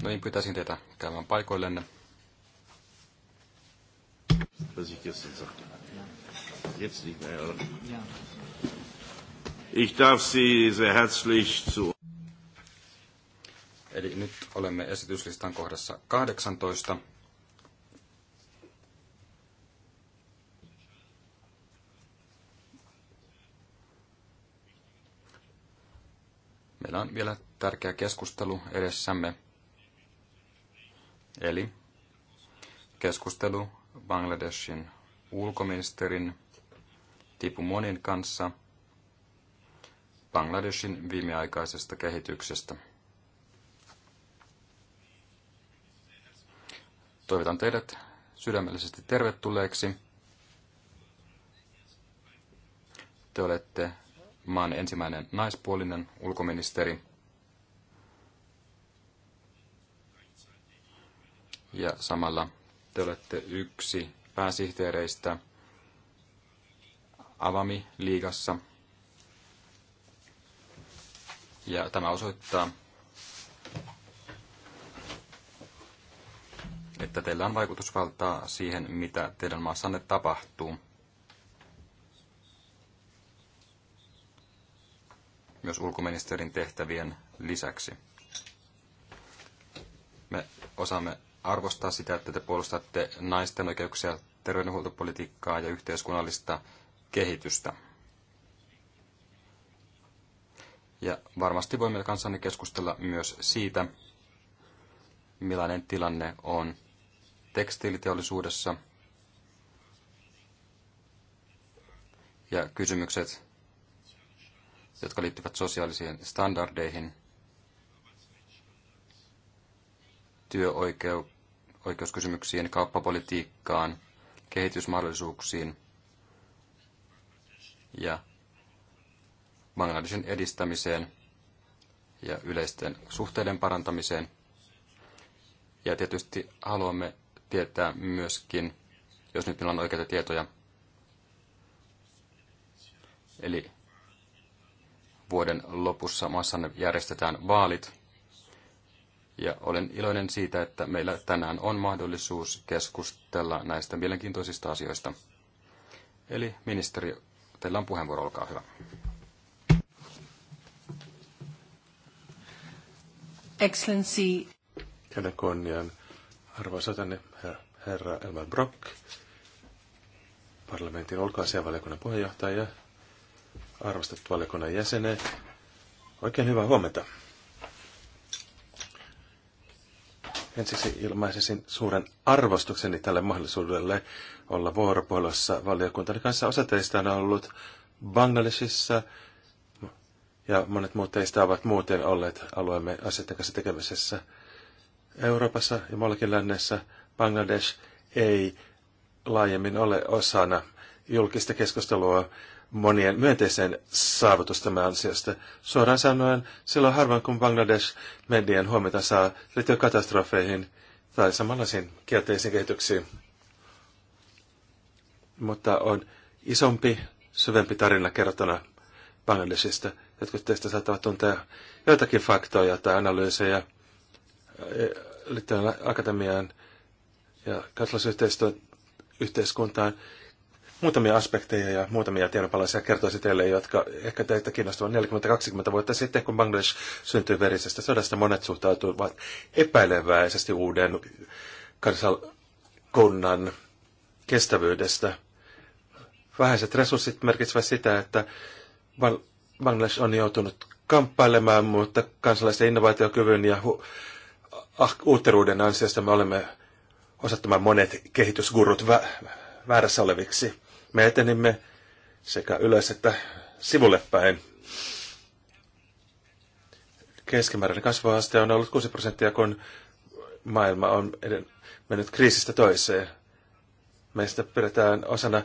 No niin, pyytäisin teitä käymään paikoillenne. Ich darf Sie sehr herzlich zu... Eli nyt olemme esityslistan kohdassa 18. tärkeä keskustelu edessämme. Eli keskustelu Bangladeshin ulkoministerin Tipu Monin kanssa Bangladeshin viimeaikaisesta kehityksestä. Toivotan teidät sydämellisesti tervetulleeksi. Te olette maan ensimmäinen naispuolinen ulkoministeri. ja samalla te olette yksi pääsihteereistä Avami-liigassa. Ja tämä osoittaa, että teillä on vaikutusvaltaa siihen, mitä teidän maassanne tapahtuu. Myös ulkoministerin tehtävien lisäksi. Me osaamme arvostaa sitä, että te puolustatte naisten oikeuksia, terveydenhuoltopolitiikkaa ja yhteiskunnallista kehitystä. Ja varmasti voimme kanssanne keskustella myös siitä, millainen tilanne on tekstiiliteollisuudessa ja kysymykset, jotka liittyvät sosiaalisiin standardeihin, työoikeuksiin, oikeuskysymyksiin, kauppapolitiikkaan, kehitysmahdollisuuksiin ja Bangladesin edistämiseen ja yleisten suhteiden parantamiseen. Ja tietysti haluamme tietää myöskin, jos nyt meillä on oikeita tietoja, eli vuoden lopussa maassanne järjestetään vaalit – ja olen iloinen siitä, että meillä tänään on mahdollisuus keskustella näistä mielenkiintoisista asioista. Eli ministeri, teillä on puheenvuoro, olkaa hyvä. Excellency. Hänen kunnian arvoisa tänne herra Elmar Brock, parlamentin ulkoasianvaliokunnan puheenjohtaja, arvostettu valiokunnan jäsenet. Oikein hyvää huomenta. Ensiksi ilmaisisin suuren arvostukseni tälle mahdollisuudelle olla vuoropuhelussa valiokunta. kanssa. Osa teistä on ollut Bangladesissa ja monet muut teistä ovat muuten olleet alueemme asioiden kanssa tekemisessä. Euroopassa ja muuallakin lännessä Bangladesh ei laajemmin ole osana julkista keskustelua monien myönteiseen saavutustamme ansiosta. Suoraan sanoen, silloin harvoin kun Bangladesh median huomiota saa liittyä katastrofeihin tai samanlaisiin kielteisiin kehityksiin. Mutta on isompi, syvempi tarina kertona Bangladesista. Jotkut teistä saattavat tuntea joitakin faktoja tai analyysejä eh, liittyen akatemiaan ja yhteiskuntaan muutamia aspekteja ja muutamia tiedonpalaisia kertoisin teille, jotka ehkä teitä kiinnostavat 40-20 vuotta sitten, kun Bangladesh syntyi verisestä sodasta. Monet suhtautuivat epäileväisesti uuden kansakunnan kestävyydestä. Vähäiset resurssit merkitsevät sitä, että Bangladesh on joutunut kamppailemaan, mutta kansalaisten innovaatiokyvyn ja hu- ah, uutteruuden ansiosta me olemme osattamaan monet kehitysgurut vä- väärässä oleviksi. Me etenimme sekä ylös että sivulle päin. Keskimääräinen kasvuaste on ollut 6 prosenttia, kun maailma on mennyt kriisistä toiseen. Meistä pidetään osana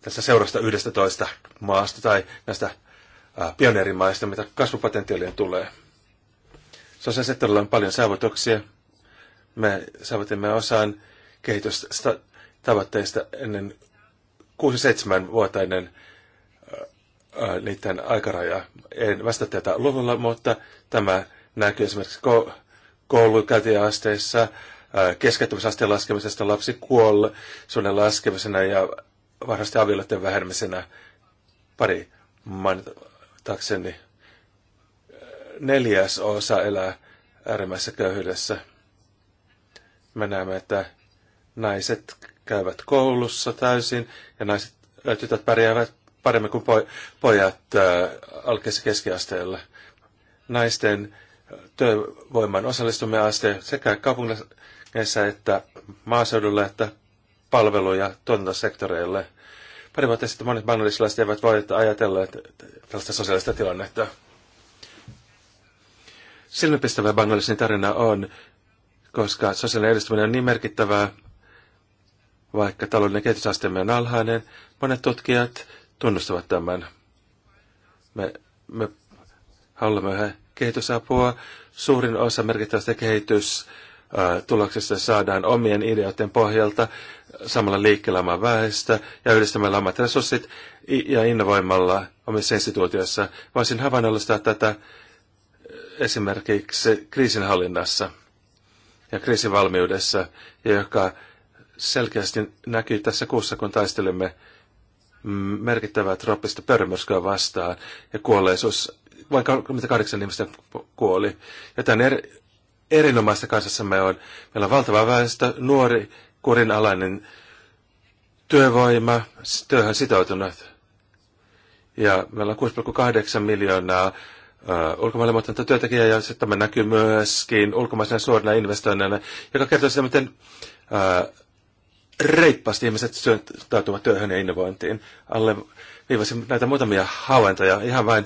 tässä seurasta 11 maasta tai näistä pioneerimaista, mitä kasvupotentiaalien tulee. Sosiaalisektorilla on paljon saavutuksia. Me saavutimme osaan kehitystavoitteista ennen 6-7-vuotainen niiden aikaraja. En vasta tätä luvulla, mutta tämä näkyy esimerkiksi ko- koulukäyntiasteissa, keskeyttämisasteen laskemisesta lapsi kuolle, suunnan laskemisena ja varmasti avioliittojen vähemmisenä pari mainitakseni. Neljäs osa elää äärimmäisessä köyhyydessä. Me näemme, että naiset käyvät koulussa täysin ja naiset tytöt pärjäävät paremmin kuin pojat äh, alkeessa keskiasteella. Naisten äh, työvoiman aste sekä kaupungissa että maaseudulla että palvelu- ja tuotantosektoreille. Pari vuotta sitten monet maanallislaiset eivät voi ajatella tällaista sosiaalista tilannetta. Silmäpistävä Bangladesin tarina on, koska sosiaalinen edistyminen on niin merkittävää, vaikka taloudellinen kehitysasteemme on alhainen, monet tutkijat tunnustavat tämän. Me, me haluamme yhä kehitysapua. Suurin osa merkittävästä kehitystuloksista saadaan omien ideoiden pohjalta samalla liikkeellä oman väestä ja yhdistämällä omat resurssit ja innovoimalla omissa instituutioissa. Voisin havainnollistaa tätä esimerkiksi kriisinhallinnassa ja kriisivalmiudessa, joka selkeästi näkyy tässä kuussa, kun taistelimme merkittävää trooppista pörmörskyä vastaan ja kuolleisuus, vain 38 ihmistä kuoli. Ja tämän er, erinomaista kansassamme on, meillä on valtava väestö, nuori, kurinalainen työvoima, työhön sitoutunut. Ja meillä on 6,8 miljoonaa äh, ulkomaille muuttanutta työntekijää, ja sitten tämä näkyy myöskin ulkomaisena suorana investoinnina, joka kertoo sitä, miten uh, reippaasti ihmiset syöntäytymään työhön ja innovointiin. Alle viivasin näitä muutamia havaintoja ihan vain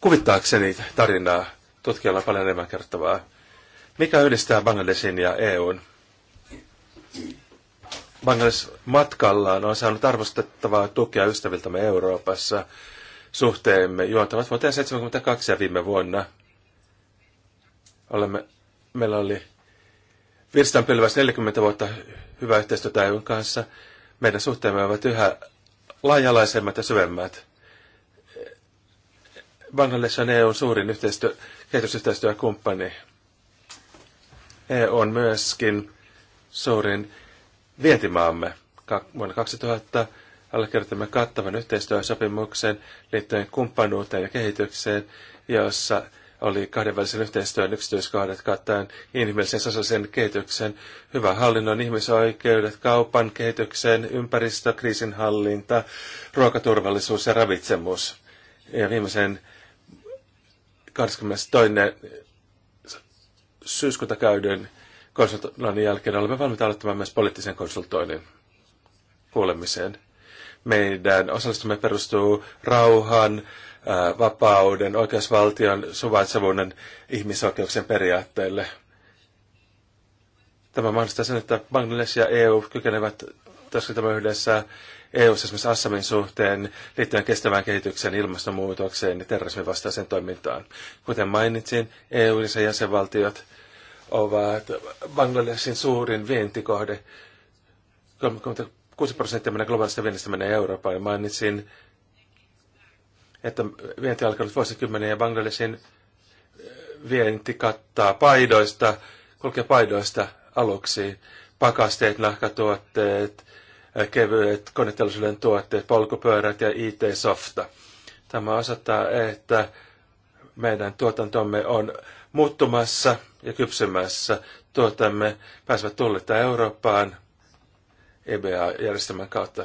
kuvittaakseni tarinaa. Tutkijalla on paljon enemmän kertovaa. Mikä yhdistää Bangladesin ja EUn? Bangladesin matkallaan on saanut arvostettavaa tukea ystäviltämme Euroopassa. Suhteemme juontavat vuoteen 1972 ja viime vuonna olemme, meillä oli pylväs 40 vuotta hyvää yhteistyötä EUn kanssa. Meidän suhteemme ovat yhä laajalaisemmat ja syvemmät. Bangladesh on EUn suurin yhteistyö, kehitysyhteistyökumppani. EU on myöskin suurin vientimaamme. Vuonna 2000 allekirjoitimme kattavan yhteistyösopimuksen liittyen kumppanuuteen ja kehitykseen, jossa oli kahdenvälisen yhteistyön yksityiskohdat kattaen inhimillisen sosiaalisen kehityksen, hyvän hallinnon ihmisoikeudet, kaupan kehityksen, ympäristö, kriisinhallinta, ruokaturvallisuus ja ravitsemus. Ja viimeisen 22. syyskuuta käydyn konsultoinnin jälkeen olemme valmiita aloittamaan myös poliittisen konsultoinnin kuulemiseen. Meidän osallistumme perustuu rauhan, vapauden, oikeusvaltion, suvaitsevuuden, ihmisoikeuksien periaatteille. Tämä mahdollistaa sen, että Bangladesh ja EU kykenevät työskentelemään yhdessä eu esimerkiksi Assamin suhteen liittyen kestävään kehitykseen, ilmastonmuutokseen ja terrorismin vastaiseen toimintaan. Kuten mainitsin, EU ja jäsenvaltiot ovat Bangladesin suurin vientikohde. 36 prosenttia meidän globaalista viennistä menee Eurooppaan ja mainitsin että vienti alkoi vuosikymmeniä ja Bangladesin eh, vienti kattaa paidoista, kulkee paidoista aluksi, pakasteet, nahkatuotteet, eh, kevyet koneteollisuuden tuotteet, polkupyörät ja IT-softa. Tämä osoittaa, että meidän tuotantomme on muuttumassa ja kypsymässä. Tuotamme pääsevät tullita Eurooppaan EBA-järjestelmän kautta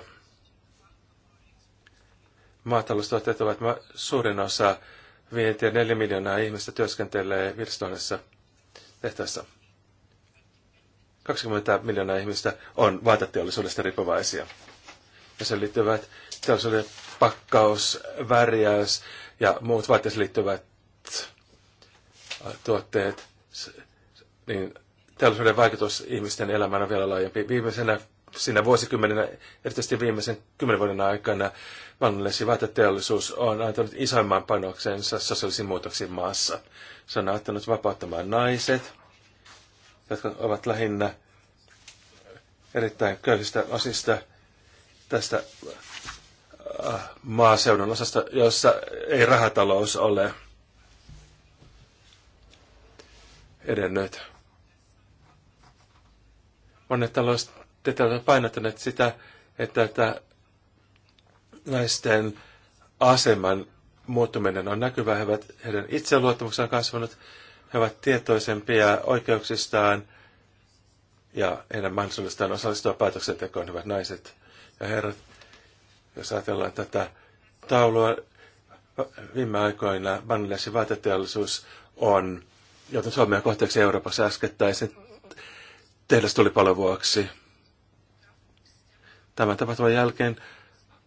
maataloustuotteet ovat ma- suurin osa vientiä. Neljä miljoonaa ihmistä työskentelee Virstoonessa tehtaassa. 20 miljoonaa ihmistä on vaateteollisuudesta riippuvaisia. Ja sen liittyvät teollisuuden pakkaus, värjäys ja muut vaatteisiin liittyvät äh, tuotteet, niin teollisuuden vaikutus ihmisten elämään on vielä laajempi. Viimeisenä siinä vuosikymmeninä, erityisesti viimeisen kymmenen vuoden aikana, vanhallesi vaateteollisuus on antanut isoimman panoksensa sosiaalisiin muutoksiin maassa. Se on auttanut vapauttamaan naiset, jotka ovat lähinnä erittäin köyhistä osista tästä äh, maaseudun osasta, jossa ei rahatalous ole edennyt. Monet taloudelliset te olette painottaneet sitä, että, että naisten aseman muuttuminen on näkyvä, He ovat, heidän itseluottamuksensa on kasvanut. He ovat tietoisempia oikeuksistaan ja heidän mahdollisuudestaan osallistua päätöksentekoon, hyvät naiset ja herrat. Jos ajatellaan tätä taulua, viime aikoina Bangladesin vaateteollisuus on joutunut Suomea kohteeksi Euroopassa äskettäisen tehdastulipalon vuoksi. Tämän tapahtuman jälkeen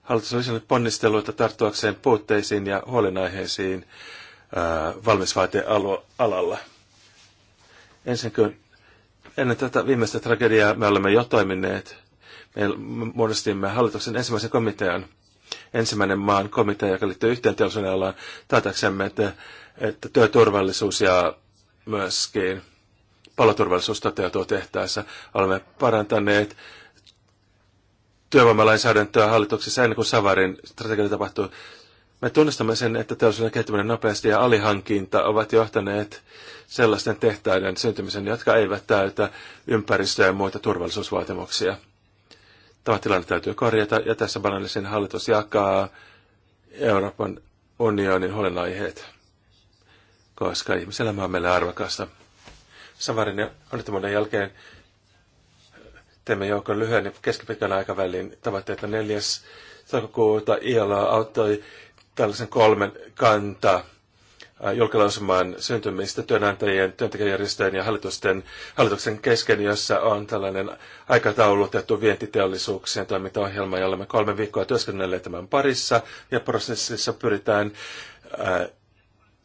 hallitus on lisännyt ponnisteluita tarttuakseen puutteisiin ja huolenaiheisiin Ensin Ensinnäkin ennen tätä viimeistä tragediaa me olemme jo toimineet. Me muodostimme hallituksen ensimmäisen komitean, ensimmäinen maan komitea, joka liittyy yhteen teollisuuden alaan, taataksemme, että, että työturvallisuus ja myöskin paloturvallisuus toteutuu tehtäessä. Olemme parantaneet työvoimalainsäädäntöä hallituksessa ennen kuin Savarin strategia tapahtui. Me tunnistamme sen, että teollisuuden kehittyminen nopeasti ja alihankinta ovat johtaneet sellaisten tehtäiden syntymisen, jotka eivät täytä ympäristöä ja muita turvallisuusvaatimuksia. Tämä tilanne täytyy korjata ja tässä Banalisen hallitus jakaa Euroopan unionin huolenaiheet, koska ihmiselämä on meille arvokasta. Savarin ja onnettomuuden jälkeen teemme joukon lyhyen ja keskipitkän aikavälin tavoitteita. 4. toukokuuta ILO auttoi tällaisen kolmen kanta äh, julkilausumaan syntymistä työnantajien, työntekijäjärjestöjen ja hallitusten, hallituksen kesken, jossa on tällainen aikataulutettu vientiteollisuuksien toimintaohjelma, jolla me kolme viikkoa työskennelleet tämän parissa, ja prosessissa pyritään ää, äh,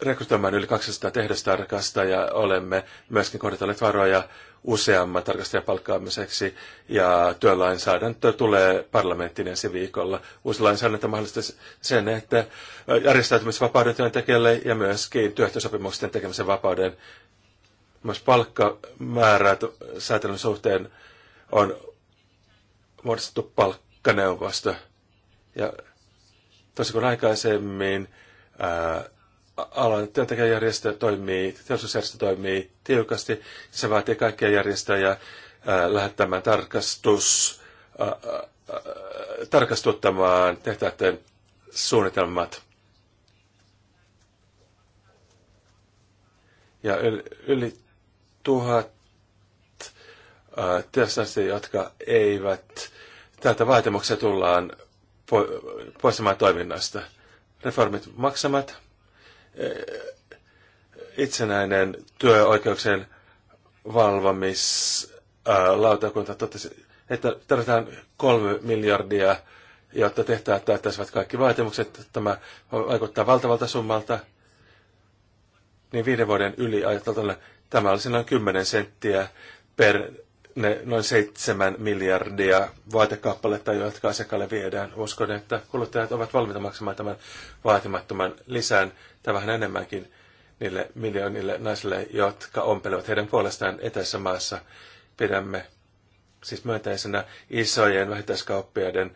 rekrytoimaan yli 200 tehdastarkasta, ja olemme myöskin kohdelleet varoja useamman tarkastajan palkkaamiseksi ja työlainsäädäntö tulee parlamenttiin ensi viikolla. Uusi lainsäädäntö mahdollistaa sen, että järjestäytymisvapauden työntekijälle ja myöskin työehtosopimusten tekemisen vapauden myös palkkamäärät säätelyn suhteen on muodostettu palkkaneuvosto. Ja tosi kuin aikaisemmin ää, alan työntekijäjärjestö toimii, teollisuusjärjestö toimii tiukasti. Se vaatii kaikkia järjestöjä lähettämään tarkastus, tarkastuttamaan tehtäiden suunnitelmat. Ja yli, yli tuhat työstäjä, jotka eivät tältä vaatimuksia tullaan poistamaan toiminnasta. Reformit maksamat itsenäinen työoikeuksien valvomislautakunta totesi, että tarvitaan kolme miljardia, jotta tehtävät täyttäisivät kaikki vaatimukset. Tämä vaikuttaa valtavalta summalta. Niin viiden vuoden yli ajateltuna tämä olisi noin 10 senttiä per ne noin seitsemän miljardia vaatekappaletta, jotka asiakkaalle viedään. Uskon, että kuluttajat ovat valmiita maksamaan tämän vaatimattoman lisän tai vähän enemmänkin niille miljoonille naisille, jotka ompelevat heidän puolestaan etäisessä maassa. Pidämme siis myönteisenä isojen vähittäiskauppiaiden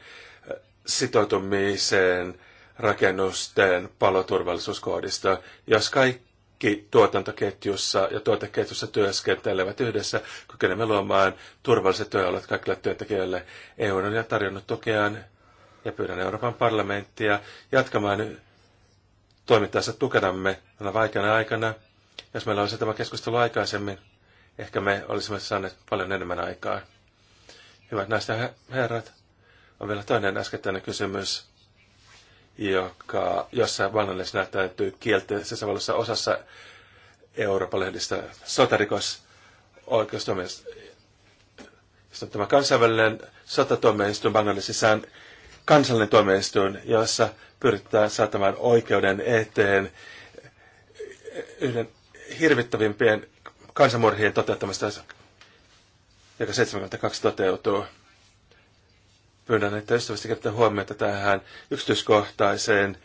sitoutumiseen rakennusten paloturvallisuuskoodista. Jos kaikki kaikki tuotantoketjussa ja tuoteketjussa työskentelevät yhdessä kykenemme luomaan turvalliset työolot kaikille työntekijöille. EU on ja tarjonnut tukeaan ja pyydän Euroopan parlamenttia jatkamaan toimittaessa tukenamme tänä vaikeana aikana. Jos meillä olisi tämä keskustelu aikaisemmin, ehkä me olisimme saaneet paljon enemmän aikaa. Hyvät naiset ja herrat, on vielä toinen äskettäinen kysymys joka jossain vannallisessa näyttäytyy kielteisessä valossa osassa Euroopan lehdistä sotarikos oikeustuomioistuin. Tämä kansainvälinen sotatuomioistuin Bangladesissa on kansallinen tuomioistuin, jossa pyritään saattamaan oikeuden eteen yhden hirvittävimpien kansanmurhien toteuttamista, joka 72 toteutuu pyydän, että ystävästi käyttää huomiota tähän yksityiskohtaiseen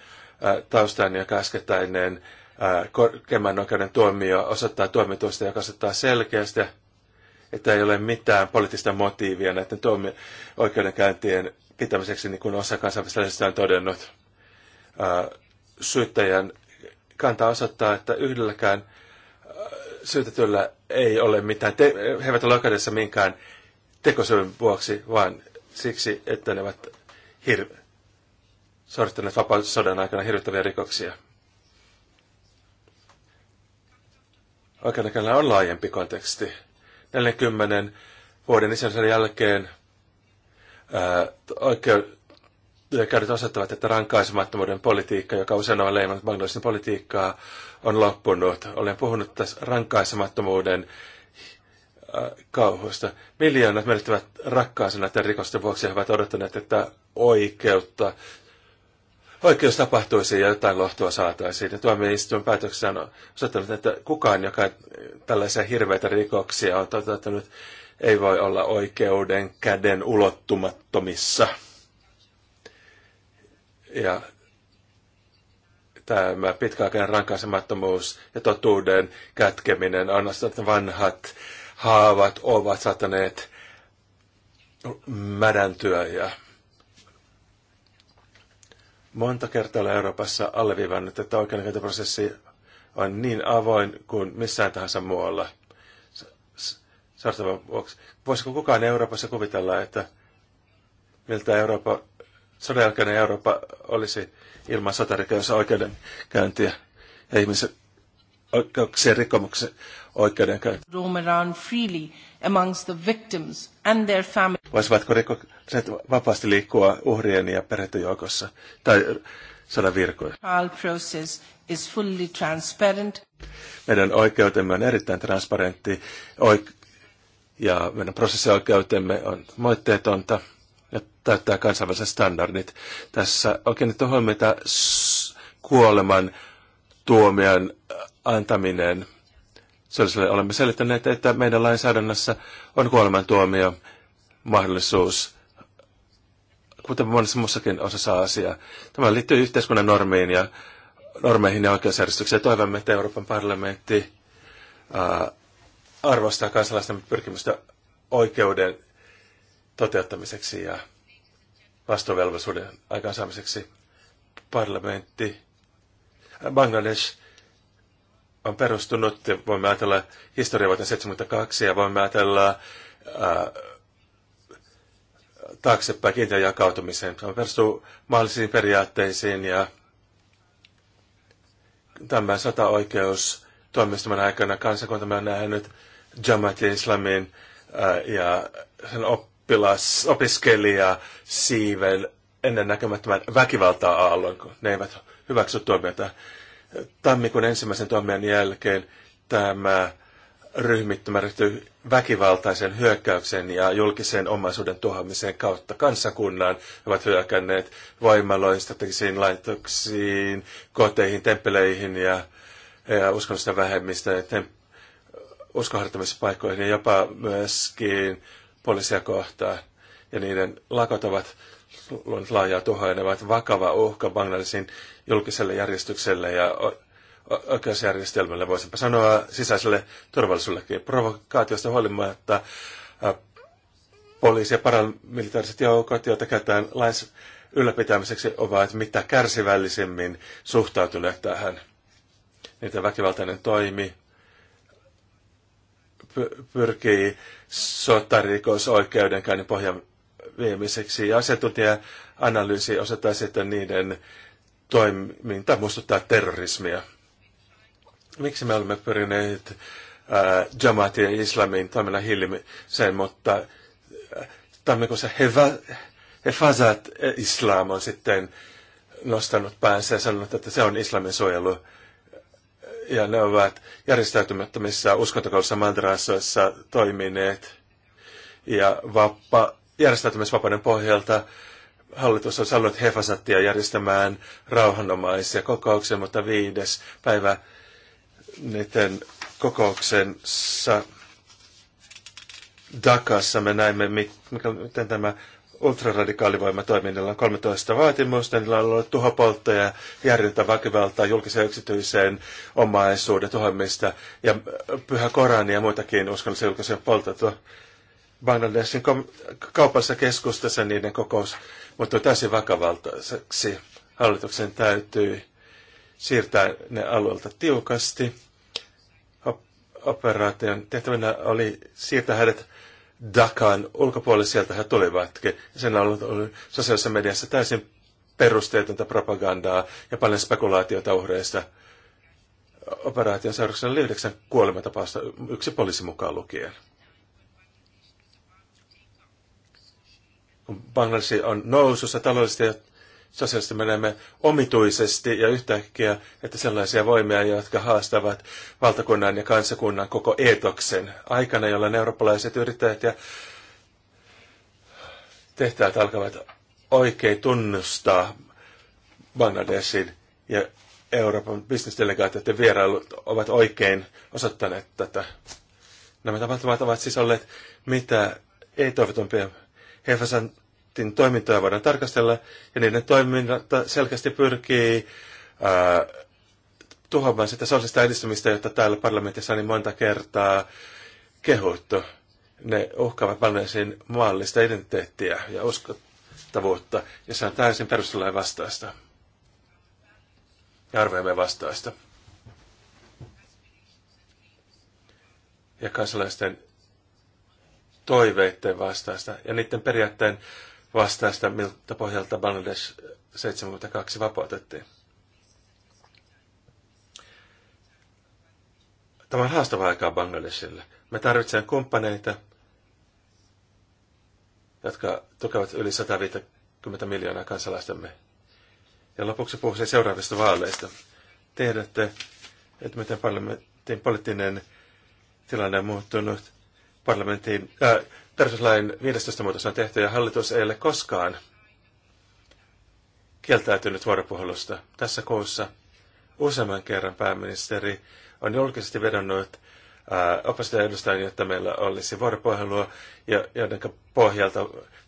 taustaan, joka äskettäinen korkeimman oikeuden tuomio osoittaa tuomituista, joka osoittaa selkeästi, että ei ole mitään poliittista motiivia näiden tuomi- oikeudenkäyntien pitämiseksi, niin kuin osa kansainvälisestä on todennut. Syyttäjän kanta osoittaa, että yhdelläkään syytetyllä ei ole mitään, te- he eivät ole oikeudessa minkään tekosyyn vuoksi, vaan siksi, että ne ovat hir- suorittaneet vapaussodan aikana hirvittäviä rikoksia. Oikeudenkäynnillä on laajempi konteksti. 40 vuoden isänsä jälkeen oikeudet osoittavat, että rankaisemattomuuden politiikka, joka usein on leimannut Bangladesin politiikkaa, on loppunut. Olen puhunut tässä rankaisemattomuuden Äh, kauhuista. Miljoonat menettävät rakkaansa näiden rikosten vuoksi ja ovat odottaneet, että oikeutta, oikeus tapahtuisi ja jotain lohtua saataisiin. Ja tuomioistuin päätöksessä on osoittanut, että kukaan, joka tällaisia hirveitä rikoksia on toteuttanut, ei voi olla oikeuden käden ulottumattomissa. Ja tämä pitkäaikainen rankaisemattomuus ja totuuden kätkeminen on vanhat haavat ovat saattaneet mädäntyä ja monta kertaa Euroopassa alleviivannut, että oikeudenkäyntiprosessi on niin avoin kuin missään tahansa muualla. Voisiko kukaan Euroopassa kuvitella, että miltä Eurooppa, sodan Eurooppa olisi ilman sotarikossa oikeudenkäyntiä ja ihmiset oikeuksien rikkomuksen oikeudenkäynti. Roam around freely amongst the victims and their families. Voisivatko rikokset vapaasti liikkua uhrien ja perheiden joukossa tai saada virkoja? Trial process is fully transparent. Meidän oikeutemme on erittäin transparentti oik- ja meidän prosessioikeutemme on moitteetonta ja täyttää kansainväliset standardit. Tässä on huomioita huomiota kuoleman tuomion antaminen. Sellaiselle olemme selittäneet, että meidän lainsäädännössä on kuolemantuomio mahdollisuus, kuten monessa muussakin osassa asiaa. Tämä liittyy yhteiskunnan normiin ja normeihin ja oikeusjärjestykseen. Toivomme, että Euroopan parlamentti ää, arvostaa kansalaisten pyrkimystä oikeuden toteuttamiseksi ja vastuuvelvollisuuden aikaansaamiseksi. Parlamentti, Bangladesh on perustunut, voimme ajatella historia vuoteen 72 ja voimme ajatella ää, taaksepäin kiinteän jakautumiseen. Se on perustunut mahdollisiin periaatteisiin ja tämän sataoikeus toimistuman aikana kansakunta on nähnyt Jamaat islamin ää, ja sen oppilas, opiskelija siiven ennen näkemättömän väkivaltaa aallon, kun ne eivät hyväksy tuomiota tammikuun ensimmäisen toimien jälkeen tämä ryhmittymä ryhtyi väkivaltaisen hyökkäyksen ja julkisen omaisuuden tuhoamiseen kautta kansakunnan. He ovat hyökänneet voimaloihin, strategisiin laitoksiin, koteihin, temppeleihin ja, ja uskonnollisten vähemmistöjen uskonharjoittamispaikkoihin ja jopa myöskin poliisia kohtaan. Ja niiden lakot ovat luonut laajaa tuhoa ja ne ovat vakava uhka Bangladesin julkiselle järjestykselle ja oikeusjärjestelmälle, voisinpa sanoa sisäiselle turvallisuudellekin. Provokaatiosta huolimatta poliisi ja paramilitaariset joukot, joita käytetään lain ylläpitämiseksi, ovat mitä kärsivällisemmin suhtautuneet tähän. Niitä väkivaltainen toimi pyrkii sotarikosoikeudenkäynnin pohjan viemiseksi. Ja asiantuntija-analyysi osoittaa sitten niiden toiminta muistuttaa terrorismia. Miksi me olemme pyrineet äh, jamaatin ja islamin toiminnan hillimiseen, mutta äh, tammikuussa Hefazat äh, Islam on sitten nostanut päänsä ja sanonut, että se on islamin suojelu. Ja ne ovat järjestäytymättömissä uskontokoulussa mandraasoissa toimineet. Ja vappa, järjestäytymisvapauden pohjalta hallitus on saanut Hefasattia järjestämään rauhanomaisia kokouksia, mutta viides päivä niiden kokouksensa Dakassa me näimme, miten tämä ultraradikaalivoima toimii. Niillä on 13 vaatimusta, niillä on ollut tuhopolttoja, järjintä, väkivaltaa, julkiseen yksityiseen omaisuuden tuhoamista ja pyhä Korani ja muitakin uskonnollisia julkisia poltettua. Bangladeshin kaupallisessa keskustassa niiden kokous mutta täysin vakavaltaiseksi hallituksen täytyy siirtää ne alueelta tiukasti. Operaation tehtävänä oli siirtää hänet Dakan ulkopuolelle, sieltä he tulivatkin. Sen alueelta oli sosiaalisessa mediassa täysin perusteetonta propagandaa ja paljon spekulaatiota uhreista. Operaation seurauksena oli yhdeksän kuolematapausta, yksi poliisi mukaan lukien. Bangladesh on nousussa taloudellisesti ja sosiaalisesti menemme omituisesti ja yhtäkkiä, että sellaisia voimia, jotka haastavat valtakunnan ja kansakunnan koko eetoksen aikana, jolloin eurooppalaiset yrittäjät ja tehtävät alkavat oikein tunnustaa Bangladesin ja Euroopan bisnesdelegaatioiden vierailut ovat oikein osoittaneet tätä. Nämä tapahtumat ovat siis olleet mitä ei toivotumpia Helfasantin toimintoja voidaan tarkastella, ja niiden toiminta selkeästi pyrkii ää, tuhoamaan sitä sosiaalista edistymistä, jota täällä parlamentissa on niin monta kertaa kehuttu. Ne uhkaavat Valnesin maallista identiteettiä ja uskottavuutta, ja se on täysin perustuslain vastaista ja arvojemme vastaista. Ja kansalaisten toiveiden vastaista ja niiden periaatteen vastaista, miltä pohjalta Bangladesh 72 vapautettiin. Tämä on haastava aikaa Bangladesille. Me tarvitsemme kumppaneita, jotka tukevat yli 150 miljoonaa kansalaistamme. Ja lopuksi puhuisin seuraavista vaaleista. Tiedätte, että miten parlamentin poliittinen tilanne on muuttunut. Parlamenttiin äh, perustuslain 15 muutos on tehty ja hallitus ei ole koskaan kieltäytynyt vuoropuhelusta. Tässä kuussa useamman kerran pääministeri on julkisesti vedonnut äh, oppositioedustajien, jotta meillä olisi vuoropuhelua, ja joiden pohjalta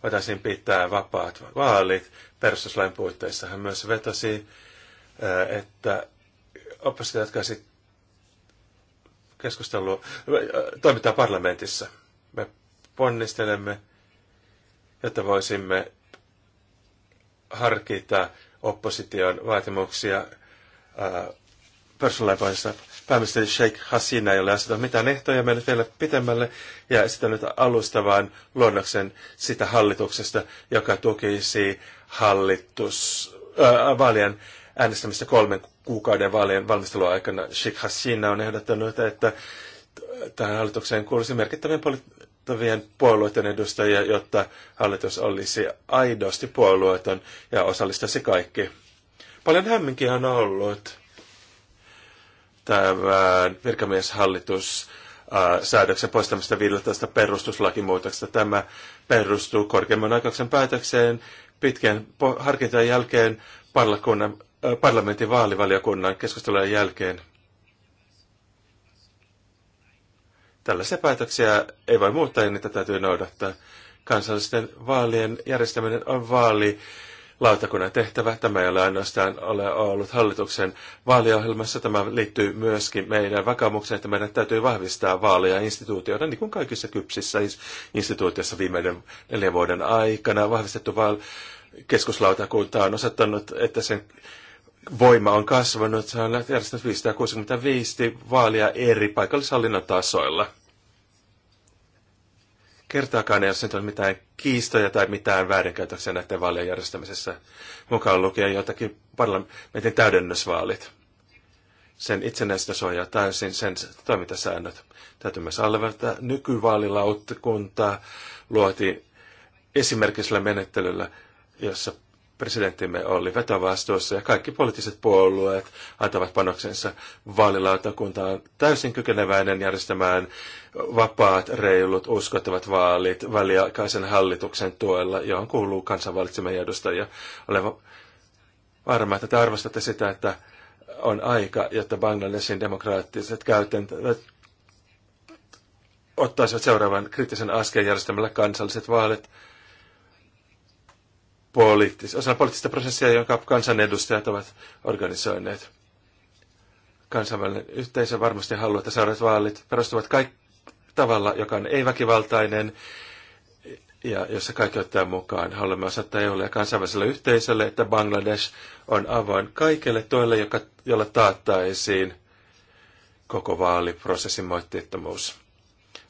voitaisiin pitää vapaat vaalit. Perustuslain puitteissa hän myös vetosi, äh, että oppositio jatkaisi keskustelua, äh, toimitaan parlamentissa. Me ponnistelemme, jotta voisimme harkita opposition vaatimuksia äh, pörssilainvoimassa. Pääministeri Sheikh Hasina ei ole asettanut mitään ehtoja meille vielä pitemmälle ja esittänyt alustavan luonnoksen sitä hallituksesta, joka tukisi hallitus, ää, äh, vaalien äänestämistä kolmen kuukauden vaalien valmisteluaikana Sheikh Hasina on ehdottanut, että tähän hallitukseen kuulisi merkittävien poliittavien puolueiden edustajia, jotta hallitus olisi aidosti puolueeton ja osallistaisi kaikki. Paljon hämminkin on ollut tämä virkamieshallitus säädöksen poistamista 15 perustuslakimuutoksesta. Tämä perustuu korkeimman oikeuksen päätökseen pitkän harkintojen jälkeen parlakunnan parlamentin vaalivaliokunnan keskustelujen jälkeen. Tällaisia päätöksiä ei voi muuttaa ja niitä täytyy noudattaa. Kansallisten vaalien järjestäminen on vaali lautakunnan tehtävä. Tämä ei ole ainoastaan ole ollut hallituksen vaaliohjelmassa. Tämä liittyy myöskin meidän vakaumukseen, että meidän täytyy vahvistaa vaaleja instituutioita, niin kuin kaikissa kypsissä instituutioissa viimeiden neljän vuoden aikana. Vahvistettu vaal- keskuslautakunta on osoittanut, että sen voima on kasvanut. Se on järjestänyt 565 vaalia eri paikallishallinnon tasoilla. Kertaakaan ei ole mitään kiistoja tai mitään väärinkäytöksiä näiden vaalien järjestämisessä, mukaan lukien joitakin parlamentin täydennysvaalit. Sen itsenäistä suojaa täysin sen toimintasäännöt. Täytyy myös alleviivata nykyvaalilautakunta luoti esimerkisellä menettelyllä, jossa presidenttimme oli vetovastuussa ja kaikki poliittiset puolueet antavat panoksensa. vaalilautakuntaan täysin kykeneväinen järjestämään vapaat, reilut, uskottavat vaalit väliaikaisen hallituksen tuella, johon kuuluu kansanvalitsemien edustajia. Olen varma, että te arvostatte sitä, että on aika, jotta Bangladesin demokraattiset käytäntöt ottaisivat seuraavan kriittisen järjestämällä kansalliset vaalit poliittis, osana poliittista prosessia, jonka kansanedustajat ovat organisoineet. Kansainvälinen yhteisö varmasti haluaa, että seuraavat vaalit perustuvat kaik- tavalla, joka on ei-väkivaltainen ja jossa kaikki ottaa mukaan. Haluamme osoittaa EUlle ja kansainväliselle yhteisölle, että Bangladesh on avoin kaikille toille, joka, jolla taattaisiin koko vaaliprosessin moitteettomuus.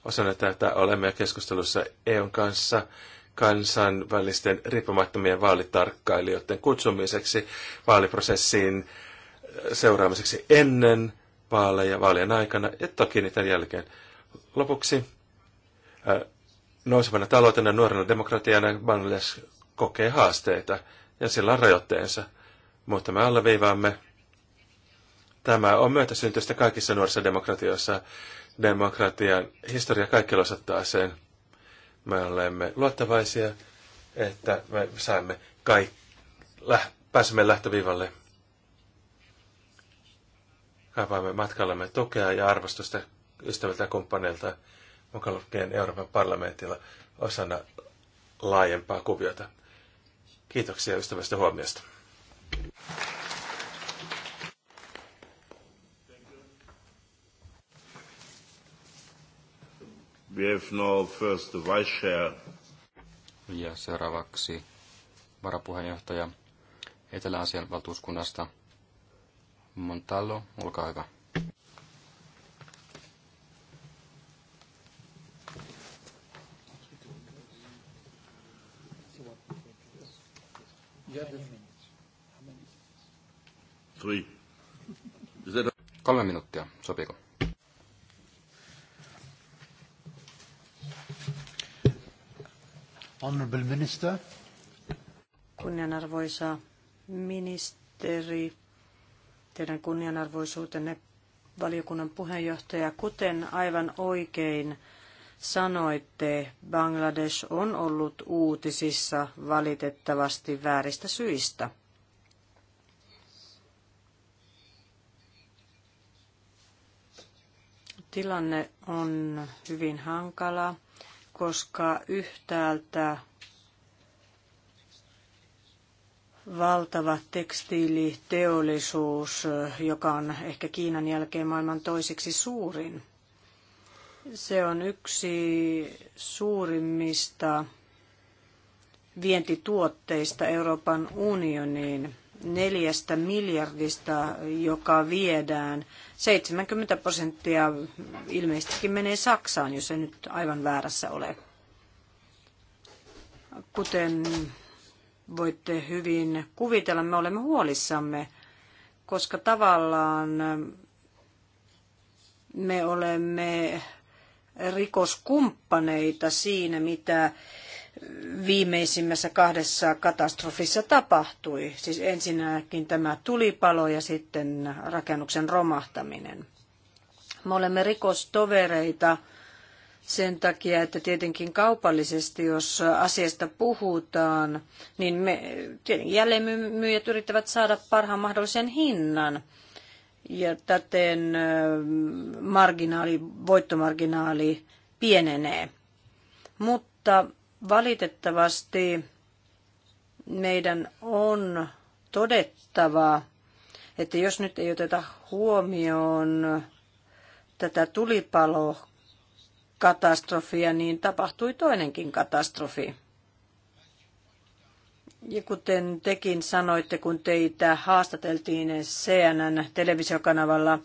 Osana tätä olemme keskustelussa EUn kanssa kansainvälisten riippumattomien vaalitarkkailijoiden kutsumiseksi vaaliprosessiin eh, seuraamiseksi ennen vaaleja, vaalien aikana ja toki niiden jälkeen. Lopuksi eh, nousevana taloutena nuorena demokratiana Bangladesh kokee haasteita ja sillä on rajoitteensa, mutta me alleviivaamme. Tämä on myötäsyntyistä kaikissa nuorissa demokratioissa. Demokratian historia kaikki osoittaa sen. Me olemme luottavaisia, että me saamme kaik. läh, pääsemme lähtöviivalle. Kaipaamme matkallamme tukea ja arvostusta ystäviltä ja kumppaneilta, mukaan lukien Euroopan parlamentilla osana laajempaa kuviota. Kiitoksia ystävästä huomiosta. We have now first the vice chair. Ja seuraavaksi varapuheenjohtaja Etelä-Asian valtuuskunnasta Montallo, olkaa hyvä. Kolme minuuttia, sopiiko? Honorable Minister. Kunnianarvoisa ministeri, teidän kunnianarvoisuutenne valiokunnan puheenjohtaja, kuten aivan oikein sanoitte, Bangladesh on ollut uutisissa valitettavasti vääristä syistä. Tilanne on hyvin hankala koska yhtäältä valtava tekstiiliteollisuus, joka on ehkä Kiinan jälkeen maailman toiseksi suurin. Se on yksi suurimmista vientituotteista Euroopan unioniin neljästä miljardista, joka viedään, 70 prosenttia ilmeisestikin menee Saksaan, jos en nyt aivan väärässä ole. Kuten voitte hyvin kuvitella, me olemme huolissamme, koska tavallaan me olemme rikoskumppaneita siinä, mitä viimeisimmässä kahdessa katastrofissa tapahtui. Siis ensinnäkin tämä tulipalo ja sitten rakennuksen romahtaminen. Me olemme rikostovereita sen takia, että tietenkin kaupallisesti, jos asiasta puhutaan, niin me, tietenkin jälleenmyyjät yrittävät saada parhaan mahdollisen hinnan. Ja täten marginaali, voittomarginaali pienenee. Mutta Valitettavasti meidän on todettava, että jos nyt ei oteta huomioon tätä tulipalokatastrofia, niin tapahtui toinenkin katastrofi. Ja kuten tekin sanoitte, kun teitä haastateltiin CNN televisiokanavalla,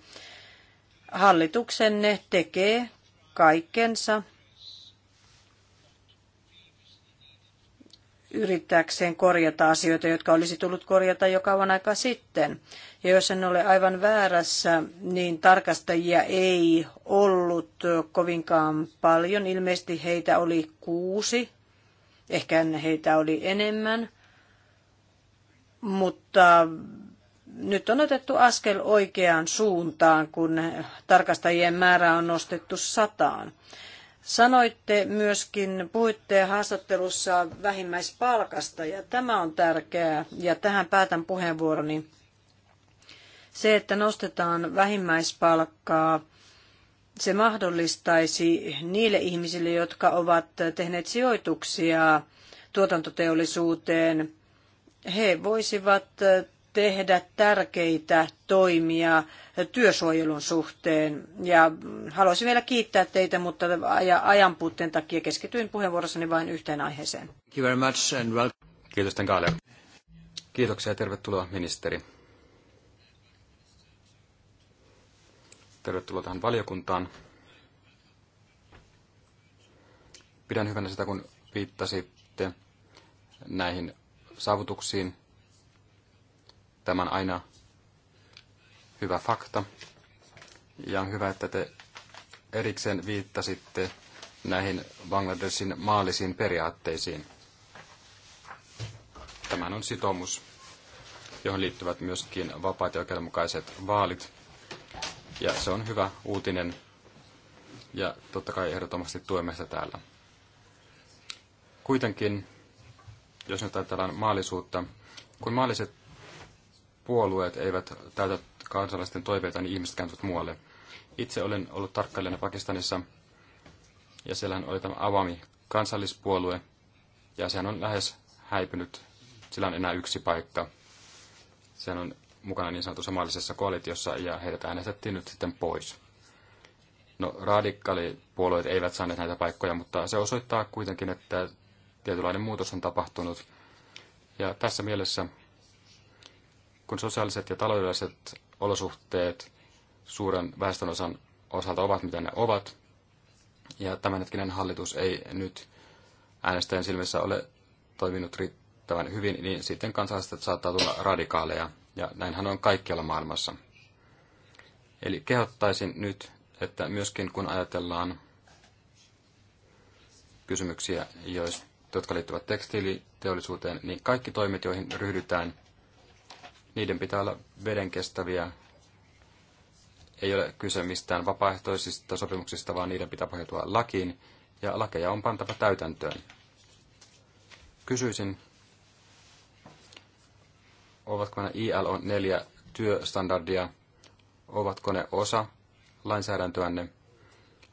hallituksenne tekee kaikkensa, yrittääkseen korjata asioita, jotka olisi tullut korjata jo kauan aikaa sitten. Ja jos en ole aivan väärässä, niin tarkastajia ei ollut kovinkaan paljon. Ilmeisesti heitä oli kuusi, ehkä heitä oli enemmän. Mutta nyt on otettu askel oikeaan suuntaan, kun tarkastajien määrä on nostettu sataan. Sanoitte myöskin, puhuitte haastattelussa vähimmäispalkasta ja tämä on tärkeää ja tähän päätän puheenvuoroni. Se, että nostetaan vähimmäispalkkaa, se mahdollistaisi niille ihmisille, jotka ovat tehneet sijoituksia tuotantoteollisuuteen, he voisivat tehdä tärkeitä toimia työsuojelun suhteen. Ja haluaisin vielä kiittää teitä, mutta ajan puutteen takia keskityin puheenvuorossani vain yhteen aiheeseen. Thank you very much and Kiitos, Kiitoksia ja tervetuloa, ministeri. Tervetuloa tähän valiokuntaan. Pidän hyvänä sitä, kun viittasitte näihin saavutuksiin. Tämän aina hyvä fakta. Ja on hyvä, että te erikseen viittasitte näihin Bangladesin maallisiin periaatteisiin. Tämän on sitoumus, johon liittyvät myöskin vapaat ja oikeudenmukaiset vaalit. Ja se on hyvä uutinen ja totta kai ehdottomasti tuemme sitä täällä. Kuitenkin, jos nyt ajatellaan maallisuutta, kun maaliset puolueet eivät täytä kansalaisten toiveita, niin ihmiset kääntyvät muualle. Itse olen ollut tarkkailijana Pakistanissa, ja siellä oli tämä Avami kansallispuolue, ja sehän on lähes häipynyt. Sillä on enää yksi paikka. Sehän on mukana niin sanotussa maallisessa koalitiossa, ja heidät äänestettiin nyt sitten pois. No, radikaalipuolueet eivät saaneet näitä paikkoja, mutta se osoittaa kuitenkin, että tietynlainen muutos on tapahtunut. Ja tässä mielessä, kun sosiaaliset ja taloudelliset olosuhteet suuren väestön osan osalta ovat mitä ne ovat. Ja tämänhetkinen hallitus ei nyt äänestäjän silmissä ole toiminut riittävän hyvin, niin sitten kansalaiset saattaa tulla radikaaleja. Ja näinhän on kaikkialla maailmassa. Eli kehottaisin nyt, että myöskin kun ajatellaan kysymyksiä, jotka liittyvät tekstiiliteollisuuteen, niin kaikki toimet, joihin ryhdytään – niiden pitää olla vedenkestäviä. Ei ole kyse mistään vapaaehtoisista sopimuksista, vaan niiden pitää pohjautua lakiin, ja lakeja on pantava täytäntöön. Kysyisin, ovatko ne ILO neljä työstandardia, ovatko ne osa lainsäädäntöänne,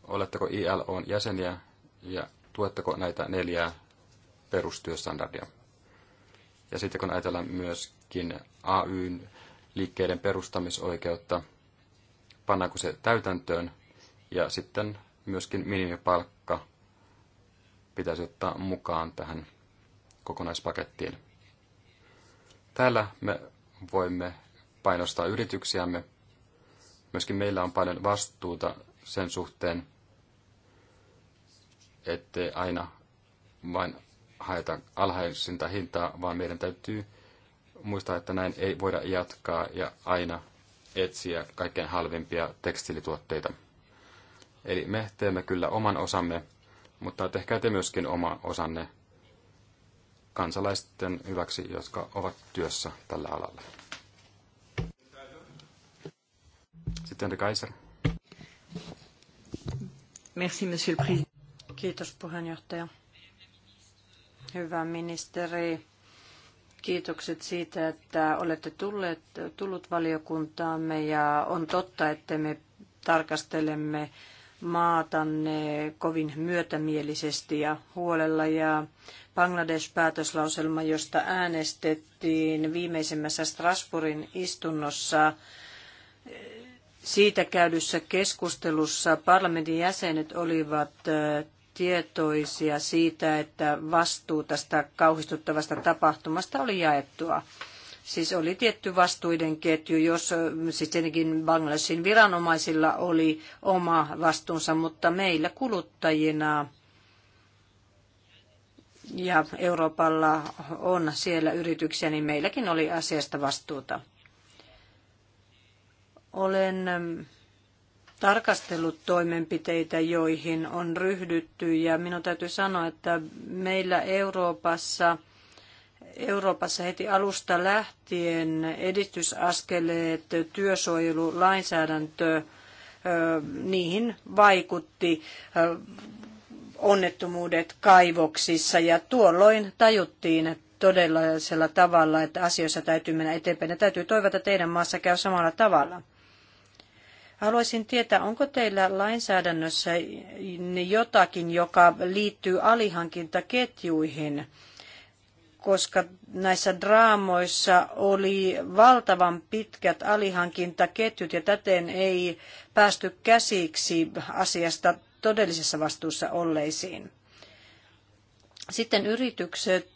oletteko ILOn jäseniä ja tuetteko näitä neljää perustyöstandardia. Ja sitten kun ajatellaan myös myöskin AYn liikkeiden perustamisoikeutta, pannaanko se täytäntöön ja sitten myöskin minimipalkka pitäisi ottaa mukaan tähän kokonaispakettiin. Täällä me voimme painostaa yrityksiämme. Myöskin meillä on paljon vastuuta sen suhteen, ettei aina vain haeta alhaisinta hintaa, vaan meidän täytyy muistaa, että näin ei voida jatkaa ja aina etsiä kaikkein halvimpia tekstiilituotteita. Eli me teemme kyllä oman osamme, mutta tehkää te myöskin oma osanne kansalaisten hyväksi, jotka ovat työssä tällä alalla. Sitten de Kaiser. Merci, monsieur le président. Kiitos puheenjohtaja. Hyvä ministeri. Kiitokset siitä, että olette tulleet, tullut valiokuntaamme ja on totta, että me tarkastelemme maatanne kovin myötämielisesti ja huolella. Ja Bangladesh-päätöslauselma, josta äänestettiin viimeisimmässä Strasbourgin istunnossa, siitä käydyssä keskustelussa parlamentin jäsenet olivat tietoisia siitä, että vastuu tästä kauhistuttavasta tapahtumasta oli jaettua. Siis oli tietty vastuiden ketju, jos siis tietenkin Bangladesin viranomaisilla oli oma vastuunsa, mutta meillä kuluttajina ja Euroopalla on siellä yrityksiä, niin meilläkin oli asiasta vastuuta. Olen tarkastelutoimenpiteitä, joihin on ryhdytty. Ja minun täytyy sanoa, että meillä Euroopassa, Euroopassa heti alusta lähtien edistysaskeleet, työsuojelulainsäädäntö, niihin vaikutti onnettomuudet kaivoksissa ja tuolloin tajuttiin todellisella tavalla, että asioissa täytyy mennä eteenpäin ja täytyy toivota, että teidän maassa käy samalla tavalla. Haluaisin tietää, onko teillä lainsäädännössä jotakin, joka liittyy alihankintaketjuihin, koska näissä draamoissa oli valtavan pitkät alihankintaketjut ja täten ei päästy käsiksi asiasta todellisessa vastuussa olleisiin. Sitten yritykset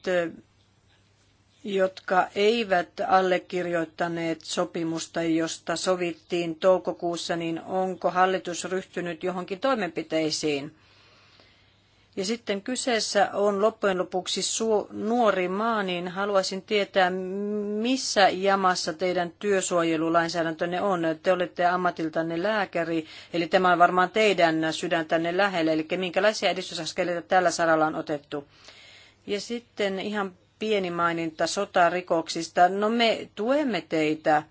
jotka eivät allekirjoittaneet sopimusta, josta sovittiin toukokuussa, niin onko hallitus ryhtynyt johonkin toimenpiteisiin? Ja sitten kyseessä on loppujen lopuksi nuori maa, niin haluaisin tietää, missä jamassa teidän työsuojelulainsäädäntönne on. Te olette ammatiltanne lääkäri, eli tämä on varmaan teidän sydäntänne lähellä, eli minkälaisia edistysaskeleita tällä saralla on otettu. Ja sitten ihan pieni maininta sotarikoksista. No me tuemme teitä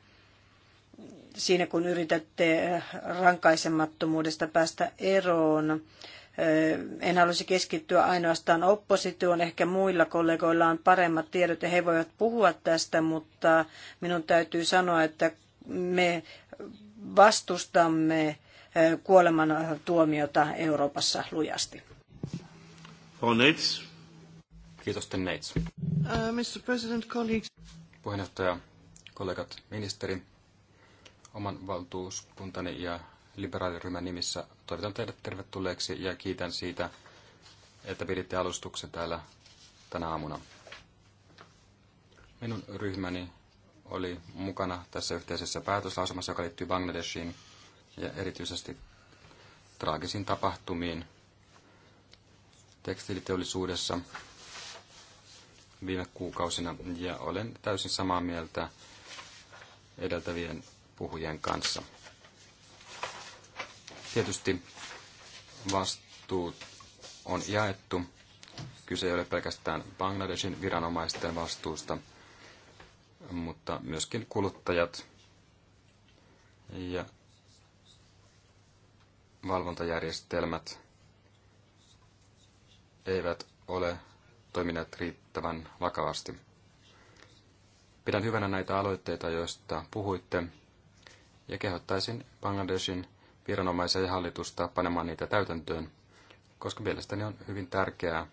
siinä, kun yritätte eh, rankaisemattomuudesta päästä eroon. Eh, en halusi keskittyä ainoastaan oppositioon, ehkä muilla kollegoilla on paremmat tiedot ja he voivat puhua tästä, mutta minun täytyy sanoa, että me vastustamme eh, kuoleman tuomiota Euroopassa lujasti. Frau Netz, Kiitos, Nates. Uh, Mr. President, colleagues. Puheenjohtaja, kollegat, ministeri, oman valtuuskuntani ja liberaaliryhmän nimissä toivotan teidät tervetulleeksi ja kiitän siitä, että piditte alustuksen täällä tänä aamuna. Minun ryhmäni oli mukana tässä yhteisessä päätöslausumassa, joka liittyy Bangladeshiin ja erityisesti traagisiin tapahtumiin tekstiiliteollisuudessa viime kuukausina ja olen täysin samaa mieltä edeltävien puhujien kanssa. Tietysti vastuut on jaettu. Kyse ei ole pelkästään Bangladesin viranomaisten vastuusta, mutta myöskin kuluttajat ja valvontajärjestelmät eivät ole toimineet riittävän vakavasti. Pidän hyvänä näitä aloitteita, joista puhuitte, ja kehottaisin Bangladeshin viranomaisia ja hallitusta panemaan niitä täytäntöön, koska mielestäni on hyvin tärkeää,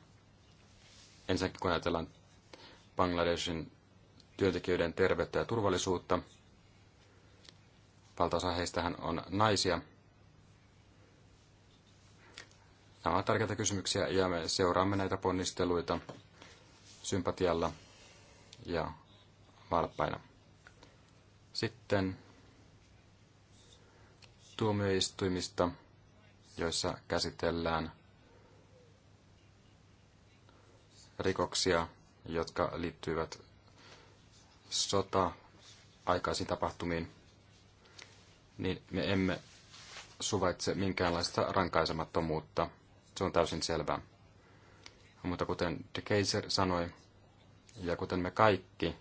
ensinnäkin kun ajatellaan Bangladeshin työntekijöiden terveyttä ja turvallisuutta, valtaosa heistähän on naisia, Nämä ovat tärkeitä kysymyksiä ja me seuraamme näitä ponnisteluita sympatialla ja valppaina. Sitten tuomioistuimista, joissa käsitellään rikoksia, jotka liittyvät sota-aikaisiin tapahtumiin, niin me emme suvaitse minkäänlaista rankaisemattomuutta – se on täysin selvää. Mutta kuten De Keiser sanoi, ja kuten me kaikki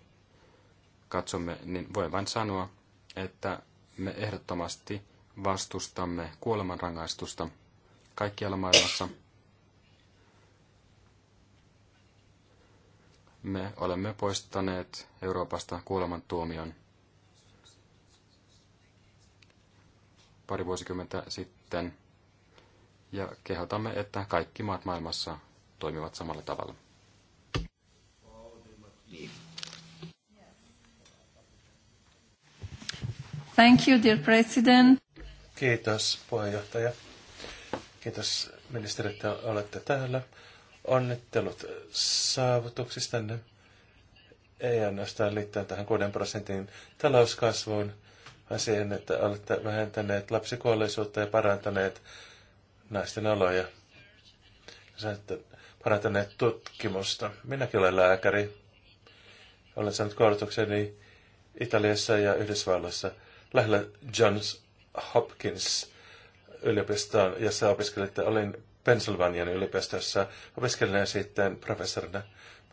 katsomme, niin voin vain sanoa, että me ehdottomasti vastustamme kuolemanrangaistusta kaikkialla maailmassa. Me olemme poistaneet Euroopasta kuolemantuomion. Pari vuosikymmentä sitten ja kehotamme, että kaikki maat maailmassa toimivat samalla tavalla. Thank you, dear president. Kiitos puheenjohtaja. Kiitos ministeri, että olette täällä. Onnittelut saavutuksistanne. Ei ainoastaan liittyen tähän 6 prosentin talouskasvuun, vaan siihen, että olette vähentäneet lapsikuolleisuutta ja parantaneet naisten oloja. Saatte parantaneet tutkimusta. Minäkin olen lääkäri. Olen saanut koulutukseni Italiassa ja Yhdysvalloissa lähellä Johns Hopkins yliopistoon, jossa opiskelitte. Olin Pennsylvanian yliopistossa ja sitten professorina.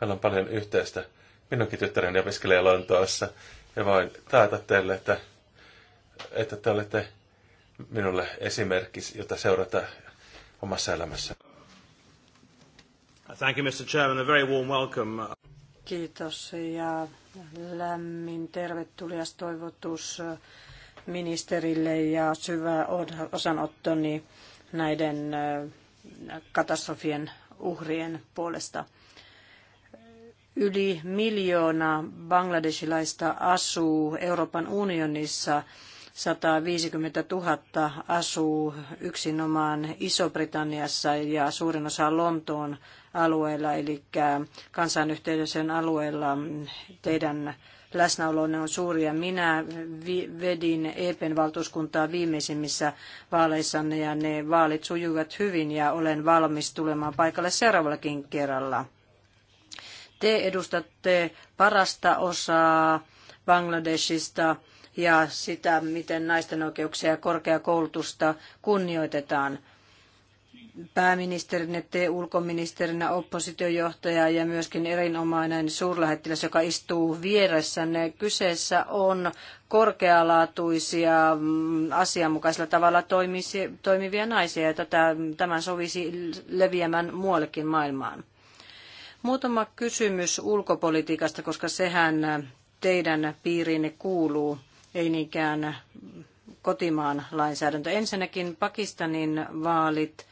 Meillä on paljon yhteistä. Minunkin tyttäreni opiskelee Lontoossa. Ja voin taata teille, että, että te olette minulle esimerkki, jota seurata omassa elämässä. Thank you, Mr. Chairman. A very warm welcome. Kiitos ja lämmin tervetulias toivotus ministerille ja syvä osanottoni näiden äh, katastrofien uhrien puolesta. Yli miljoona bangladesilaista asuu Euroopan unionissa 150 000 asuu yksinomaan Iso-Britanniassa ja suurin osa Lontoon alueella, eli kansanyhteisön alueella teidän läsnäolonne on suuri ja minä vedin EPn valtuuskuntaa viimeisimmissä vaaleissanne ja ne vaalit sujuivat hyvin ja olen valmis tulemaan paikalle seuraavallakin kerralla. Te edustatte parasta osaa Bangladeshista ja sitä, miten naisten oikeuksia ja korkeakoulutusta kunnioitetaan. Pääministerinä, te ulkoministerinä, oppositiojohtaja ja myöskin erinomainen suurlähettiläs, joka istuu vieressänne. Kyseessä on korkealaatuisia, mm, asianmukaisella tavalla toimivia naisia, ja tätä, tämän sovisi leviämään muuallekin maailmaan. Muutama kysymys ulkopolitiikasta, koska sehän teidän piiriinne kuuluu ei niinkään kotimaan lainsäädäntö. Ensinnäkin Pakistanin vaalit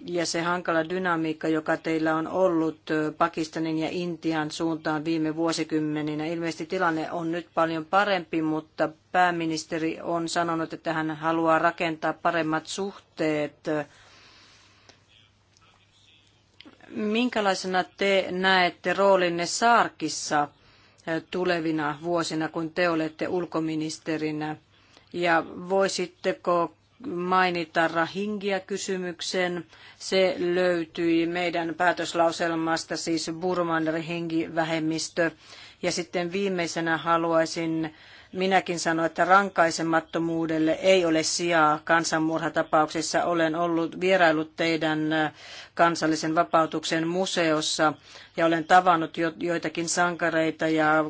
ja se hankala dynamiikka, joka teillä on ollut Pakistanin ja Intian suuntaan viime vuosikymmeninä. Ilmeisesti tilanne on nyt paljon parempi, mutta pääministeri on sanonut, että hän haluaa rakentaa paremmat suhteet minkälaisena te näette roolinne Saarkissa tulevina vuosina, kun te olette ulkoministerinä? Ja voisitteko mainita Rahingia-kysymyksen. Se löytyi meidän päätöslauselmasta, siis Burman Rahingi-vähemmistö. Ja sitten viimeisenä haluaisin Minäkin sanoin, että rankaisemattomuudelle ei ole sijaa kansanmurhatapauksissa. Olen ollut vierailut teidän äh, kansallisen vapautuksen museossa ja olen tavannut jo, joitakin sankareita ja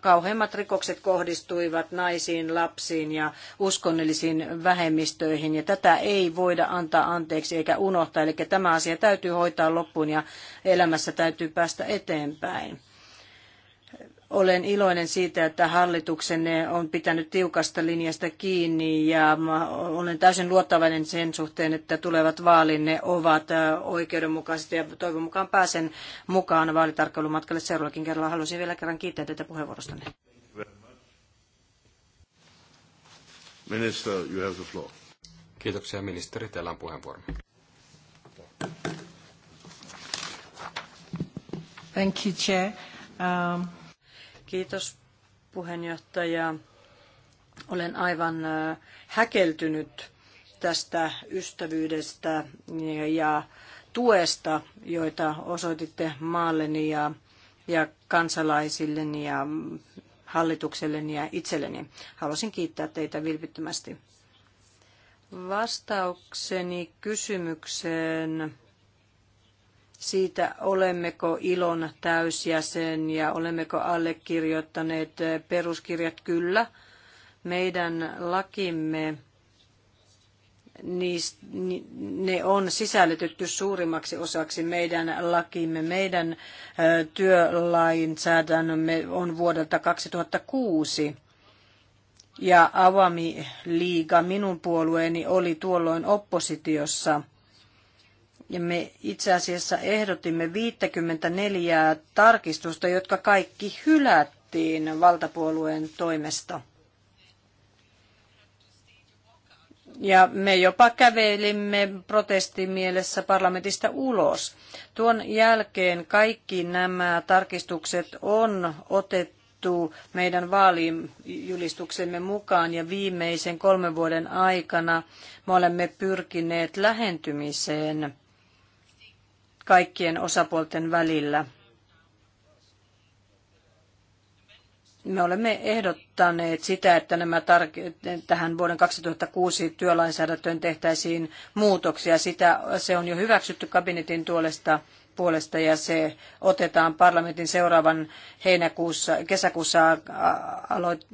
kauheimmat rikokset kohdistuivat naisiin, lapsiin ja uskonnollisiin vähemmistöihin ja tätä ei voida antaa anteeksi eikä unohtaa. Eli tämä asia täytyy hoitaa loppuun ja elämässä täytyy päästä eteenpäin. Olen iloinen siitä, että hallituksenne on pitänyt tiukasta linjasta kiinni ja olen täysin luottavainen sen suhteen, että tulevat vaalinne ovat äh, oikeudenmukaiset ja toivon mukaan pääsen mukaan vaalitarkkailumatkalle seuraavallakin kerralla. Haluaisin vielä kerran kiittää teitä puheenvuorostanne. Minister, you have the floor. Kiitoksia ministeri, teillä on puheenvuoro. Thank you, Chair. Um... Kiitos puheenjohtaja. Olen aivan häkeltynyt tästä ystävyydestä ja tuesta, joita osoititte maalleni ja, ja kansalaisilleni ja hallitukselleni ja itselleni. Haluaisin kiittää teitä vilpittömästi. Vastaukseni kysymykseen siitä, olemmeko ilon täysjäsen ja olemmeko allekirjoittaneet peruskirjat kyllä. Meidän lakimme niist, ne on sisällytetty suurimmaksi osaksi meidän lakimme. Meidän työlainsäädännömme on vuodelta 2006. Ja Avami-liiga, minun puolueeni, oli tuolloin oppositiossa – ja me itse asiassa ehdotimme 54 tarkistusta, jotka kaikki hylättiin valtapuolueen toimesta. Ja me jopa kävelimme protestimielessä parlamentista ulos. Tuon jälkeen kaikki nämä tarkistukset on otettu meidän vaalijulistuksemme mukaan ja viimeisen kolmen vuoden aikana me olemme pyrkineet lähentymiseen kaikkien osapuolten välillä – Me olemme ehdottaneet sitä, että nämä tar- tähän vuoden 2006 työlainsäädäntöön tehtäisiin muutoksia. Sitä, se on jo hyväksytty kabinetin tuolesta puolesta ja se otetaan parlamentin seuraavan heinäkuussa, kesäkuussa aloit,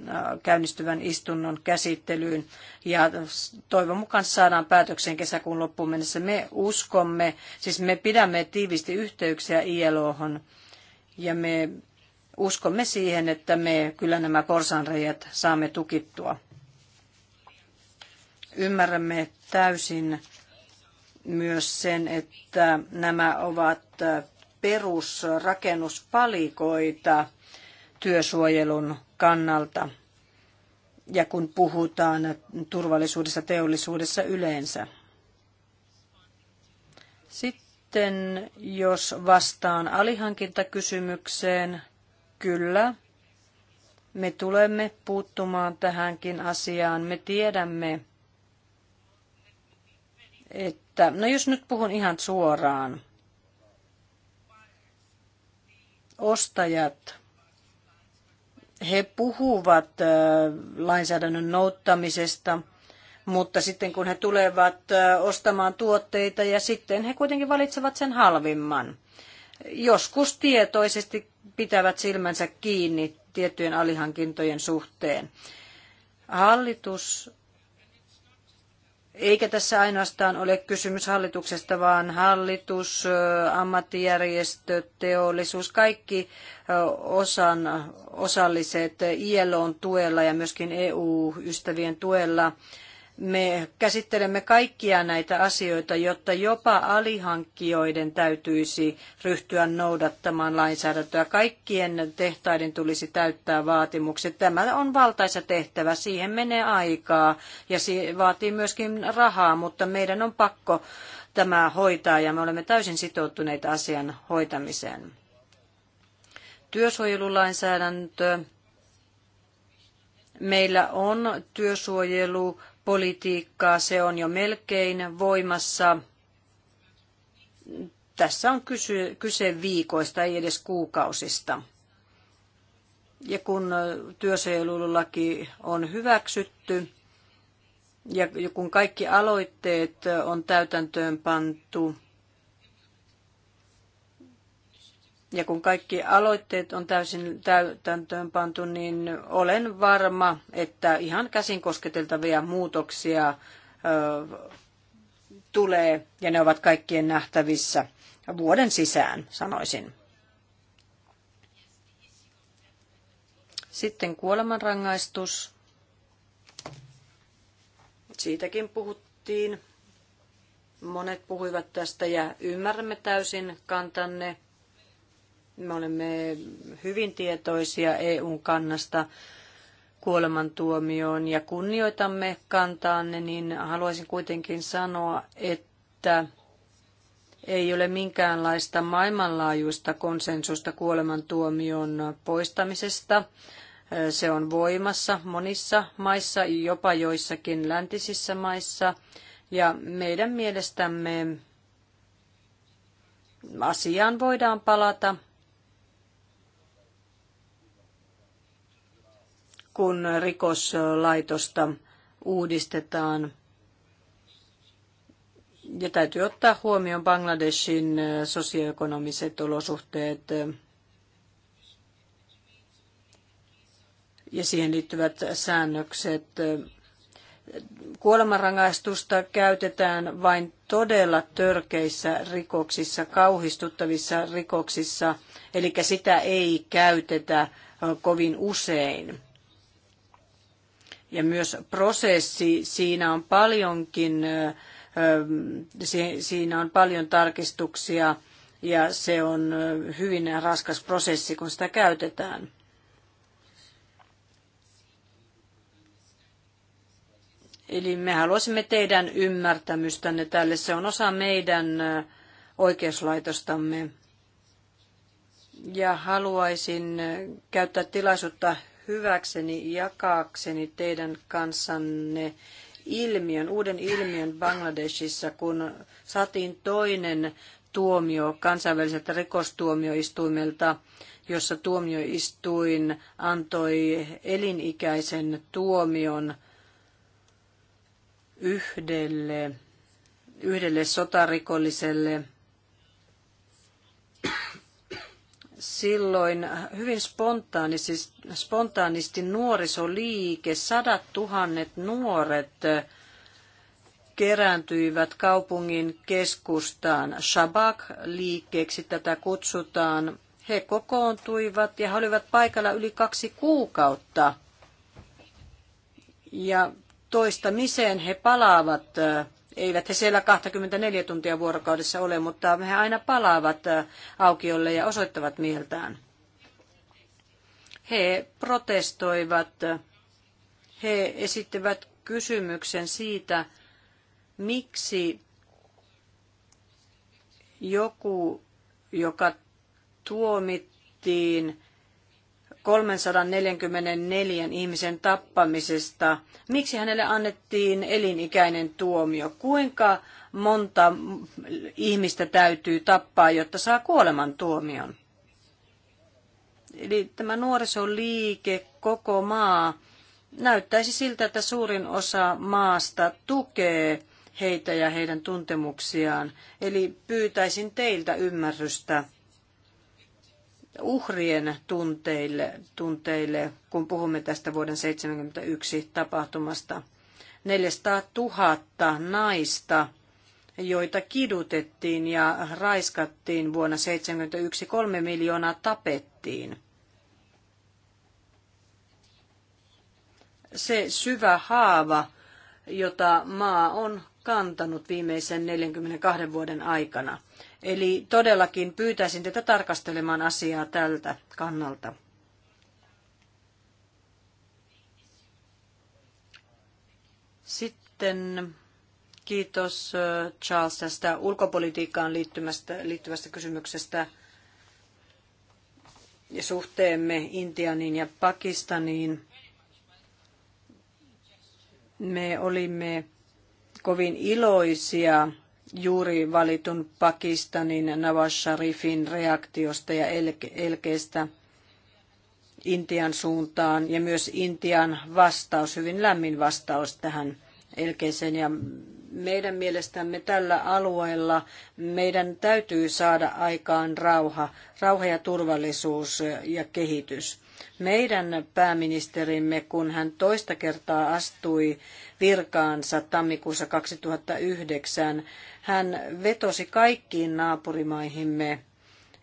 käynnistyvän istunnon käsittelyyn ja toivon mukaan saadaan päätökseen kesäkuun loppuun mennessä. Me uskomme, siis me pidämme tiivisti yhteyksiä ILOhon ja me uskomme siihen, että me kyllä nämä porsanreijät saamme tukittua. Ymmärrämme täysin myös sen, että nämä ovat perusrakennuspalikoita työsuojelun kannalta ja kun puhutaan turvallisuudessa teollisuudessa yleensä. Sitten jos vastaan alihankintakysymykseen, Kyllä, me tulemme puuttumaan tähänkin asiaan. Me tiedämme, että, no jos nyt puhun ihan suoraan, ostajat, he puhuvat lainsäädännön nouttamisesta, mutta sitten kun he tulevat ostamaan tuotteita ja sitten he kuitenkin valitsevat sen halvimman. Joskus tietoisesti pitävät silmänsä kiinni tiettyjen alihankintojen suhteen. Hallitus, eikä tässä ainoastaan ole kysymys hallituksesta, vaan hallitus, ammattijärjestöt, teollisuus, kaikki osan, osalliset ILOn tuella ja myöskin EU-ystävien tuella me käsittelemme kaikkia näitä asioita, jotta jopa alihankkijoiden täytyisi ryhtyä noudattamaan lainsäädäntöä. Kaikkien tehtaiden tulisi täyttää vaatimukset. Tämä on valtaisa tehtävä, siihen menee aikaa ja se vaatii myöskin rahaa, mutta meidän on pakko tämä hoitaa ja me olemme täysin sitoutuneita asian hoitamiseen. Työsuojelulainsäädäntö. Meillä on työsuojelu politiikkaa. Se on jo melkein voimassa. Tässä on kyse, kyse viikoista, ei edes kuukausista. Ja kun työsuojelulaki on hyväksytty ja kun kaikki aloitteet on täytäntöön pantu, Ja kun kaikki aloitteet on täysin täytäntöön pantu, niin olen varma, että ihan käsin kosketeltavia muutoksia ö, tulee, ja ne ovat kaikkien nähtävissä vuoden sisään, sanoisin. Sitten kuolemanrangaistus. Siitäkin puhuttiin. Monet puhuivat tästä ja ymmärrämme täysin kantanne. Me olemme hyvin tietoisia EUn kannasta kuolemantuomioon ja kunnioitamme kantaanne, niin haluaisin kuitenkin sanoa, että ei ole minkäänlaista maailmanlaajuista konsensusta kuolemantuomion poistamisesta. Se on voimassa monissa maissa, jopa joissakin läntisissä maissa. Ja meidän mielestämme asiaan voidaan palata kun rikoslaitosta uudistetaan. Ja täytyy ottaa huomioon Bangladeshin sosioekonomiset olosuhteet ja siihen liittyvät säännökset. Kuolemanrangaistusta käytetään vain todella törkeissä rikoksissa, kauhistuttavissa rikoksissa, eli sitä ei käytetä kovin usein ja myös prosessi, siinä on paljonkin, siinä on paljon tarkistuksia ja se on hyvin raskas prosessi, kun sitä käytetään. Eli me haluaisimme teidän ymmärtämystänne tälle. Se on osa meidän oikeuslaitostamme. Ja haluaisin käyttää tilaisuutta hyväkseni jakaakseni teidän kanssanne ilmiön, uuden ilmiön Bangladesissa, kun saatiin toinen tuomio kansainväliseltä rikostuomioistuimelta, jossa tuomioistuin antoi elinikäisen tuomion yhdelle, yhdelle sotarikolliselle silloin hyvin siis spontaanisti nuorisoliike, sadat tuhannet nuoret kerääntyivät kaupungin keskustaan. Shabak-liikkeeksi tätä kutsutaan. He kokoontuivat ja he olivat paikalla yli kaksi kuukautta. Ja toistamiseen he palaavat eivät he siellä 24 tuntia vuorokaudessa ole, mutta he aina palaavat äh, aukiolle ja osoittavat mieltään. He protestoivat, he esittivät kysymyksen siitä, miksi joku, joka tuomittiin 344 ihmisen tappamisesta. Miksi hänelle annettiin elinikäinen tuomio? Kuinka monta ihmistä täytyy tappaa, jotta saa kuoleman tuomion? Eli tämä nuorisoliike, koko maa, näyttäisi siltä, että suurin osa maasta tukee heitä ja heidän tuntemuksiaan. Eli pyytäisin teiltä ymmärrystä uhrien tunteille, tunteille, kun puhumme tästä vuoden 1971 tapahtumasta. 400 000 naista, joita kidutettiin ja raiskattiin vuonna 1971, kolme miljoonaa tapettiin. Se syvä haava, jota maa on kantanut viimeisen 42 vuoden aikana. Eli todellakin pyytäisin teitä tarkastelemaan asiaa tältä kannalta. Sitten kiitos äh, Charles tästä ulkopolitiikkaan liittyvästä, liittyvästä kysymyksestä ja suhteemme Intianiin ja Pakistaniin. Me olimme kovin iloisia juuri valitun Pakistanin Nawaz Sharifin reaktiosta ja elkeestä Intian suuntaan ja myös Intian vastaus, hyvin lämmin vastaus tähän elkeeseen. Ja meidän mielestämme tällä alueella meidän täytyy saada aikaan rauha, rauha ja turvallisuus ja kehitys. Meidän pääministerimme, kun hän toista kertaa astui virkaansa tammikuussa 2009, hän vetosi kaikkiin naapurimaihimme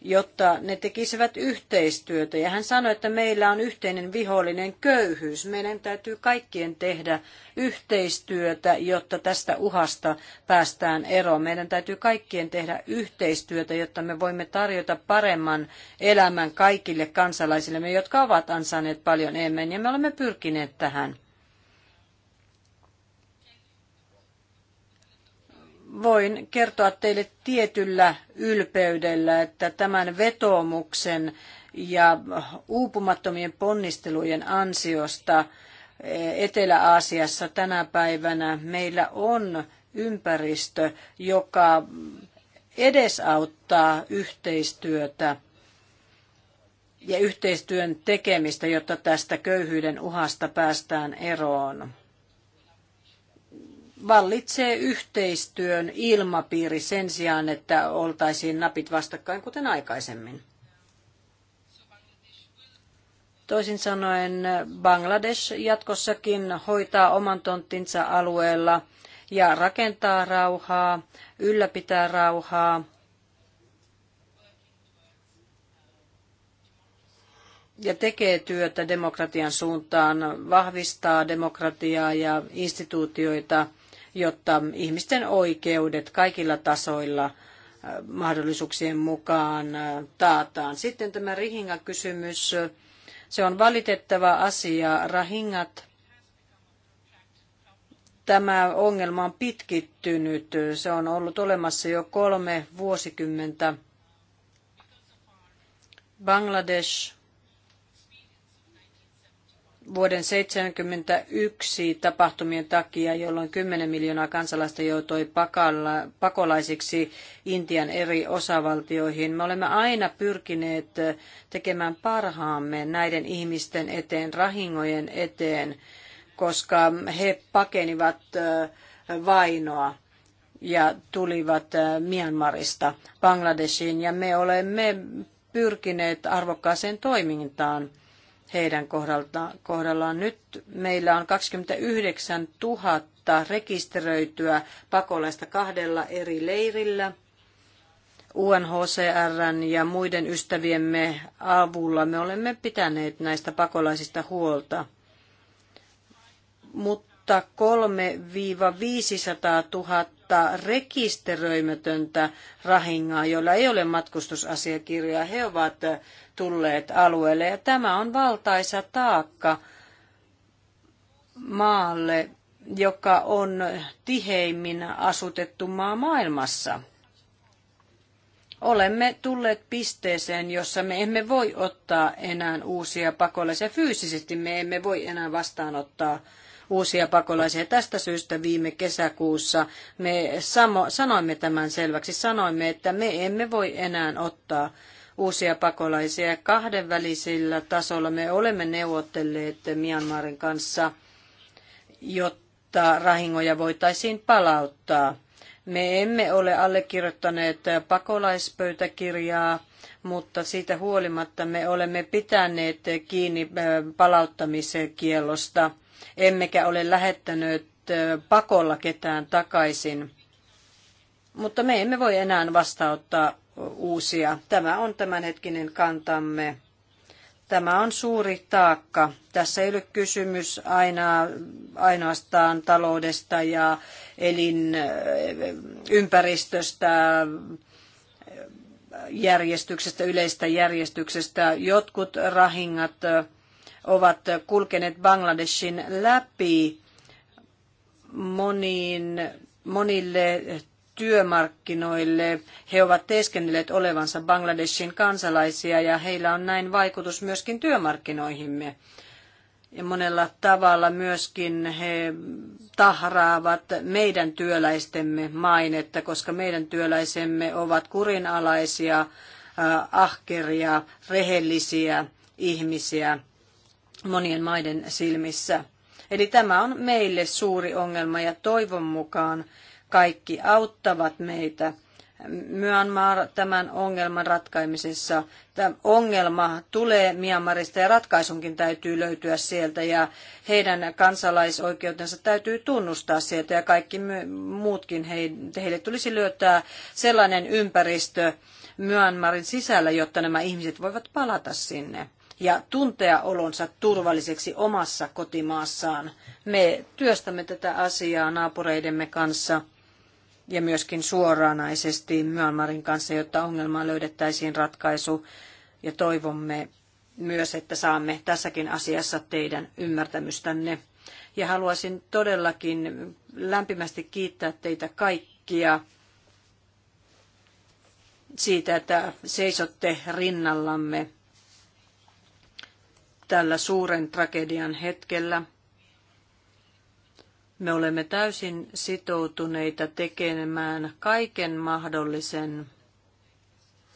jotta ne tekisivät yhteistyötä. Ja hän sanoi, että meillä on yhteinen vihollinen köyhyys. Meidän täytyy kaikkien tehdä yhteistyötä, jotta tästä uhasta päästään eroon. Meidän täytyy kaikkien tehdä yhteistyötä, jotta me voimme tarjota paremman elämän kaikille kansalaisillemme, jotka ovat ansainneet paljon enemmän. Ja me olemme pyrkineet tähän. voin kertoa teille tietyllä ylpeydellä, että tämän vetoomuksen ja uupumattomien ponnistelujen ansiosta eh, Etelä-Aasiassa tänä päivänä meillä on ympäristö, joka edesauttaa yhteistyötä ja yhteistyön tekemistä, jotta tästä köyhyyden uhasta päästään eroon vallitsee yhteistyön ilmapiiri sen sijaan, että oltaisiin napit vastakkain kuten aikaisemmin. Toisin sanoen Bangladesh jatkossakin hoitaa oman tonttinsa alueella ja rakentaa rauhaa, ylläpitää rauhaa. Ja tekee työtä demokratian suuntaan, vahvistaa demokratiaa ja instituutioita – jotta ihmisten oikeudet kaikilla tasoilla äh, mahdollisuuksien mukaan äh, taataan. Sitten tämä Rihinga-kysymys. Se on valitettava asia. Rahingat tämä ongelma on pitkittynyt. Se on ollut olemassa jo kolme vuosikymmentä. Bangladesh vuoden 1971 tapahtumien takia, jolloin 10 miljoonaa kansalaista joutui pakalla, pakolaisiksi Intian eri osavaltioihin. Me olemme aina pyrkineet tekemään parhaamme näiden ihmisten eteen, rahingojen eteen, koska he pakenivat vainoa ja tulivat Myanmarista Bangladeshiin ja me olemme pyrkineet arvokkaaseen toimintaan heidän kohdallaan. Nyt meillä on 29 000 rekisteröityä pakolaista kahdella eri leirillä. UNHCR ja muiden ystäviemme avulla me olemme pitäneet näistä pakolaisista huolta. Mutta 3-500 000 rekisteröimätöntä rahingaa, joilla ei ole matkustusasiakirjoja. He ovat tulleet alueelle ja tämä on valtaisa taakka maalle, joka on tiheimmin asutettu maa maailmassa. Olemme tulleet pisteeseen, jossa me emme voi ottaa enää uusia pakolaisia. Fyysisesti me emme voi enää vastaanottaa uusia pakolaisia. Tästä syystä viime kesäkuussa me sanoimme tämän selväksi. Sanoimme, että me emme voi enää ottaa uusia pakolaisia. Kahdenvälisillä tasolla me olemme neuvotelleet Myanmarin kanssa, jotta rahingoja voitaisiin palauttaa. Me emme ole allekirjoittaneet pakolaispöytäkirjaa, mutta siitä huolimatta me olemme pitäneet kiinni kielosta emmekä ole lähettäneet pakolla ketään takaisin. Mutta me emme voi enää vastauttaa uusia. Tämä on tämänhetkinen kantamme. Tämä on suuri taakka. Tässä ei ole kysymys aina, ainoastaan taloudesta ja elinympäristöstä, järjestyksestä, yleistä järjestyksestä. Jotkut rahingat ovat kulkeneet Bangladeshin läpi moniin, monille työmarkkinoille. He ovat teeskennelleet olevansa Bangladeshin kansalaisia ja heillä on näin vaikutus myöskin työmarkkinoihimme. Ja monella tavalla myöskin he tahraavat meidän työläistemme mainetta, koska meidän työläisemme ovat kurinalaisia, äh, ahkeria, rehellisiä ihmisiä monien maiden silmissä. Eli tämä on meille suuri ongelma ja toivon mukaan kaikki auttavat meitä. Myanmar tämän ongelman ratkaimisessa. Tämä ongelma tulee Myanmarista ja ratkaisunkin täytyy löytyä sieltä ja heidän kansalaisoikeutensa täytyy tunnustaa sieltä ja kaikki muutkin heille tulisi löytää sellainen ympäristö Myanmarin sisällä, jotta nämä ihmiset voivat palata sinne ja tuntea olonsa turvalliseksi omassa kotimaassaan. Me työstämme tätä asiaa naapureidemme kanssa ja myöskin suoranaisesti Myanmarin kanssa, jotta ongelmaan löydettäisiin ratkaisu ja toivomme myös, että saamme tässäkin asiassa teidän ymmärtämystänne. Ja haluaisin todellakin lämpimästi kiittää teitä kaikkia siitä, että seisotte rinnallamme tällä suuren tragedian hetkellä. Me olemme täysin sitoutuneita tekemään kaiken mahdollisen,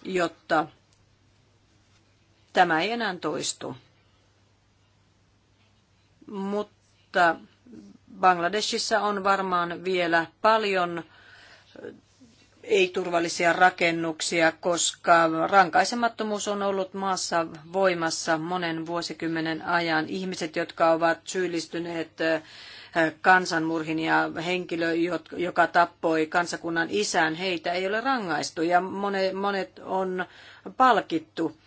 jotta tämä ei enää toistu. Mutta Bangladeshissa on varmaan vielä paljon ei-turvallisia rakennuksia, koska rankaisemattomuus on ollut maassa voimassa monen vuosikymmenen ajan. Ihmiset, jotka ovat syyllistyneet äh, kansanmurhin ja henkilö, joka tappoi kansakunnan isän, heitä ei ole rangaistu ja monet on palkittu.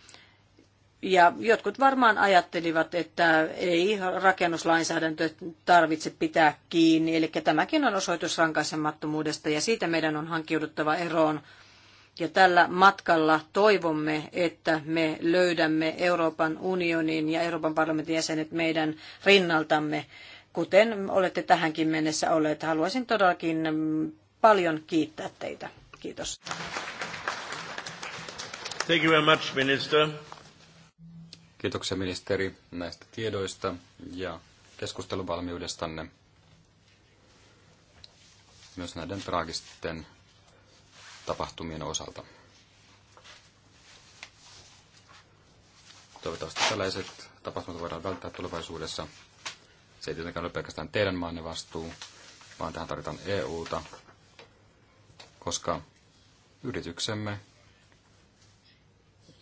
Ja jotkut varmaan ajattelivat, että ei rakennuslainsäädäntö tarvitse pitää kiinni, eli tämäkin on osoitus rankaisemattomuudesta ja siitä meidän on hankiuduttava eroon. Ja tällä matkalla toivomme, että me löydämme Euroopan unionin ja Euroopan parlamentin jäsenet meidän rinnaltamme, kuten olette tähänkin mennessä olleet. Haluaisin todellakin paljon kiittää teitä. Kiitos. Thank you very much, minister. Kiitoksia ministeri näistä tiedoista ja keskusteluvalmiudestanne myös näiden traagisten tapahtumien osalta. Toivottavasti tällaiset tapahtumat voidaan välttää tulevaisuudessa. Se ei tietenkään ole pelkästään teidän maanne vastuu, vaan tähän tarvitaan EUta, koska yrityksemme,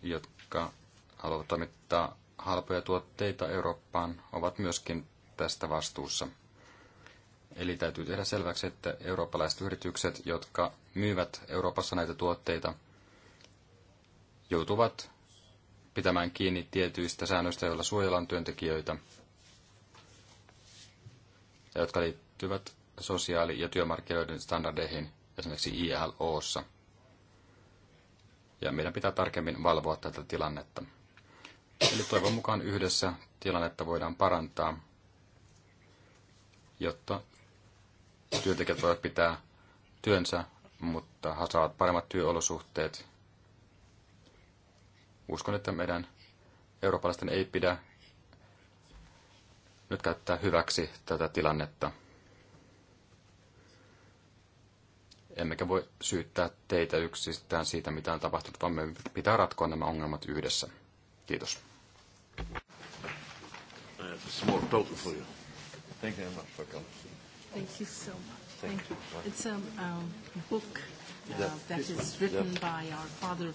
jotka haluavat toimittaa halpoja tuotteita Eurooppaan, ovat myöskin tästä vastuussa. Eli täytyy tehdä selväksi, että eurooppalaiset yritykset, jotka myyvät Euroopassa näitä tuotteita, joutuvat pitämään kiinni tietyistä säännöistä, joilla suojellaan työntekijöitä, ja jotka liittyvät sosiaali- ja työmarkkinoiden standardeihin, esimerkiksi ILOssa. Ja meidän pitää tarkemmin valvoa tätä tilannetta. Eli toivon mukaan yhdessä tilannetta voidaan parantaa, jotta työntekijät voivat pitää työnsä, mutta saavat paremmat työolosuhteet. Uskon, että meidän eurooppalaisten ei pidä nyt käyttää hyväksi tätä tilannetta. Emmekä voi syyttää teitä yksistään siitä, mitä on tapahtunut, vaan me pitää ratkoa nämä ongelmat yhdessä. Kiitos. Small total for you. Thank you Thank you so much. Thank you. It's um, um, a um, book uh, that is written by our father.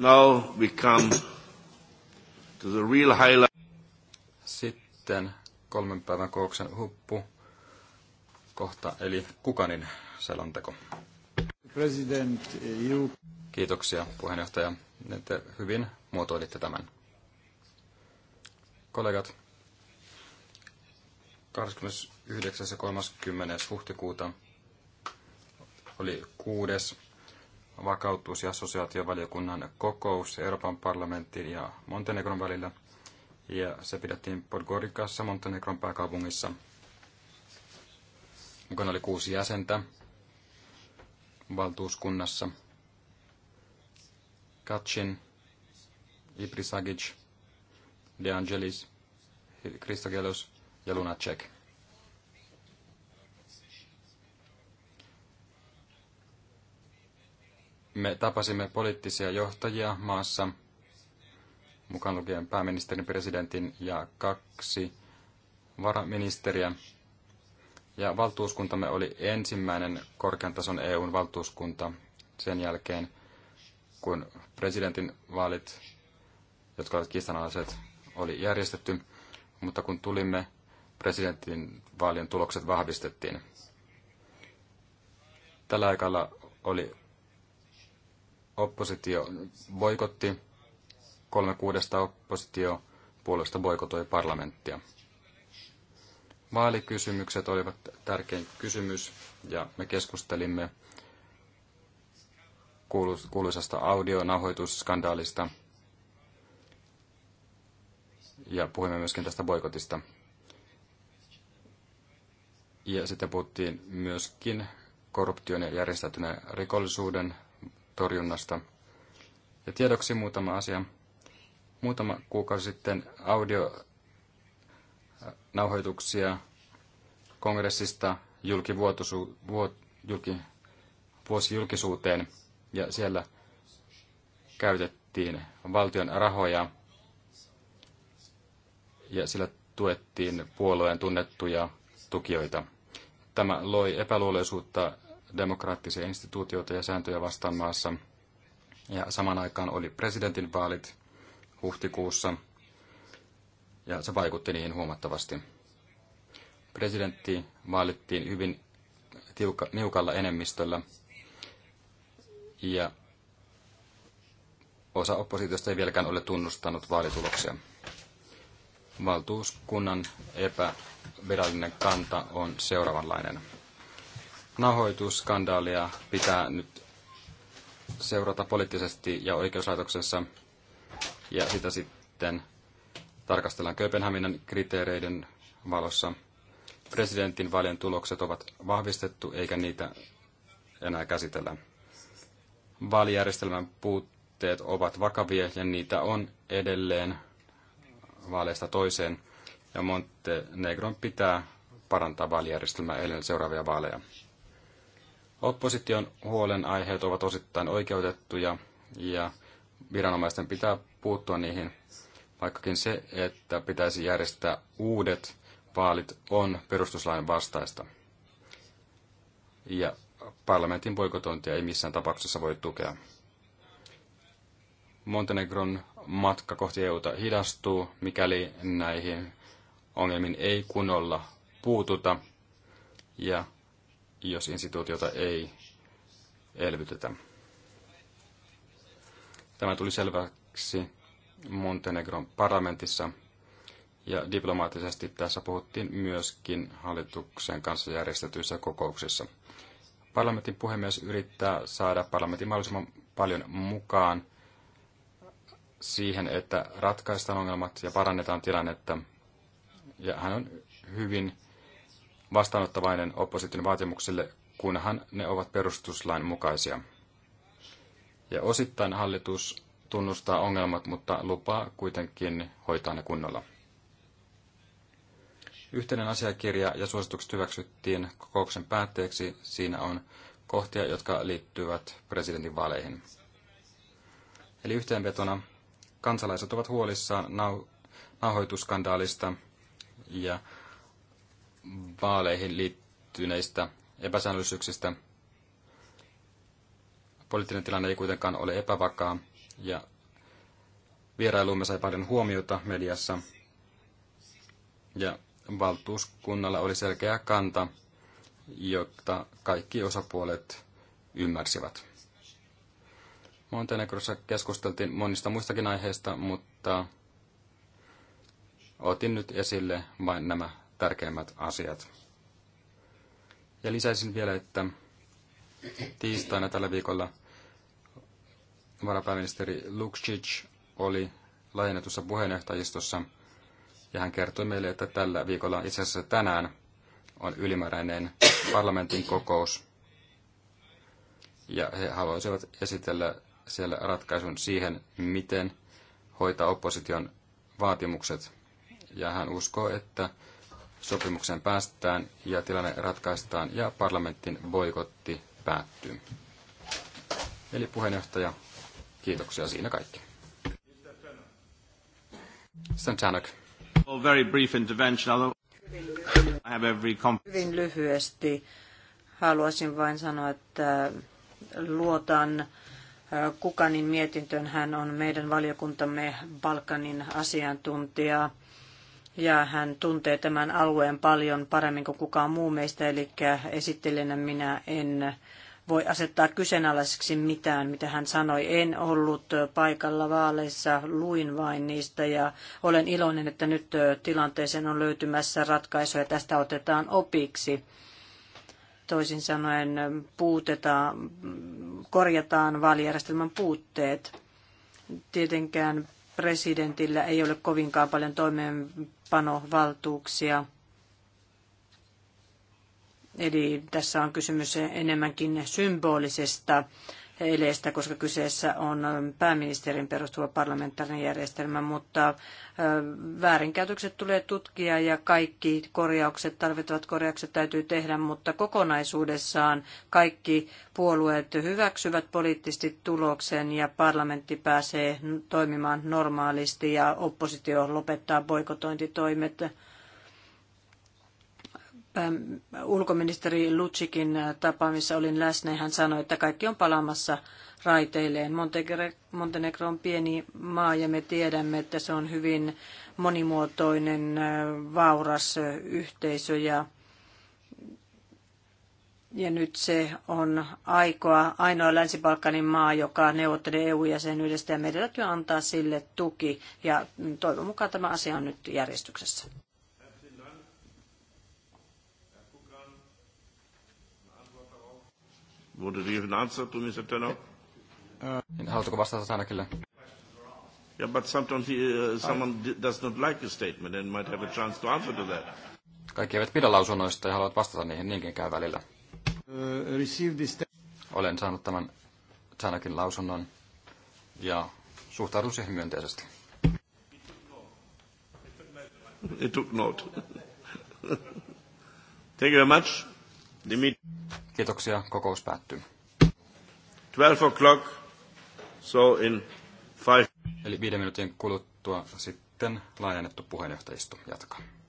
Now we come to the real highlight. Sitten kolmen päivän kokouksen huppu kohta, eli Kukanin selonteko. President, eh, you... Kiitoksia puheenjohtaja, että hyvin muotoilitte tämän. Kollegat, 29. ja 30. huhtikuuta oli kuudes vakautus- ja assosiaatiovaliokunnan kokous Euroopan parlamentin ja Montenegron välillä. Ja se pidettiin Podgorikassa Montenegron pääkaupungissa. Mukana oli kuusi jäsentä valtuuskunnassa. Kachin, Ibrisagic, De Angelis, Christogelos ja Lunacek. Me tapasimme poliittisia johtajia maassa, mukaan lukien pääministerin, presidentin ja kaksi varaministeriä. Ja valtuuskuntamme oli ensimmäinen korkean tason EUn valtuuskunta sen jälkeen, kun presidentin vaalit, jotka olivat kiistanalaiset, oli järjestetty. Mutta kun tulimme, presidentin vaalien tulokset vahvistettiin. Tällä aikalla oli oppositio boikotti, kolme kuudesta puolesta boikotoi parlamenttia. Vaalikysymykset olivat tärkein kysymys ja me keskustelimme kuuluisasta audionahoitusskandaalista ja puhuimme myöskin tästä boikotista. Ja sitten puhuttiin myöskin korruption ja järjestäytyneen rikollisuuden torjunnasta. Ja tiedoksi muutama asia. Muutama kuukausi sitten audionauhoituksia äh, kongressista julkivuotosu, vuot, julki, vuosijulkisuuteen ja siellä käytettiin valtion rahoja ja sillä tuettiin puolueen tunnettuja tukijoita. Tämä loi epäluuloisuutta demokraattisia instituutioita ja sääntöjä vastaan maassa. Ja saman aikaan oli presidentinvaalit huhtikuussa, ja se vaikutti niihin huomattavasti. Presidentti vaalittiin hyvin tiuka, niukalla enemmistöllä, ja osa oppositiosta ei vieläkään ole tunnustanut vaalituloksia. Valtuuskunnan epävirallinen kanta on seuraavanlainen nahoitusskandaalia pitää nyt seurata poliittisesti ja oikeuslaitoksessa. Ja sitä sitten tarkastellaan Kööpenhaminan kriteereiden valossa. Presidentin vaalien tulokset ovat vahvistettu, eikä niitä enää käsitellä. Vaalijärjestelmän puutteet ovat vakavia ja niitä on edelleen vaaleista toiseen. Ja Montenegron pitää parantaa vaalijärjestelmää ennen seuraavia vaaleja. Opposition huolenaiheet ovat osittain oikeutettuja ja viranomaisten pitää puuttua niihin, vaikkakin se, että pitäisi järjestää uudet vaalit, on perustuslain vastaista. Ja parlamentin boikotointia ei missään tapauksessa voi tukea. Montenegron matka kohti EUta hidastuu, mikäli näihin ongelmiin ei kunnolla puututa. Ja jos instituutiota ei elvytetä. Tämä tuli selväksi Montenegron parlamentissa ja diplomaattisesti tässä puhuttiin myöskin hallituksen kanssa järjestetyissä kokouksissa. Parlamentin puhemies yrittää saada parlamentin mahdollisimman paljon mukaan siihen, että ratkaistaan ongelmat ja parannetaan tilannetta. Ja hän on hyvin vastaanottavainen opposition vaatimuksille, kunhan ne ovat perustuslain mukaisia. Ja osittain hallitus tunnustaa ongelmat, mutta lupaa kuitenkin hoitaa ne kunnolla. Yhteinen asiakirja ja suositukset hyväksyttiin kokouksen päätteeksi. Siinä on kohtia, jotka liittyvät presidentin vaaleihin. Eli yhteenvetona kansalaiset ovat huolissaan nau- ja vaaleihin liittyneistä epäsäännöllisyyksistä. Poliittinen tilanne ei kuitenkaan ole epävakaa ja vierailumme sai paljon huomiota mediassa ja valtuuskunnalla oli selkeä kanta, jota kaikki osapuolet ymmärsivät. Montenegrossa keskusteltiin monista muistakin aiheista, mutta otin nyt esille vain nämä tärkeimmät asiat. Ja lisäisin vielä, että tiistaina tällä viikolla varapääministeri Lukšić oli laajennetussa puheenjohtajistossa ja hän kertoi meille, että tällä viikolla, itse asiassa tänään, on ylimääräinen parlamentin kokous ja he haluaisivat esitellä siellä ratkaisun siihen, miten hoitaa opposition vaatimukset. Ja hän uskoo, että sopimukseen päästään ja tilanne ratkaistaan ja parlamentin boikotti päättyy. Eli puheenjohtaja, kiitoksia siinä kaikki. Very brief intervention. I have every Hyvin lyhyesti haluaisin vain sanoa, että luotan äh, Kukanin mietintöön. Hän on meidän valiokuntamme Balkanin asiantuntija ja hän tuntee tämän alueen paljon paremmin kuin kukaan muu meistä, eli esittelijänä minä en voi asettaa kyseenalaiseksi mitään, mitä hän sanoi. En ollut paikalla vaaleissa, luin vain niistä ja olen iloinen, että nyt tilanteeseen on löytymässä ratkaisuja. Tästä otetaan opiksi. Toisin sanoen puutetaan, korjataan vaalijärjestelmän puutteet. Tietenkään presidentillä ei ole kovinkaan paljon toimeenpanovaltuuksia. Eli tässä on kysymys enemmänkin symbolisesta eleestä, koska kyseessä on ähm, pääministerin perustuva parlamentaarinen järjestelmä, mutta äh, väärinkäytökset tulee tutkia ja kaikki korjaukset, tarvittavat korjaukset täytyy tehdä, mutta kokonaisuudessaan kaikki puolueet hyväksyvät poliittisesti tuloksen ja parlamentti pääsee toimimaan normaalisti ja oppositio lopettaa boikotointitoimet ulkoministeri Lutsikin äh, tapaamissa olin läsnä ja hän sanoi, että kaikki on palaamassa raiteilleen. Montenegro on pieni maa ja me tiedämme, että se on hyvin monimuotoinen, äh, vauras äh, yhteisö ja, ja nyt se on aikoa ainoa Länsi-Balkanin maa, joka neuvottelee EU-jäsenyydestä ja meidän täytyy antaa sille tuki ja toivon mukaan tämä asia on nyt järjestyksessä. Wurde die even answer to Mr. Tenno? Uh, Haluatko vastata Tanakille? Yeah, but sometimes he, uh, someone does not like a statement and might have a chance to answer to that. Kaikki eivät pidä lausunnoista ja haluavat vastata niihin niinkin käy välillä. Uh, Olen saanut tämän Tanakin lausunnon ja suhtaudun siihen myönteisesti. It took note. Thank you very much. Kiitoksia, kokous päättyy. 12 o'clock, so in five. Eli viiden minuutin kuluttua sitten laajennettu puheenjohtajisto jatkaa.